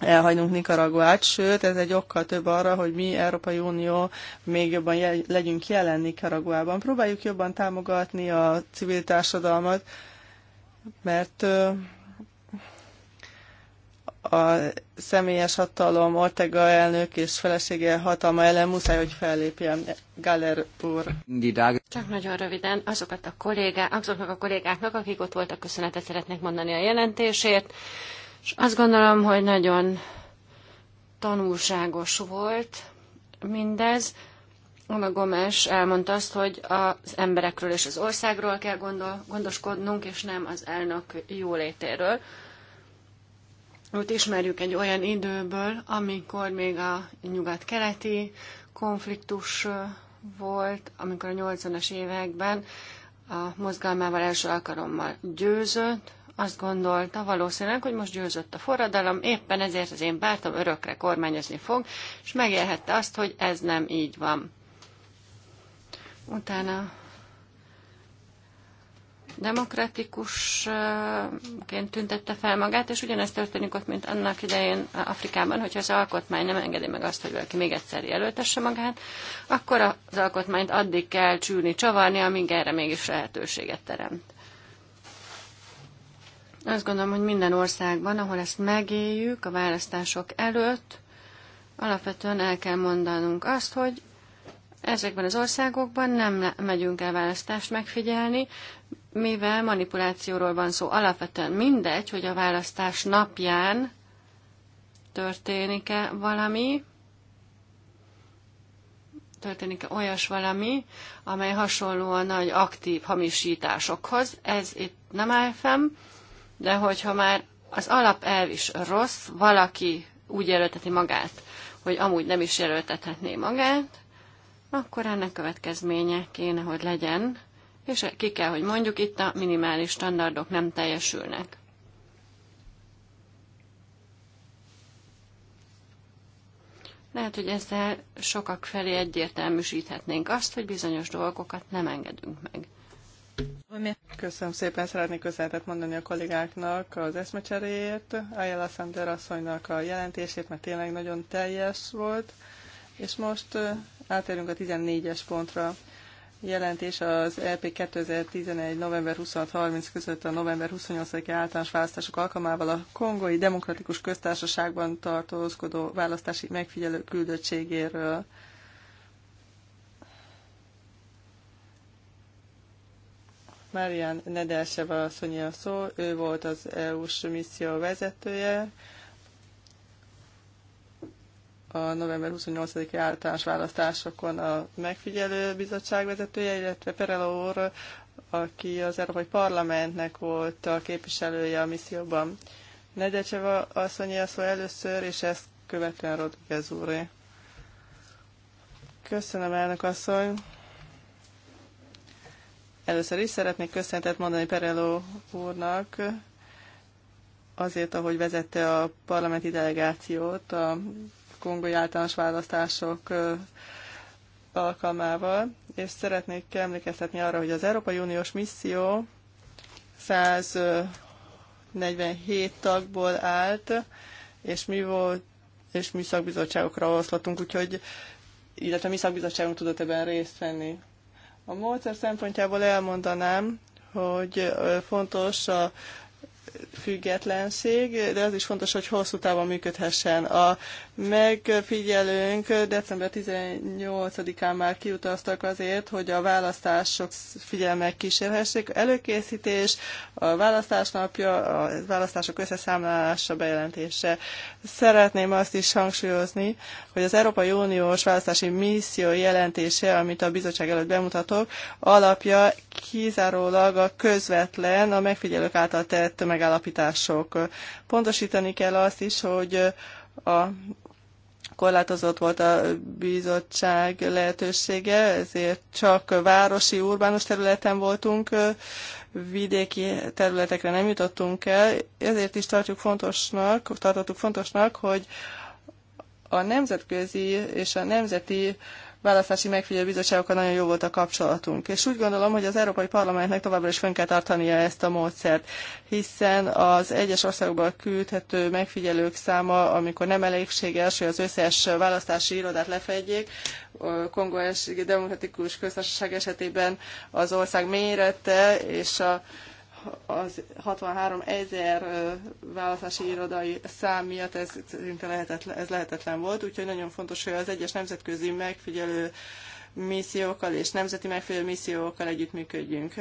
elhagynunk Nikaraguát, sőt, ez egy okkal több arra, hogy mi, Európai Unió, még jobban jel- legyünk jelen Nikaraguában. Próbáljuk jobban támogatni a civil társadalmat, mert a személyes hatalom, Ortega elnök és felesége hatalma ellen muszáj, hogy fellépjen. Galler úr. Csak nagyon röviden, azokat a kollégák, azoknak a kollégáknak, akik ott voltak, köszönetet szeretnék mondani a jelentésért, és azt gondolom, hogy nagyon tanulságos volt mindez. Oma Gomes elmondta azt, hogy az emberekről és az országról kell gondol, gondoskodnunk, és nem az elnök jólétéről. Őt ismerjük egy olyan időből, amikor még a nyugat-keleti konfliktus volt, amikor a 80-as években a mozgalmával első alkalommal győzött, azt gondolta valószínűleg, hogy most győzött a forradalom, éppen ezért az én pártom örökre kormányozni fog, és megélhette azt, hogy ez nem így van. Utána demokratikusként tüntette fel magát, és ugyanezt történik ott, mint annak idején Afrikában, hogyha az alkotmány nem engedi meg azt, hogy valaki még egyszer jelöltesse magát, akkor az alkotmányt addig kell csülni, csavarni, amíg erre mégis lehetőséget teremt. Azt gondolom, hogy minden országban, ahol ezt megéljük a választások előtt, alapvetően el kell mondanunk azt, hogy ezekben az országokban nem megyünk el választást megfigyelni, mivel manipulációról van szó. Alapvetően mindegy, hogy a választás napján történik-e valami, történik-e olyas valami, amely hasonlóan nagy aktív hamisításokhoz. Ez itt nem áll fenn, de hogyha már az alapelv is rossz, valaki úgy jelölteti magát, hogy amúgy nem is jelöltethetné magát, akkor ennek következménye kéne, hogy legyen, és ki kell, hogy mondjuk itt a minimális standardok nem teljesülnek. Lehet, hogy ezzel sokak felé egyértelműsíthetnénk azt, hogy bizonyos dolgokat nem engedünk meg. Köszönöm szépen, szeretnék köszönetet mondani a kollégáknak az eszmecseréért, Ayala Sander asszonynak a jelentését, mert tényleg nagyon teljes volt, és most Átérünk a 14-es pontra. Jelentés az LP e 2011. november 26-30 között a november 28-i általános választások alkalmával a Kongói Demokratikus Köztársaságban tartózkodó választási megfigyelő küldöttségéről. Marian Nedelseva asszonyi a szó, ő volt az EU-s misszió vezetője, a november 28-i általános választásokon a megfigyelő bizottság vezetője, illetve Perelo úr, aki az Európai Parlamentnek volt a képviselője a misszióban. azt asszonyi a szó először, és ezt követően Rodriguez úré. Köszönöm, elnök asszony! Először is szeretnék köszöntet mondani Pereló úrnak azért, ahogy vezette a parlamenti delegációt a kongói általános választások alkalmával, és szeretnék emlékeztetni arra, hogy az Európai Uniós misszió 147 tagból állt, és mi volt, és mi szakbizottságokra oszlatunk, úgyhogy, illetve mi szakbizottságunk tudott ebben részt venni. A módszer szempontjából elmondanám, hogy fontos a függetlenség, de az is fontos, hogy hosszú távon működhessen. A megfigyelőnk december 18-án már kiutaztak azért, hogy a választások figyelmek kísérhessék. Előkészítés, a választásnapja, a választások összeszámlálása, bejelentése. Szeretném azt is hangsúlyozni, hogy az Európai Uniós választási misszió jelentése, amit a bizottság előtt bemutatok, alapja kizárólag a közvetlen, a megfigyelők által tett meg megállapítások. Pontosítani kell azt is, hogy a korlátozott volt a bizottság lehetősége, ezért csak városi, urbánus területen voltunk, vidéki területekre nem jutottunk el, ezért is tartjuk fontosnak, tartottuk fontosnak, hogy a nemzetközi és a nemzeti választási megfigyelő bizottságokkal nagyon jó volt a kapcsolatunk. És úgy gondolom, hogy az Európai Parlamentnek továbbra is fönn kell tartania ezt a módszert, hiszen az egyes országokban küldhető megfigyelők száma, amikor nem elégséges, hogy az összes választási irodát lefedjék, Kongo Demokratikus Köztársaság esetében az ország mérete és a az 63 ezer választási irodai szám miatt ez szinte lehetetlen, ez lehetetlen volt, úgyhogy nagyon fontos, hogy az egyes nemzetközi megfigyelő missziókkal és nemzeti megfigyelő missziókkal együttműködjünk.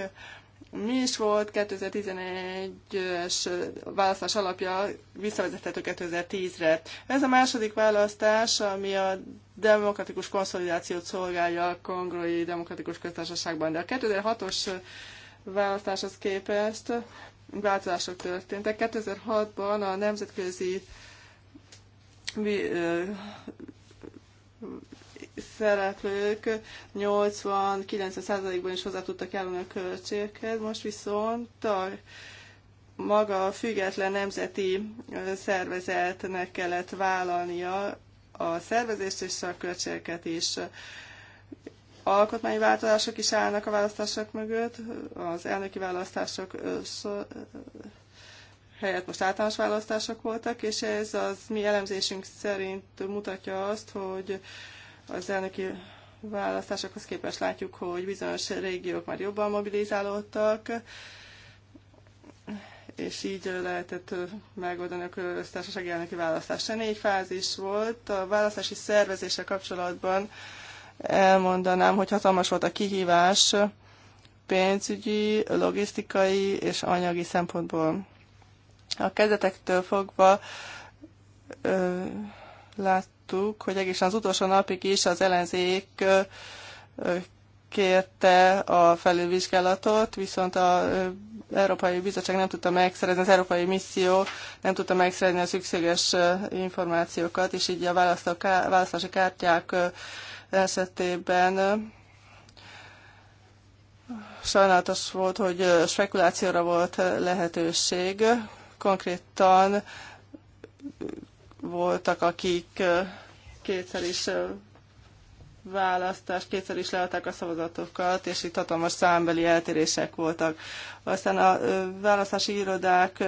Mi is volt 2011-es választás alapja visszavezethető 2010-re. Ez a második választás, ami a demokratikus konszolidációt szolgálja a kongrói demokratikus köztársaságban, de a 2006-os választáshoz képest változások történtek. 2006-ban a nemzetközi szereplők 80-90%-ban is hozzá tudtak járulni a költségekhez, most viszont a maga a független nemzeti szervezetnek kellett vállalnia a szervezést és a költségeket is alkotmányváltozások is állnak a választások mögött, az elnöki választások helyett most általános választások voltak, és ez az mi elemzésünk szerint mutatja azt, hogy az elnöki választásokhoz képest látjuk, hogy bizonyos régiók már jobban mobilizálódtak, és így lehetett megoldani a köztársaság elnöki választást. négy fázis volt. A választási szervezése kapcsolatban elmondanám, hogy hatalmas volt a kihívás pénzügyi, logisztikai és anyagi szempontból. A kezdetektől fogva ö, láttuk, hogy egészen az utolsó napig is az ellenzék ö, kérte a felülvizsgálatot, viszont az Európai Bizottság nem tudta megszerezni, az Európai Misszió nem tudta megszerezni a szükséges információkat, és így a választási kártyák esetében eh, sajnálatos volt, hogy eh, spekulációra volt eh, lehetőség. Konkrétan voltak, akik kétszer is választás, kétszer is leadták a szavazatokat, és itt hatalmas számbeli eltérések voltak. Aztán a választási irodák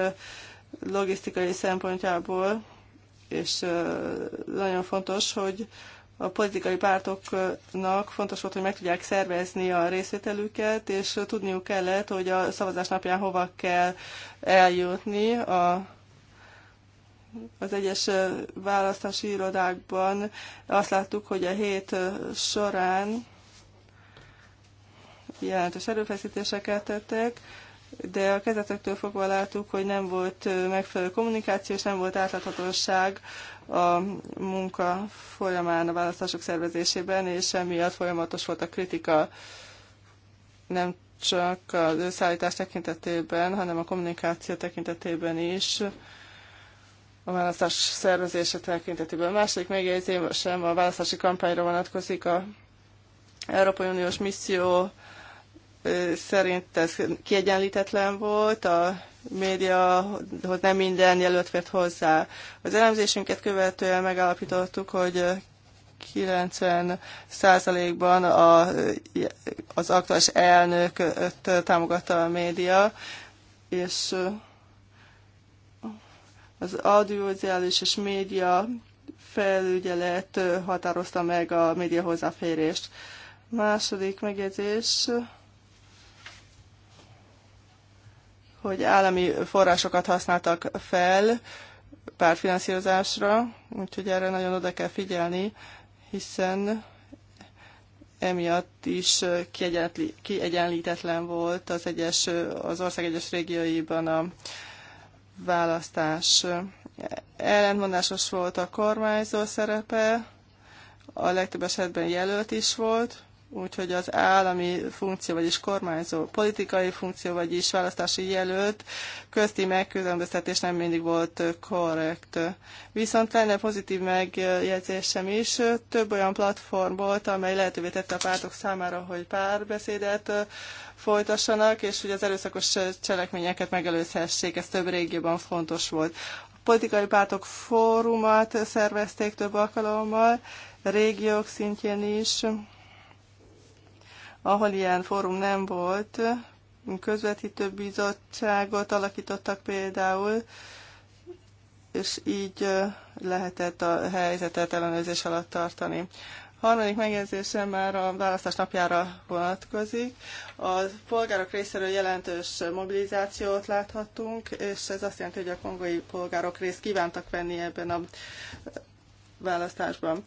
logisztikai szempontjából, és nagyon fontos, hogy a politikai pártoknak fontos volt, hogy meg tudják szervezni a részvételüket, és tudniuk kellett, hogy a szavazás napján hova kell eljutni. A, az egyes választási irodákban azt láttuk, hogy a hét során jelentős erőfeszítéseket tettek, de a kezdetektől fogva láttuk, hogy nem volt megfelelő kommunikáció, és nem volt átláthatóság a munka folyamán a választások szervezésében, és emiatt folyamatos volt a kritika nem csak az összeállítás tekintetében, hanem a kommunikáció tekintetében is a választás szervezése tekintetében. A második megjegyzésem a választási kampányra vonatkozik a Európai Uniós misszió szerint ez kiegyenlítetlen volt, a médiahoz nem minden jelölt fért hozzá. Az elemzésünket követően megállapítottuk, hogy 90%-ban a, az aktuális elnök támogatta a média, és az audiovizuális és média felügyelet határozta meg a média hozzáférést. Második megjegyzés hogy állami forrásokat használtak fel pártfinanszírozásra, úgyhogy erre nagyon oda kell figyelni, hiszen emiatt is kiegyenlítetlen volt az, egyes, az ország egyes régióiban a választás. Ellentmondásos volt a kormányzó szerepe, a legtöbb esetben jelölt is volt, Úgyhogy az állami funkció, vagyis kormányzó politikai funkció, vagyis választási jelölt közti megkülönböztetés nem mindig volt korrekt. Viszont lenne pozitív megjegyzésem is. Több olyan platform volt, amely lehetővé tette a pártok számára, hogy párbeszédet folytassanak, és hogy az erőszakos cselekményeket megelőzhessék. Ez több régióban fontos volt. A politikai pártok fórumát szervezték több alkalommal, régiók szintjén is ahol ilyen fórum nem volt, közvetítő bizottságot alakítottak például, és így lehetett a helyzetet ellenőrzés alatt tartani. A harmadik megjegyzésem már a választás napjára vonatkozik. A polgárok részéről jelentős mobilizációt láthattunk, és ez azt jelenti, hogy a kongói polgárok részt kívántak venni ebben a választásban.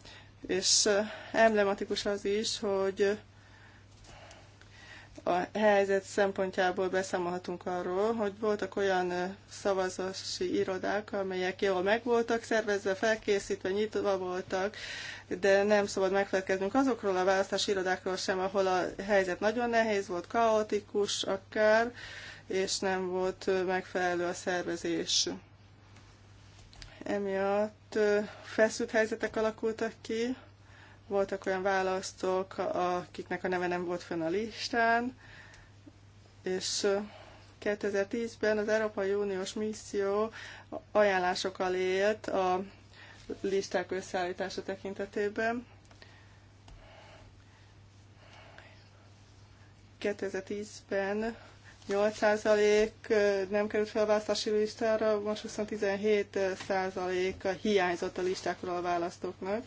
És emblematikus az is, hogy a helyzet szempontjából beszámolhatunk arról, hogy voltak olyan szavazási irodák, amelyek jól meg voltak szervezve, felkészítve, nyitva voltak, de nem szabad megfelelkeznünk azokról a választási irodákról sem, ahol a helyzet nagyon nehéz volt, kaotikus akár, és nem volt megfelelő a szervezés. Emiatt feszült helyzetek alakultak ki, voltak olyan választók, akiknek a neve nem volt fönn a listán, és 2010-ben az Európai Uniós misszió ajánlásokkal élt a listák összeállítása tekintetében. 2010-ben 8% nem került fel a választási listára, most viszont 17% a hiányzott a listákról a választóknak,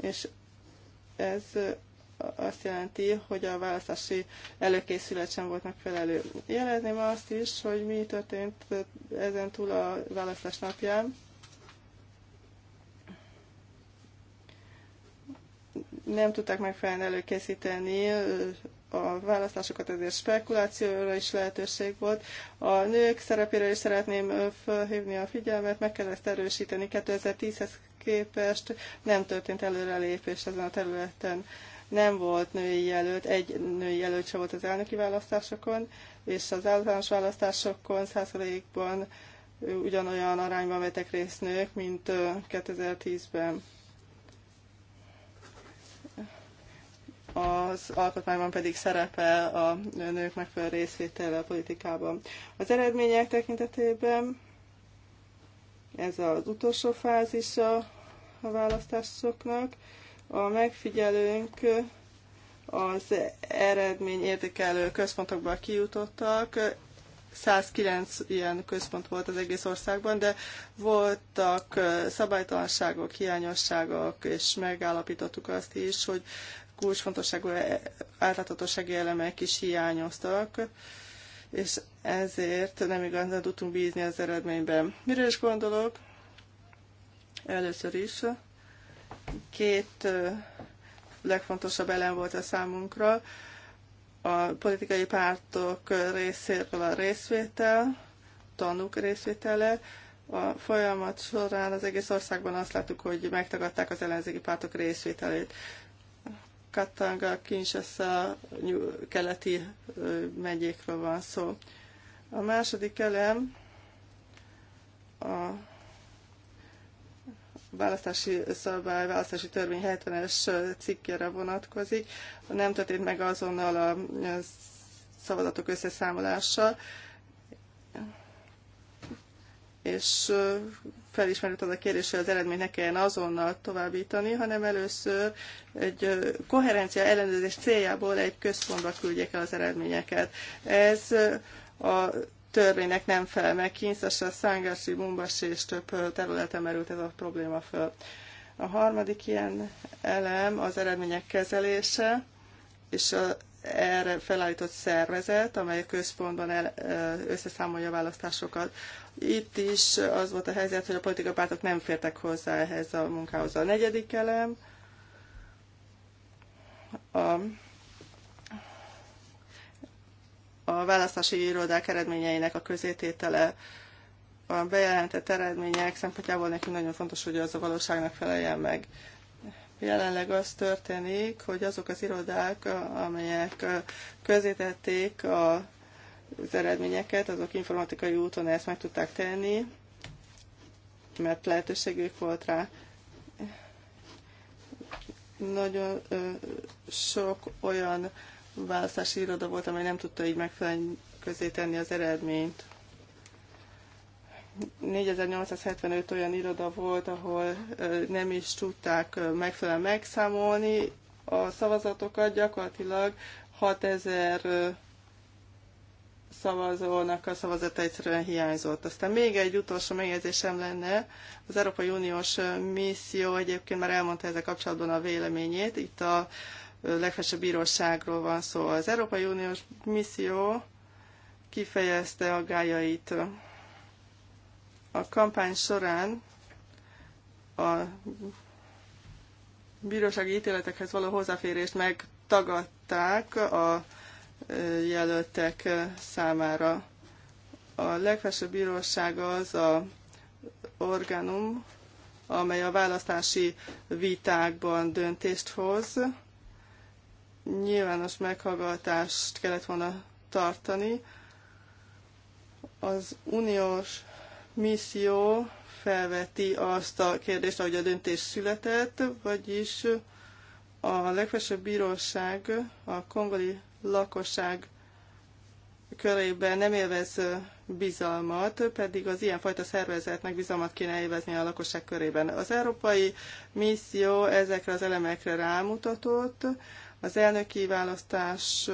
és ez azt jelenti, hogy a választási előkészület sem volt megfelelő. Jelezném azt is, hogy mi történt ezen túl a választás napján. Nem tudták megfelelően előkészíteni a választásokat, ezért spekulációra is lehetőség volt. A nők szerepére is szeretném felhívni a figyelmet, meg kell ezt erősíteni. 2010-hez képest nem történt előrelépés ezen a területen. Nem volt női jelölt, egy női jelölt sem volt az elnöki választásokon, és az általános választásokon százalékban ugyanolyan arányban vettek részt nők, mint 2010-ben. az alkotmányban pedig szerepel a nők megfelelő részvétele a politikában. Az eredmények tekintetében ez az utolsó fázisa a választásoknak. A megfigyelőnk az eredmény értékelő központokba kijutottak. 109 ilyen központ volt az egész országban, de voltak szabálytalanságok, hiányosságok, és megállapítottuk azt is, hogy kulcsfontosságú e, átláthatósági elemek is hiányoztak, és ezért nem igazán tudtunk bízni az eredményben. Miről is gondolok? Először is két legfontosabb elem volt a számunkra. A politikai pártok részéről a részvétel, tanúk részvétele. A folyamat során az egész országban azt láttuk, hogy megtagadták az ellenzéki pártok részvételét. Katanga, Kinshasa, keleti megyékről van szó. A második elem a választási szabály, választási törvény 70-es cikkére vonatkozik. Nem történt meg azonnal a szavazatok összeszámolása, és felismerült az a kérdés, hogy az eredményt ne kelljen azonnal továbbítani, hanem először egy koherencia ellenőrzés céljából egy központba küldjék el az eredményeket. Ez a törvénynek nem fel, meg. a Szángási, Bumbas és több területen merült ez a probléma föl. A harmadik ilyen elem az eredmények kezelése, és a erre felállított szervezet, amely központban el, összeszámolja a választásokat. Itt is az volt a helyzet, hogy a politikai pártok nem fértek hozzá ehhez a munkához. A negyedik elem a a választási irodák eredményeinek a közététele, a bejelentett eredmények szempontjából nekünk nagyon fontos, hogy az a valóságnak feleljen meg. Jelenleg az történik, hogy azok az irodák, amelyek közétették a az eredményeket, azok informatikai úton ezt meg tudták tenni, mert lehetőségük volt rá. Nagyon sok olyan választási iroda volt, amely nem tudta így megfelelően közé tenni az eredményt. 4875 olyan iroda volt, ahol nem is tudták megfelelően megszámolni a szavazatokat, gyakorlatilag 6000 szavazónak a szavazata egyszerűen hiányzott. Aztán még egy utolsó megjegyzésem lenne, az Európai Uniós misszió egyébként már elmondta ezzel kapcsolatban a véleményét, itt a legfelsőbb bíróságról van szó. Az Európai Uniós misszió kifejezte a gályait A kampány során a bírósági ítéletekhez való hozzáférést megtagadták a e, jelöltek számára. A legfelsőbb bíróság az a orgánum, amely a választási vitákban döntést hoz, nyilvános meghallgatást kellett volna tartani. Az uniós misszió felveti azt a kérdést, ahogy a döntés született, vagyis a legfelsőbb bíróság a kongoli lakosság körében nem élvez bizalmat, pedig az ilyenfajta szervezetnek bizalmat kéne élvezni a lakosság körében. Az európai misszió ezekre az elemekre rámutatott, az elnöki választás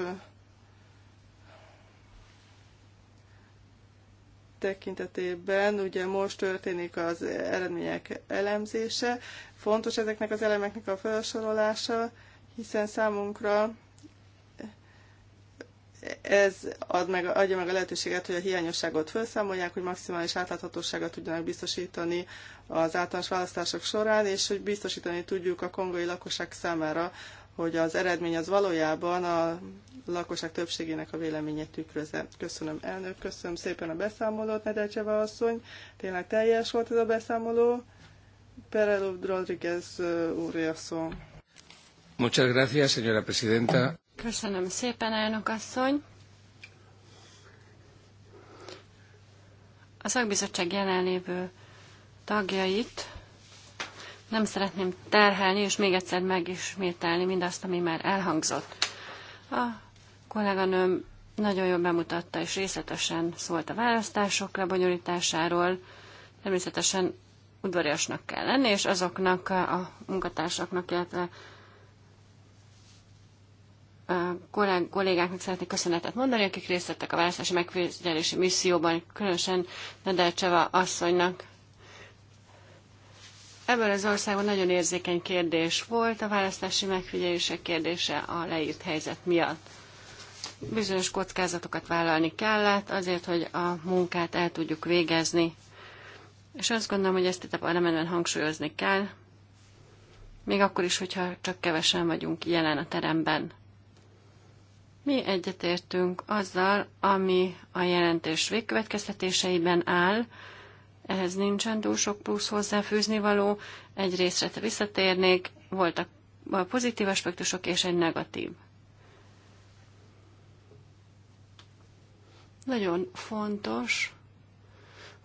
tekintetében ugye most történik az eredmények elemzése. Fontos ezeknek az elemeknek a felsorolása, hiszen számunkra ez ad meg, adja meg a lehetőséget, hogy a hiányosságot felszámolják, hogy maximális átláthatóságot tudjanak biztosítani az általános választások során, és hogy biztosítani tudjuk a kongói lakosság számára, hogy az eredmény az valójában a lakosság többségének a véleményét tükröze. Köszönöm elnök, köszönöm szépen a beszámolót, Nedelcseva asszony. Tényleg teljes volt ez a beszámoló. Perelov Rodriguez úr Muchas gracias, señora presidenta. Köszönöm szépen, elnök asszony. A szakbizottság jelenlévő tagjait nem szeretném terhelni, és még egyszer megismételni mindazt, ami már elhangzott. A kolléganőm nagyon jól bemutatta és részletesen szólt a választások lebonyolításáról. Természetesen udvariasnak kell lenni, és azoknak a munkatársaknak, illetve kollégáknak szeretnék köszönetet mondani, akik részt vettek a választási megfigyelési misszióban, különösen Nedelcseva asszonynak. Ebből az országban nagyon érzékeny kérdés volt a választási megfigyelések kérdése a leírt helyzet miatt. Bizonyos kockázatokat vállalni kellett azért, hogy a munkát el tudjuk végezni. És azt gondolom, hogy ezt itt a parlamentben hangsúlyozni kell, még akkor is, hogyha csak kevesen vagyunk jelen a teremben. Mi egyetértünk azzal, ami a jelentés végkövetkeztetéseiben áll, ehhez nincsen túl sok plusz hozzáfűzni való, egy részre visszatérnék, voltak a pozitív aspektusok és egy negatív. Nagyon fontos,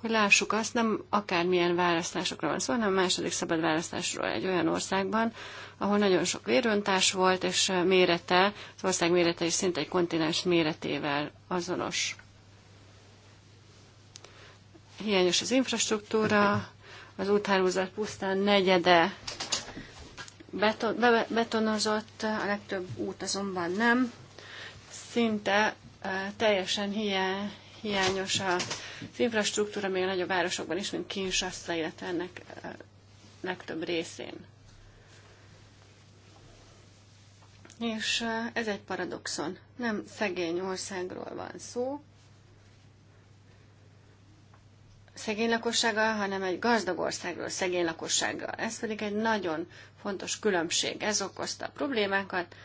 hogy lássuk azt, nem akármilyen választásokra van szó, hanem a második szabad választásról egy olyan országban, ahol nagyon sok vérontás volt, és mérete, az ország mérete is szinte egy kontinens méretével azonos. Hiányos az infrastruktúra, az úthálózat pusztán negyede betonozott, a legtöbb út azonban nem. Szinte eh, teljesen hiány, hiányos az infrastruktúra, még a nagyobb városokban is, mint Kinshasa, illetve ennek legtöbb részén. És ez egy paradoxon. Nem szegény országról van szó, szegény lakossággal, hanem egy gazdag országról szegény lakossággal. Ez pedig egy nagyon fontos különbség. Ez okozta a problémákat,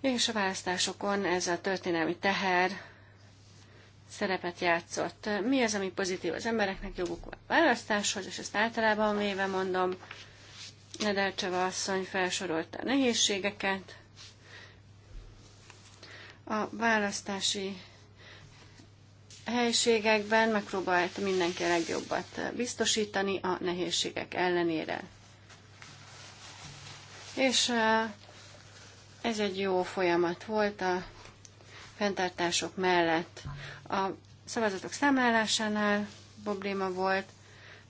és a választásokon ez a történelmi teher szerepet játszott. Mi az, ami pozitív? Az embereknek joguk a választáshoz, és ezt általában véve mondom, Nedelcseva asszony felsorolta a nehézségeket. A választási helységekben megpróbált mindenki a legjobbat biztosítani a nehézségek ellenére. És ez egy jó folyamat volt a fenntartások mellett. A szavazatok számlálásánál probléma volt,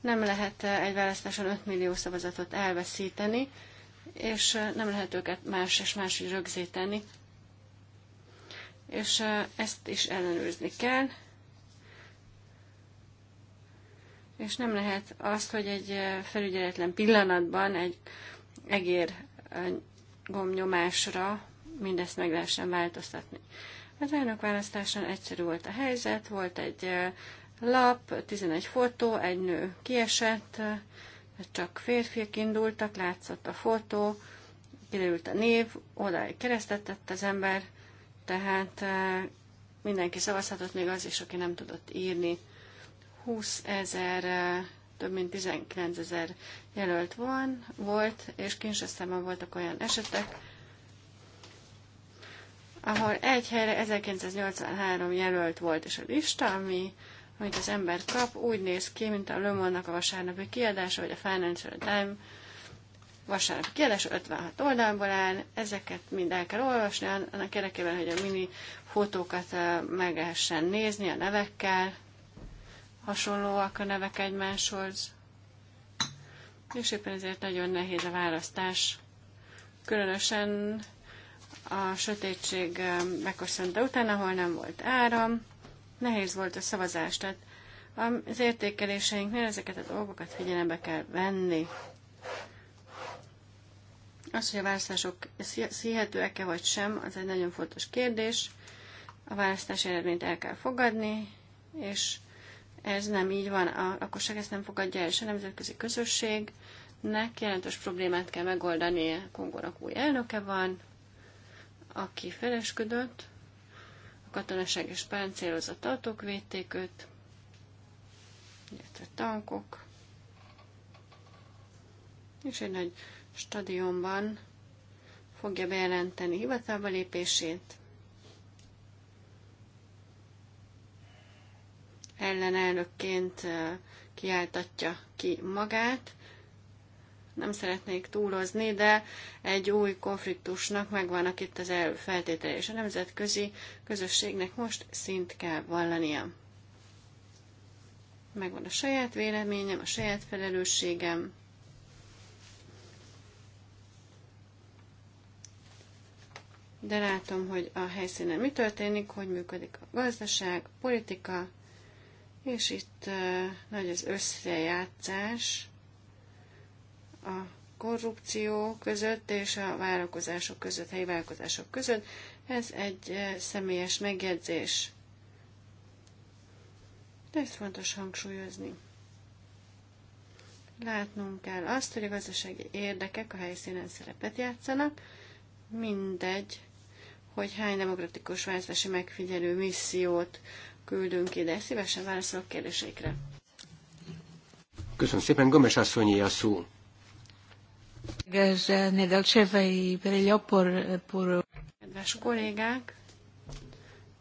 nem lehet egy választáson 5 millió szavazatot elveszíteni, és nem lehet őket más és más is rögzíteni. És ezt is ellenőrizni kell. És nem lehet azt, hogy egy felügyeletlen pillanatban egy egér gomnyomásra mindezt meg lehessen változtatni. Az elnökválasztáson egyszerű volt a helyzet, volt egy lap, 11 fotó, egy nő kiesett, csak férfiak indultak, látszott a fotó, kiderült a név, oda egy keresztet tett az ember, tehát mindenki szavazhatott, még az is, aki nem tudott írni. 20 ezer, több mint 19 ezer jelölt van, volt, és Kinsasztában voltak olyan esetek, ahol egy helyre 1983 jelölt volt és a lista, ami, amit az ember kap, úgy néz ki, mint a Le Monde-nak a vasárnapi kiadása, vagy a Financial Time vasárnapi kiadása 56 oldalból áll, ezeket mind el kell olvasni, annak érdekében, hogy a mini fotókat meg lehessen nézni a nevekkel, hasonlóak a nevek egymáshoz, és éppen ezért nagyon nehéz a választás, különösen a sötétség megköszönte után, ahol nem volt áram, nehéz volt a szavazás, tehát az értékeléseinknél ezeket a dolgokat figyelembe kell venni. Az, hogy a választások szíhetőek-e vagy sem, az egy nagyon fontos kérdés. A választás eredményt el kell fogadni, és ez nem így van, a lakosság ezt nem fogadja el, és a nemzetközi közösségnek jelentős problémát kell megoldani. Kongónak új elnöke van, aki felesködött, a katonaság és páncélozat tartók védték őt, illetve tankok, és egy nagy stadionban fogja bejelenteni hivatalba lépését. Ellenelnökként eh, kiáltatja ki magát, nem szeretnék túlozni, de egy új konfliktusnak megvannak itt az feltétele, és a nemzetközi közösségnek most szint kell vallania. Megvan a saját véleményem, a saját felelősségem, de látom, hogy a helyszínen mi történik, hogy működik a gazdaság, a politika, és itt uh, nagy az összejátszás a korrupció között és a vállalkozások között, helyi vállalkozások között. Ez egy eh, személyes megjegyzés. De ezt fontos hangsúlyozni. Látnunk kell azt, hogy a gazdasági érdekek a helyszínen szerepet játszanak, mindegy, hogy hány demokratikus választási megfigyelő missziót küldünk ide. Szívesen válaszolok kérdéseikre. Köszönöm szépen, Gomes asszonyi a szó. Kedves kollégák,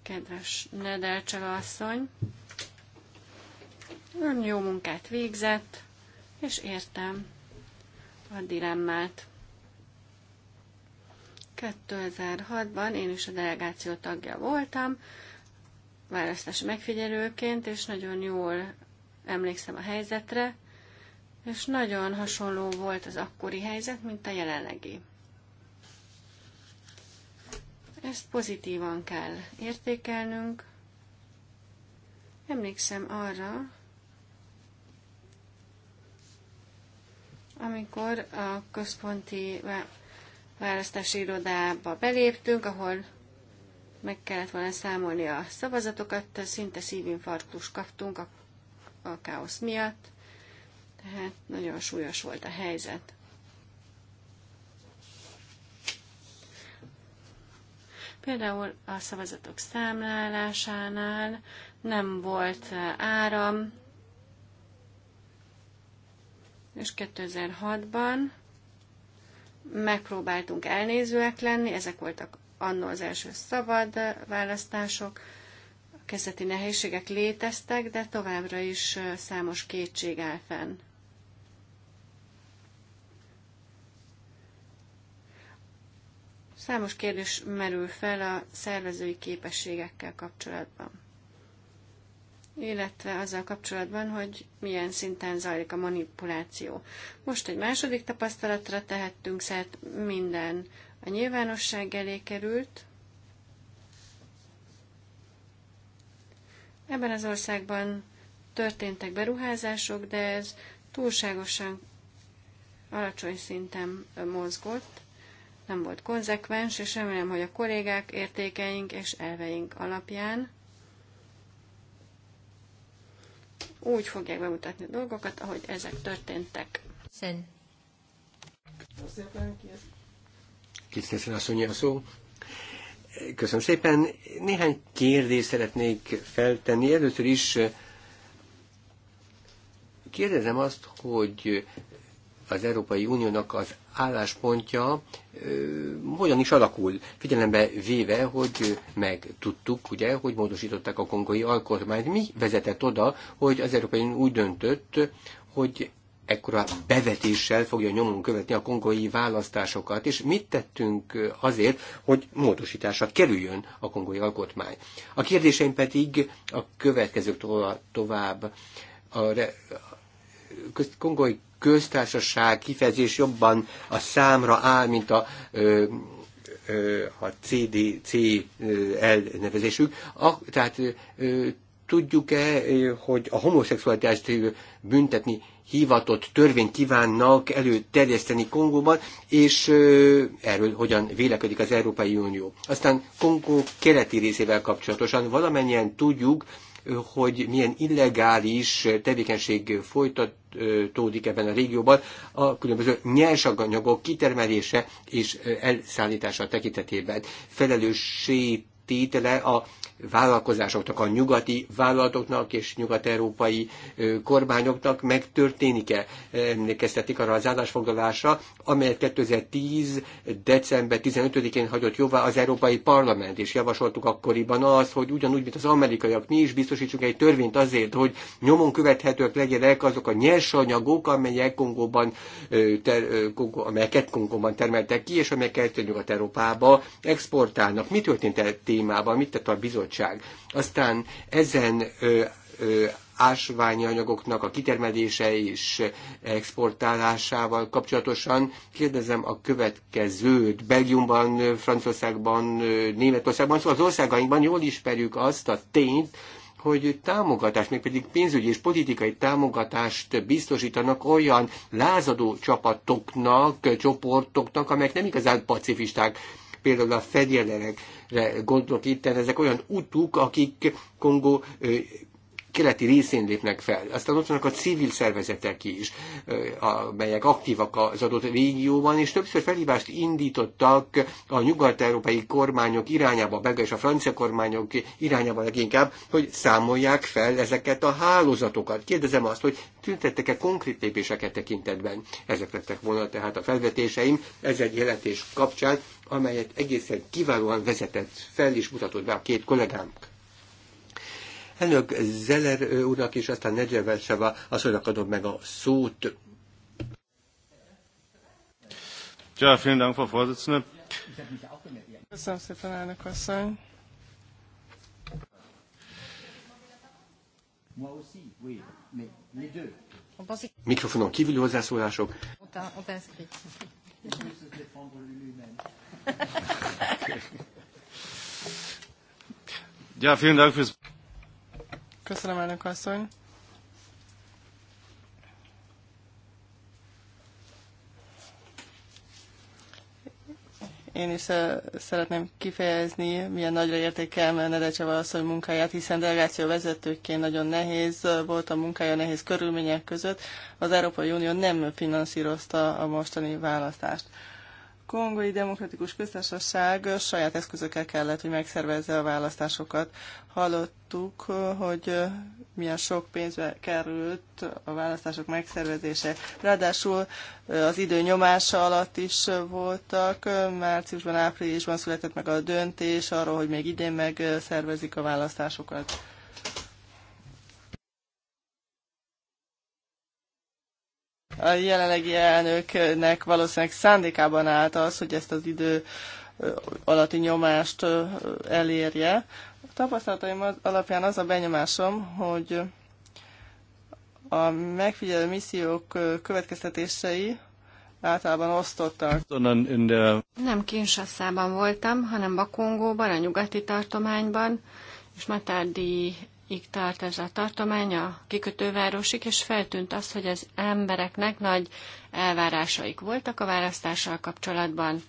kedves Nedelcseva asszony, ön jó munkát végzett, és értem a dilemmát. 2006-ban én is a delegáció tagja voltam, választási megfigyelőként, és nagyon jól emlékszem a helyzetre és nagyon hasonló volt az akkori helyzet, mint a jelenlegi. Ezt pozitívan kell értékelnünk. Emlékszem arra, amikor a központi választási irodába beléptünk, ahol meg kellett volna számolni a szavazatokat, szinte szívinfarktus kaptunk a, a káosz miatt. Tehát nagyon súlyos volt a helyzet. Például a szavazatok számlálásánál nem volt eh, áram, és 2006-ban megpróbáltunk elnézőek lenni, ezek voltak annó az első szabad választások, kezdeti nehézségek léteztek, de továbbra is eh, számos kétség áll fenn. Számos kérdés merül fel a szervezői képességekkel kapcsolatban, illetve azzal kapcsolatban, hogy milyen szinten zajlik a manipuláció. Most egy második tapasztalatra tehettünk szert, minden a nyilvánosság elé került. Ebben az országban történtek beruházások, de ez túlságosan alacsony szinten mozgott nem volt konzekvens, és remélem, hogy a kollégák, értékeink és elveink alapján úgy fogják bemutatni a dolgokat, ahogy ezek történtek. Szent. Kiszteszen asszonyi a szó. Köszönöm szépen. Néhány kérdést szeretnék feltenni. Először is kérdezem azt, hogy az Európai Uniónak az álláspontja hogyan is alakul, figyelembe véve, hogy megtudtuk, ugye, hogy módosították a kongai alkotmányt. Mi vezetett oda, hogy az Európai Unió úgy döntött, hogy ekkora bevetéssel fogja nyomon követni a kongói választásokat, és mit tettünk azért, hogy módosításra kerüljön a kongói alkotmány. A kérdéseim pedig a következők tovább. A, re, kongói köztársaság kifejezés jobban a számra áll, mint a ö, ö, a CDC elnevezésük, a, tehát ö, tudjuk-e, hogy a homoszexualitást büntetni hivatott törvényt kívánnak előterjeszteni Kongóban, és erről hogyan vélekedik az Európai Unió. Aztán Kongó keleti részével kapcsolatosan valamennyien tudjuk, hogy milyen illegális tevékenység folytatódik ebben a régióban a különböző nyersanyagok kitermelése és elszállítása tekintetében. Felelőssé tétele a vállalkozásoknak, a nyugati vállalatoknak és nyugat-európai kormányoknak megtörténik-e? Emlékeztetik arra az állásfoglalásra, amelyet 2010. december 15-én hagyott jóvá az Európai Parlament, és javasoltuk akkoriban az, hogy ugyanúgy, mint az amerikaiak, mi is biztosítsuk egy törvényt azért, hogy nyomon követhetők legyenek azok a nyersanyagok, amelyek Kongóban, ter, Kongó, amelyeket Kongóban termeltek ki, és amelyeket Nyugat-Európába exportálnak. Mi történt e témában, mit tett a bizottság. Aztán ezen ö, ö, ásványi anyagoknak a kitermelése és exportálásával kapcsolatosan kérdezem a következőt. Belgiumban, Franciaországban, Németországban, szóval az országainkban jól ismerjük azt a tényt, hogy támogatást, mégpedig pénzügyi és politikai támogatást biztosítanak olyan lázadó csapatoknak, csoportoknak, amelyek nem igazán pacifisták, például a fegyelek gondolok itt, tehát ezek olyan utuk, akik Kongó keleti részén lépnek fel. Aztán ott vannak a civil szervezetek is, amelyek aktívak az adott régióban, és többször felhívást indítottak a nyugat-európai kormányok irányába, a belga és a francia kormányok irányába leginkább, hogy számolják fel ezeket a hálózatokat. Kérdezem azt, hogy tüntettek-e konkrét lépéseket tekintetben? Ezek lettek volna tehát a felvetéseim. Ez egy életés kapcsán, amelyet egészen kiválóan vezetett fel és mutatott be a két kollégánk. Elnök Zeller úrnak is, aztán azt asszonynak adom meg a szót. Ja, vielen Dank, Frau Vorsitzende. Köszönöm szépen, elnök asszony. Mikrofonon kívül hozzászólások. Ja, vielen Dank fürs Köszönöm, elnök asszony. Én is szeretném kifejezni, milyen nagyra értékelem Nedecseva asszony munkáját, hiszen delegáció vezetőként nagyon nehéz volt a munkája nehéz körülmények között. Az Európai Unió nem finanszírozta a mostani választást. Kongói Demokratikus Köztársaság saját eszközökkel kellett, hogy megszervezze a választásokat. Hallottuk, hogy milyen sok pénzbe került a választások megszervezése. Ráadásul az idő nyomása alatt is voltak. Márciusban, áprilisban született meg a döntés arról, hogy még idén megszervezik a választásokat. a jelenlegi elnöknek valószínűleg szándékában állt az, hogy ezt az idő alatti nyomást elérje. A tapasztalataim alapján az a benyomásom, hogy a megfigyelő missziók következtetései általában osztottak. Nem Kinshasa-ban voltam, hanem Bakongóban, a nyugati tartományban, és Matárdi így tart ez a tartomány a kikötővárosig, és feltűnt az, hogy az embereknek nagy elvárásaik voltak a választással kapcsolatban.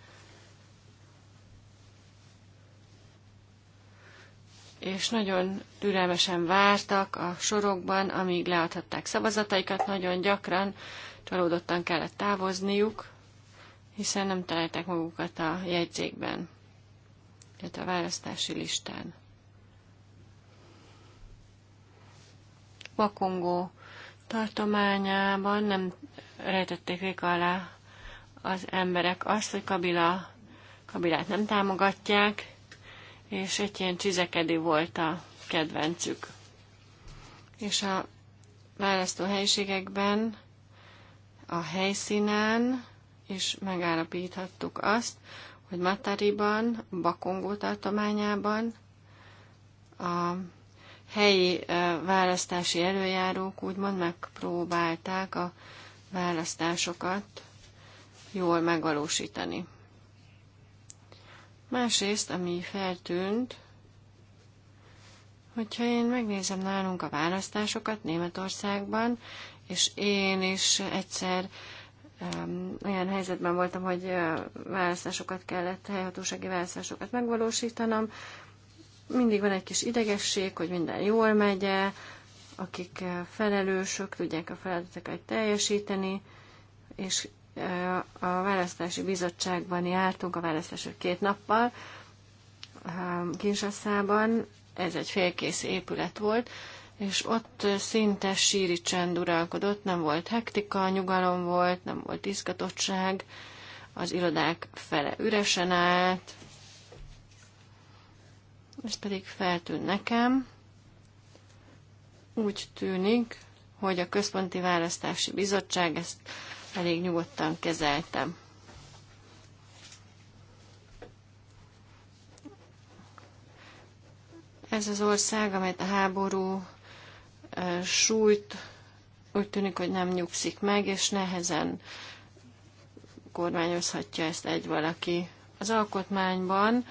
és nagyon türelmesen vártak a sorokban, amíg leadhatták szavazataikat, nagyon gyakran csalódottan kellett távozniuk, hiszen nem találták magukat a jegyzékben, illetve a választási listán. Bakongó tartományában nem rejtették vék alá az emberek azt, hogy Kabila, Kabilát nem támogatják, és egy ilyen csizekedi volt a kedvencük. És a helyiségekben a helyszínen is megállapíthattuk azt, hogy Matariban, Bakongó tartományában a helyi választási előjárók úgymond megpróbálták a választásokat jól megvalósítani. Másrészt, ami feltűnt, hogyha én megnézem nálunk a választásokat Németországban, és én is egyszer um, olyan helyzetben voltam, hogy választásokat kellett, helyhatósági választásokat megvalósítanom, mindig van egy kis idegesség, hogy minden jól megy akik eh, felelősök, tudják a feladatokat teljesíteni, és eh, a választási bizottságban jártunk a választások két nappal, eh, Kinsaszában, ez egy félkész épület volt, és ott szinte síri csend uralkodott, nem volt hektika, nyugalom volt, nem volt izgatottság, az irodák fele üresen állt, ez pedig feltűn nekem, úgy tűnik, hogy a Központi Választási Bizottság ezt elég nyugodtan kezeltem. Ez az ország, amelyet a háború súlyt sújt, úgy tűnik, hogy nem nyugszik meg, és nehezen kormányozhatja ezt egy valaki. Az alkotmányban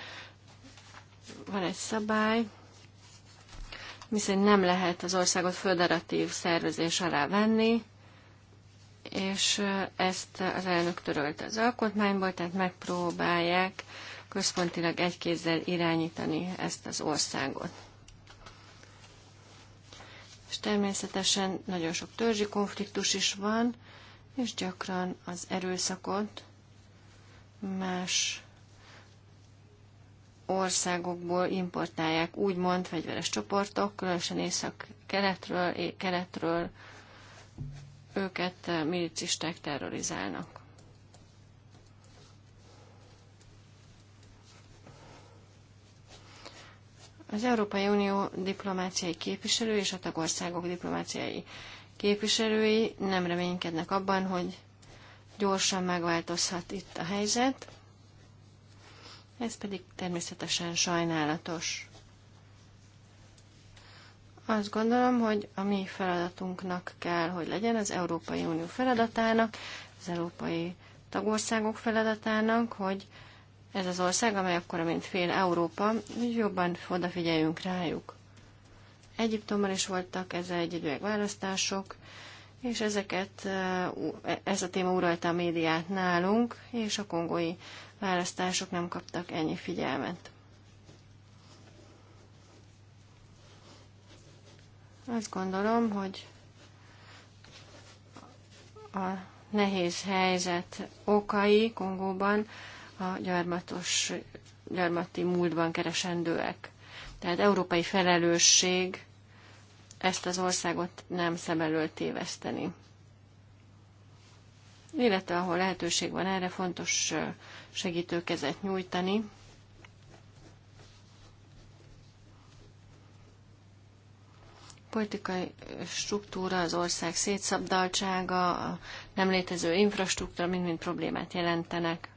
van egy szabály, miszerint nem lehet az országot föderatív szervezés alá venni, és ezt az elnök törölte az alkotmányból, tehát megpróbálják központilag egy kézzel irányítani ezt az országot. És természetesen nagyon sok törzsi konfliktus is van, és gyakran az erőszakot más országokból importálják úgymond fegyveres csoportok, különösen észak-keletről, keletről őket eh, milicisták terrorizálnak. Az Európai Unió diplomáciai képviselői és a tagországok diplomáciai képviselői nem reménykednek abban, hogy gyorsan megváltozhat itt a helyzet. Ez pedig természetesen sajnálatos. Azt gondolom, hogy a mi feladatunknak kell, hogy legyen az Európai Unió feladatának, az európai tagországok feladatának, hogy ez az ország, amely akkor, mint fél Európa, jobban odafigyeljünk rájuk. Egyiptomban is voltak ezzel egyidőleg választások, és ezeket, eh, e- ez a téma uralta a médiát nálunk, és a kongói választások nem kaptak ennyi figyelmet. Azt gondolom, hogy a nehéz helyzet okai Kongóban a gyarmatos, gyarmati múltban keresendőek. Tehát európai felelősség ezt az országot nem szem elől téveszteni. Illetve ahol lehetőség van erre, fontos segítőkezet nyújtani. politikai struktúra, az ország szétszabdaltsága, a nem létező infrastruktúra mind-mind problémát jelentenek.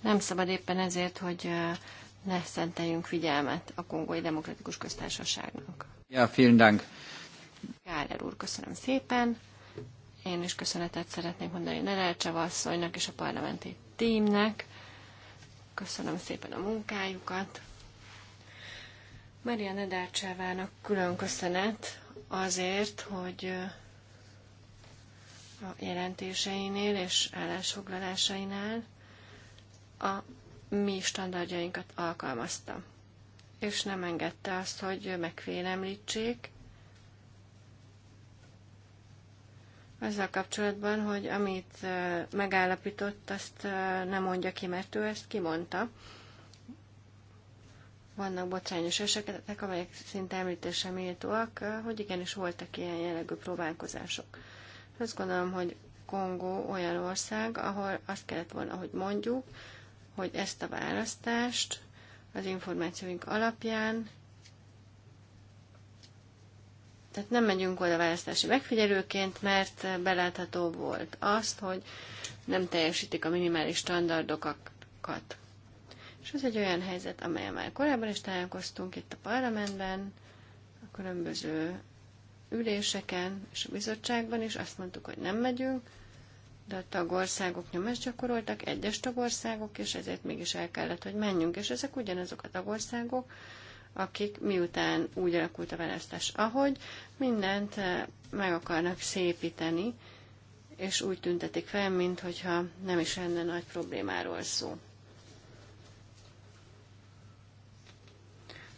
Nem szabad éppen ezért, hogy ne szenteljünk figyelmet a Kongói Demokratikus Köztársaságnak. Ja, vielen Dank. Gáler úr, köszönöm szépen. Én is köszönetet szeretnék mondani Nerel Csavasszonynak és a parlamenti tímnek. Köszönöm szépen a munkájukat. Maria Nedárcsávának külön köszönet azért, hogy a jelentéseinél és állásfoglalásainál a mi standardjainkat alkalmazta, és nem engedte azt, hogy megfélemlítsék, azzal kapcsolatban, hogy amit megállapított, azt nem mondja ki, mert ő ezt kimondta. Vannak botrányos esetek, amelyek szinte említésre méltóak, hogy igenis voltak ilyen jellegű próbálkozások. Azt gondolom, hogy Kongó olyan ország, ahol azt kellett volna, hogy mondjuk, hogy ezt a választást az információink alapján tehát nem megyünk oda választási megfigyelőként, mert belátható volt azt, hogy nem teljesítik a minimális standardokat. És ez egy olyan helyzet, amelyen már korábban is találkoztunk itt a parlamentben, a különböző üléseken és a bizottságban is azt mondtuk, hogy nem megyünk, de a tagországok nyomást gyakoroltak, egyes tagországok, és ezért mégis el kellett, hogy menjünk. És ezek ugyanazok a tagországok, akik miután úgy alakult a választás, ahogy mindent eh, meg akarnak szépíteni, és úgy tüntetik fel, mintha nem is lenne nagy problémáról szó.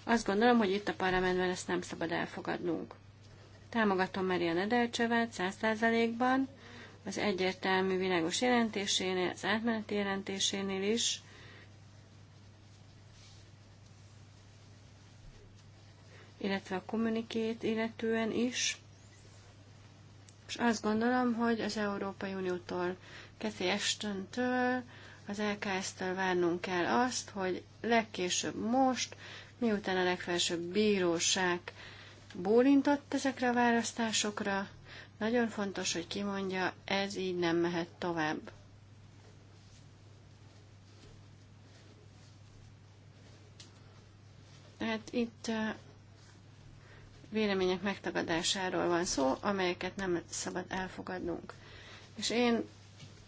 Azt gondolom, hogy itt a parlamentben ezt nem szabad elfogadnunk. Támogatom Maria Nedelcsövet 100%-ban, az egyértelmű világos jelentésénél, az átmeneti jelentésénél is, illetve a kommunikét illetően is. És azt gondolom, hogy az Európai Uniótól, Kathy Ashton-től, az LKS-től várnunk kell azt, hogy legkésőbb most, miután a legfelsőbb bíróság bólintott ezekre a választásokra, nagyon fontos, hogy kimondja, ez így nem mehet tovább. Tehát itt vélemények megtagadásáról van szó, amelyeket nem szabad elfogadnunk. És én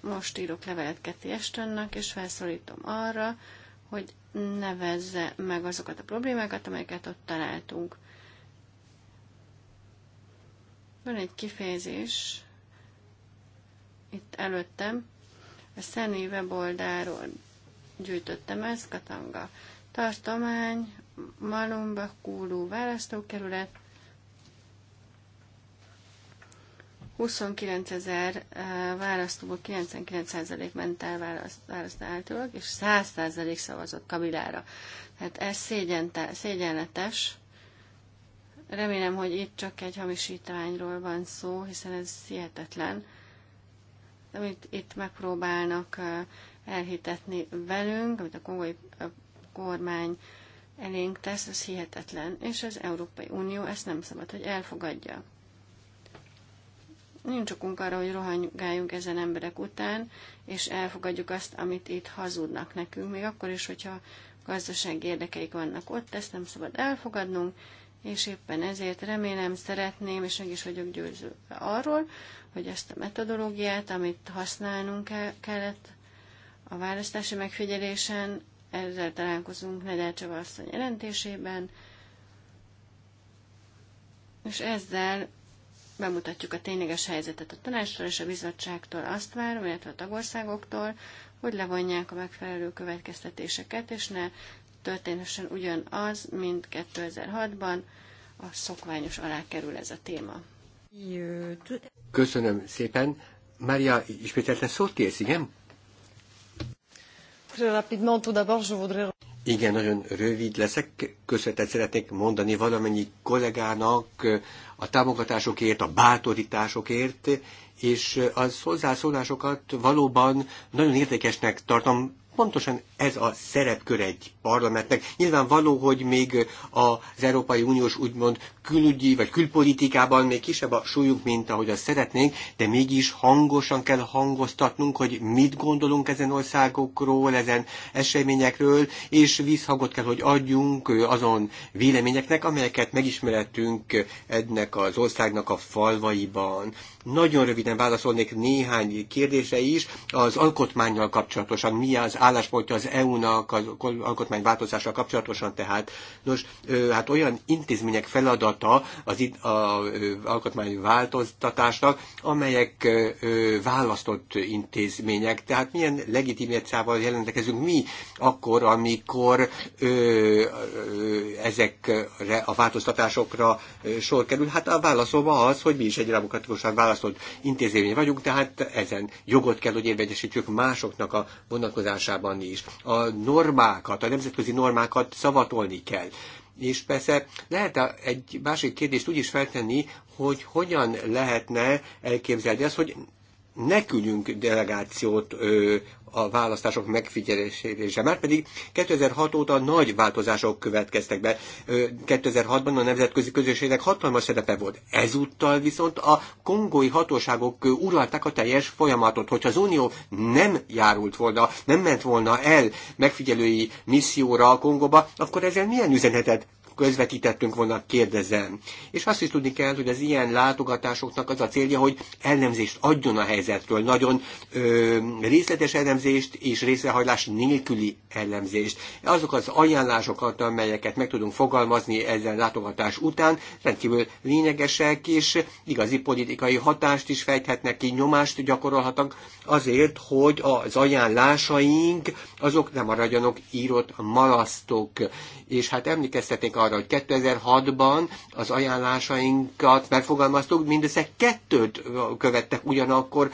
most írok levelet Keti Estönnek, és felszólítom arra, hogy nevezze meg azokat a problémákat, amelyeket ott találtunk. Van egy kifejezés itt előttem, a Szenni weboldáról gyűjtöttem ezt, Katanga tartomány, Malumba, Kúlú választókerület, 29 ezer eh, választóból 99% ment el választ, és 100% szavazott Kabilára. Tehát ez szégyente, szégyenletes. Remélem, hogy itt csak egy hamisítványról van szó, hiszen ez hihetetlen. Amit itt megpróbálnak eh, elhitetni velünk, amit a kongói eh, kormány elénk tesz, az hihetetlen, és az Európai Unió ezt nem szabad, hogy elfogadja. Nincs okunk arra, hogy rohangáljunk ezen emberek után, és elfogadjuk azt, amit itt hazudnak nekünk, még akkor is, hogyha gazdasági érdekeik vannak ott, ezt nem szabad elfogadnunk, és éppen ezért remélem, szeretném, és meg is vagyok győződve arról, hogy ezt a metodológiát, amit használnunk kellett a választási megfigyelésen, ezzel találkozunk Nedel Csavasszony jelentésében, és ezzel bemutatjuk a tényleges helyzetet a tanástól és a bizottságtól, azt várom, illetve a tagországoktól, hogy levonják a megfelelő következtetéseket, és ne történhessen ugyanaz, mint 2006-ban, a szokványos alá kerül ez a téma. Köszönöm szépen. Mária, ismételten szót kérsz, igen? Igen, nagyon rövid leszek. Köszönetet szeretnék mondani valamennyi kollégának a támogatásokért, a bátorításokért, és az hozzászólásokat valóban nagyon érdekesnek tartom, Pontosan ez a szerepkör egy parlamentnek. Nyilván való, hogy még az Európai Uniós úgymond külügyi vagy külpolitikában még kisebb a súlyunk, mint ahogy azt szeretnénk, de mégis hangosan kell hangoztatnunk, hogy mit gondolunk ezen országokról, ezen eseményekről, és vízhangot kell, hogy adjunk azon véleményeknek, amelyeket megismerettünk ennek az országnak a falvaiban. Nagyon röviden válaszolnék néhány kérdése is az alkotmányjal kapcsolatosan, mi az álláspontja az EU-nak az alkotmányváltozással kapcsolatosan tehát. Nos, hát olyan intézmények feladata az itt a alkotmányváltoztatásnak, amelyek választott intézmények. Tehát milyen legitimitával jelentkezünk mi akkor, amikor ezekre a változtatásokra sor kerül? Hát a válaszom az, hogy mi is egy demokratikusan választott intézmény vagyunk, tehát ezen jogot kell, hogy érvegyesítjük másoknak a vonatkozását vonatkozásában is. A normákat, a nemzetközi normákat szavatolni kell. És persze lehet egy másik kérdést úgy is feltenni, hogy hogyan lehetne elképzelni azt, hogy ne küldjünk delegációt ö, a választások megfigyelésére. Márpedig 2006 óta nagy változások következtek be. 2006-ban a nemzetközi közösségnek hatalmas szerepe volt. Ezúttal viszont a kongói hatóságok uralták a teljes folyamatot. Hogyha az Unió nem járult volna, nem ment volna el megfigyelői misszióra a Kongóba, akkor ezzel milyen üzenetet közvetítettünk volna, kérdezem. És azt is tudni kell, hogy az ilyen látogatásoknak az a célja, hogy elnemzést adjon a helyzetről, nagyon ö, részletes elnemzést és részrehajlás nélküli elnemzést. Azok az ajánlásokat, amelyeket meg tudunk fogalmazni ezen látogatás után, rendkívül lényegesek, és igazi politikai hatást is fejthetnek ki, nyomást gyakorolhatnak azért, hogy az ajánlásaink azok nem maradjanak írott malasztok. És hát emlékeztetnék arra, hogy 2006-ban az ajánlásainkat megfogalmaztuk, mindössze kettőt követtek ugyanakkor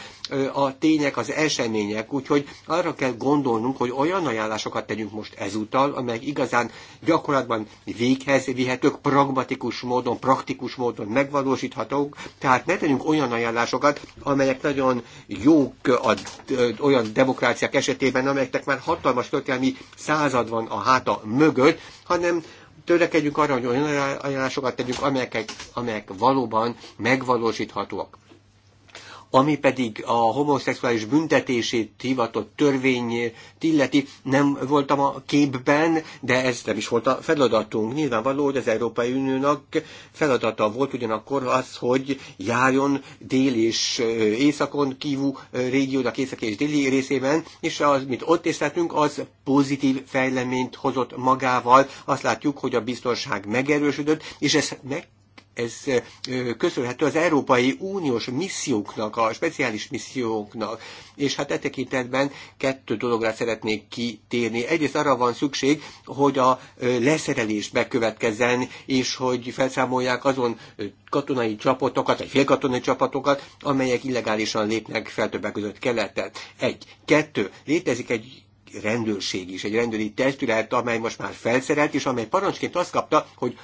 a tények, az események, úgyhogy arra kell gondolnunk, hogy olyan ajánlásokat tegyünk most ezúttal, amelyek igazán gyakorlatban véghez vihetők, pragmatikus módon, praktikus módon megvalósíthatók, tehát ne tegyünk olyan ajánlásokat, amelyek nagyon jók a, olyan demokráciák esetében, amelyeknek már hatalmas történelmi század van a háta mögött, hanem törekedjünk arra, hogy olyan ajánlásokat tegyünk, amelyek, amelyek valóban megvalósíthatóak. Ami pedig a homoszexuális büntetését hivatott törvény illeti, nem voltam a képben, de ez nem is volt a feladatunk. Nyilvánvaló, hogy az Európai Uniónak feladata volt ugyanakkor az, hogy járjon dél és északon kívül régiónak észak és déli részében, és az, mint ott észletünk, az pozitív fejleményt hozott magával. Azt látjuk, hogy a biztonság megerősödött, és ez meg ez köszönhető az Európai Uniós misszióknak, a speciális misszióknak, és hát e tekintetben kettő dologra szeretnék kitérni. Egyrészt arra van szükség, hogy a leszerelés bekövetkezzen, és hogy felszámolják azon katonai csapatokat, vagy félkatonai csapatokat, amelyek illegálisan lépnek fel többek között keleten. Egy. Kettő. Létezik egy rendőrség is, egy rendőri testület, amely most már felszerelt, és amely parancsként azt kapta, hogy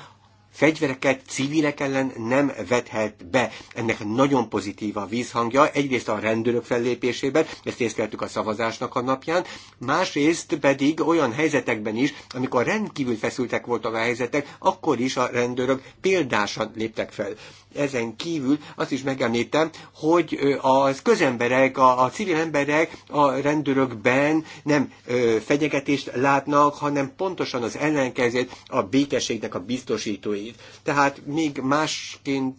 fegyvereket civilek ellen nem vethet be. Ennek nagyon pozitív a vízhangja, egyrészt a rendőrök fellépésében, ezt észleltük a szavazásnak a napján, másrészt pedig olyan helyzetekben is, amikor rendkívül feszültek voltak a helyzetek, akkor is a rendőrök példásan léptek fel ezen kívül azt is megemlítem, hogy az közemberek, a, a civil emberek a rendőrökben nem ö, fenyegetést látnak, hanem pontosan az ellenkezőt, a békességnek a biztosítóit. Tehát még másként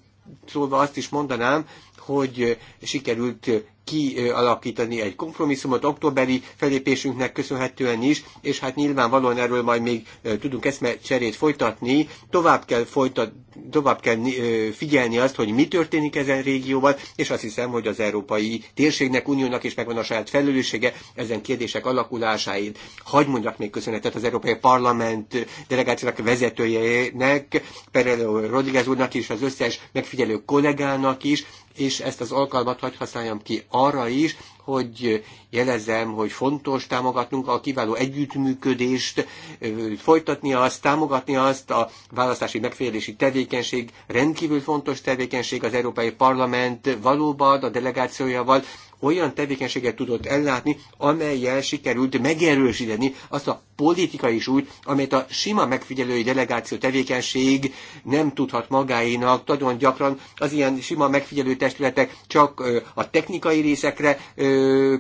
szólva azt is mondanám, hogy sikerült kialakítani egy kompromisszumot októberi felépésünknek köszönhetően is, és hát nyilvánvalóan erről majd még tudunk eszmecserét folytatni. Tovább kell folytatni tovább kell figyelni azt, hogy mi történik ezen régióban, és azt hiszem, hogy az európai térségnek, uniónak is megvan a saját felelőssége ezen kérdések alakulásáért. Hagy mondjak még köszönetet az Európai Parlament delegációnak vezetőjének, Perelő Rodriguez úrnak is, az összes megfigyelő kollégának is, és ezt az alkalmat hagy használjam ki arra is, hogy jelezem, hogy fontos támogatnunk a kiváló együttműködést, folytatni azt, támogatni azt, a választási megfigyelési tevékenység rendkívül fontos tevékenység az Európai Parlament valóban a delegációjával olyan tevékenységet tudott ellátni, amelyel sikerült megerősíteni azt a politikai súlyt, amelyet a sima megfigyelői delegáció tevékenység nem tudhat magáénak. Nagyon gyakran az ilyen sima megfigyelő testületek csak a technikai részekre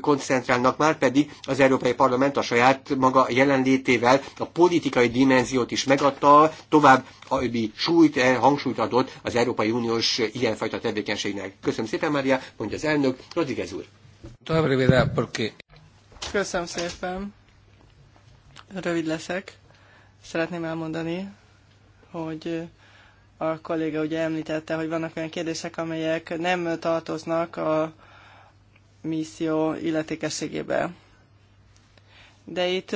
koncentrálnak, már pedig az Európai Parlament a saját maga jelenlétével a politikai dimenziót is megadta, tovább ami súlyt, eh, hangsúlyt adott az Európai Uniós ilyenfajta tevékenységnek. Köszönöm szépen, Mária, mondja az elnök, Rodriguez úr. Köszönöm szépen. Rövid leszek. Szeretném elmondani, hogy a kolléga ugye említette, hogy vannak olyan kérdések, amelyek nem tartoznak a misszió illetékességébe. De itt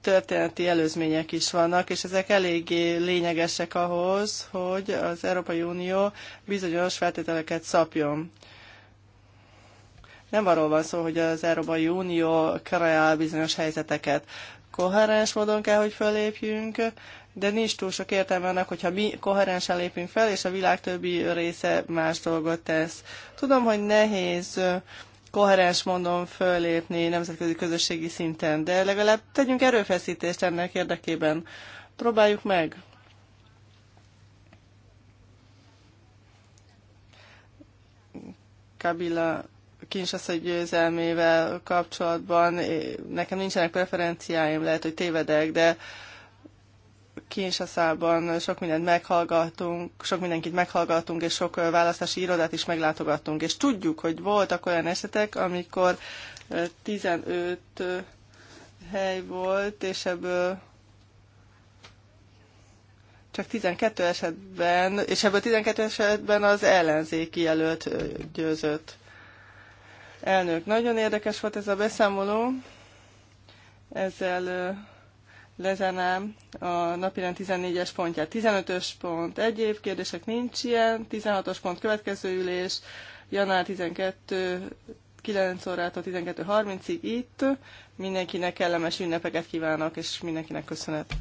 történeti előzmények is vannak, és ezek eléggé lényegesek ahhoz, hogy az Európai Unió bizonyos feltételeket szabjon. Nem arról van szó, hogy az Európai Unió kreál bizonyos helyzeteket. Koherens módon kell, hogy fölépjünk, de nincs túl sok értelme annak, hogyha mi koherensen lépünk fel, és a világ többi része más dolgot tesz. Tudom, hogy nehéz koherens módon fölépni nemzetközi közösségi szinten, de legalább tegyünk erőfeszítést ennek érdekében. Próbáljuk meg. Kabila egy győzelmével kapcsolatban nekem nincsenek preferenciáim, lehet, hogy tévedek, de Kinshasa-ban sok mindent meghallgattunk, sok mindenkit meghallgattunk, és sok választási irodát is meglátogattunk, és tudjuk, hogy voltak olyan esetek, amikor 15 hely volt, és ebből csak 12 esetben, és ebből 12 esetben az ellenzéki jelölt győzött. Elnök, nagyon érdekes volt ez a beszámoló. Ezzel lezárnám a napirend 14-es pontját. 15-ös pont egyéb kérdések nincs ilyen, 16-os pont következő ülés, január 12 9 órától 12.30-ig itt. Mindenkinek kellemes ünnepeket kívánok, és mindenkinek köszönet.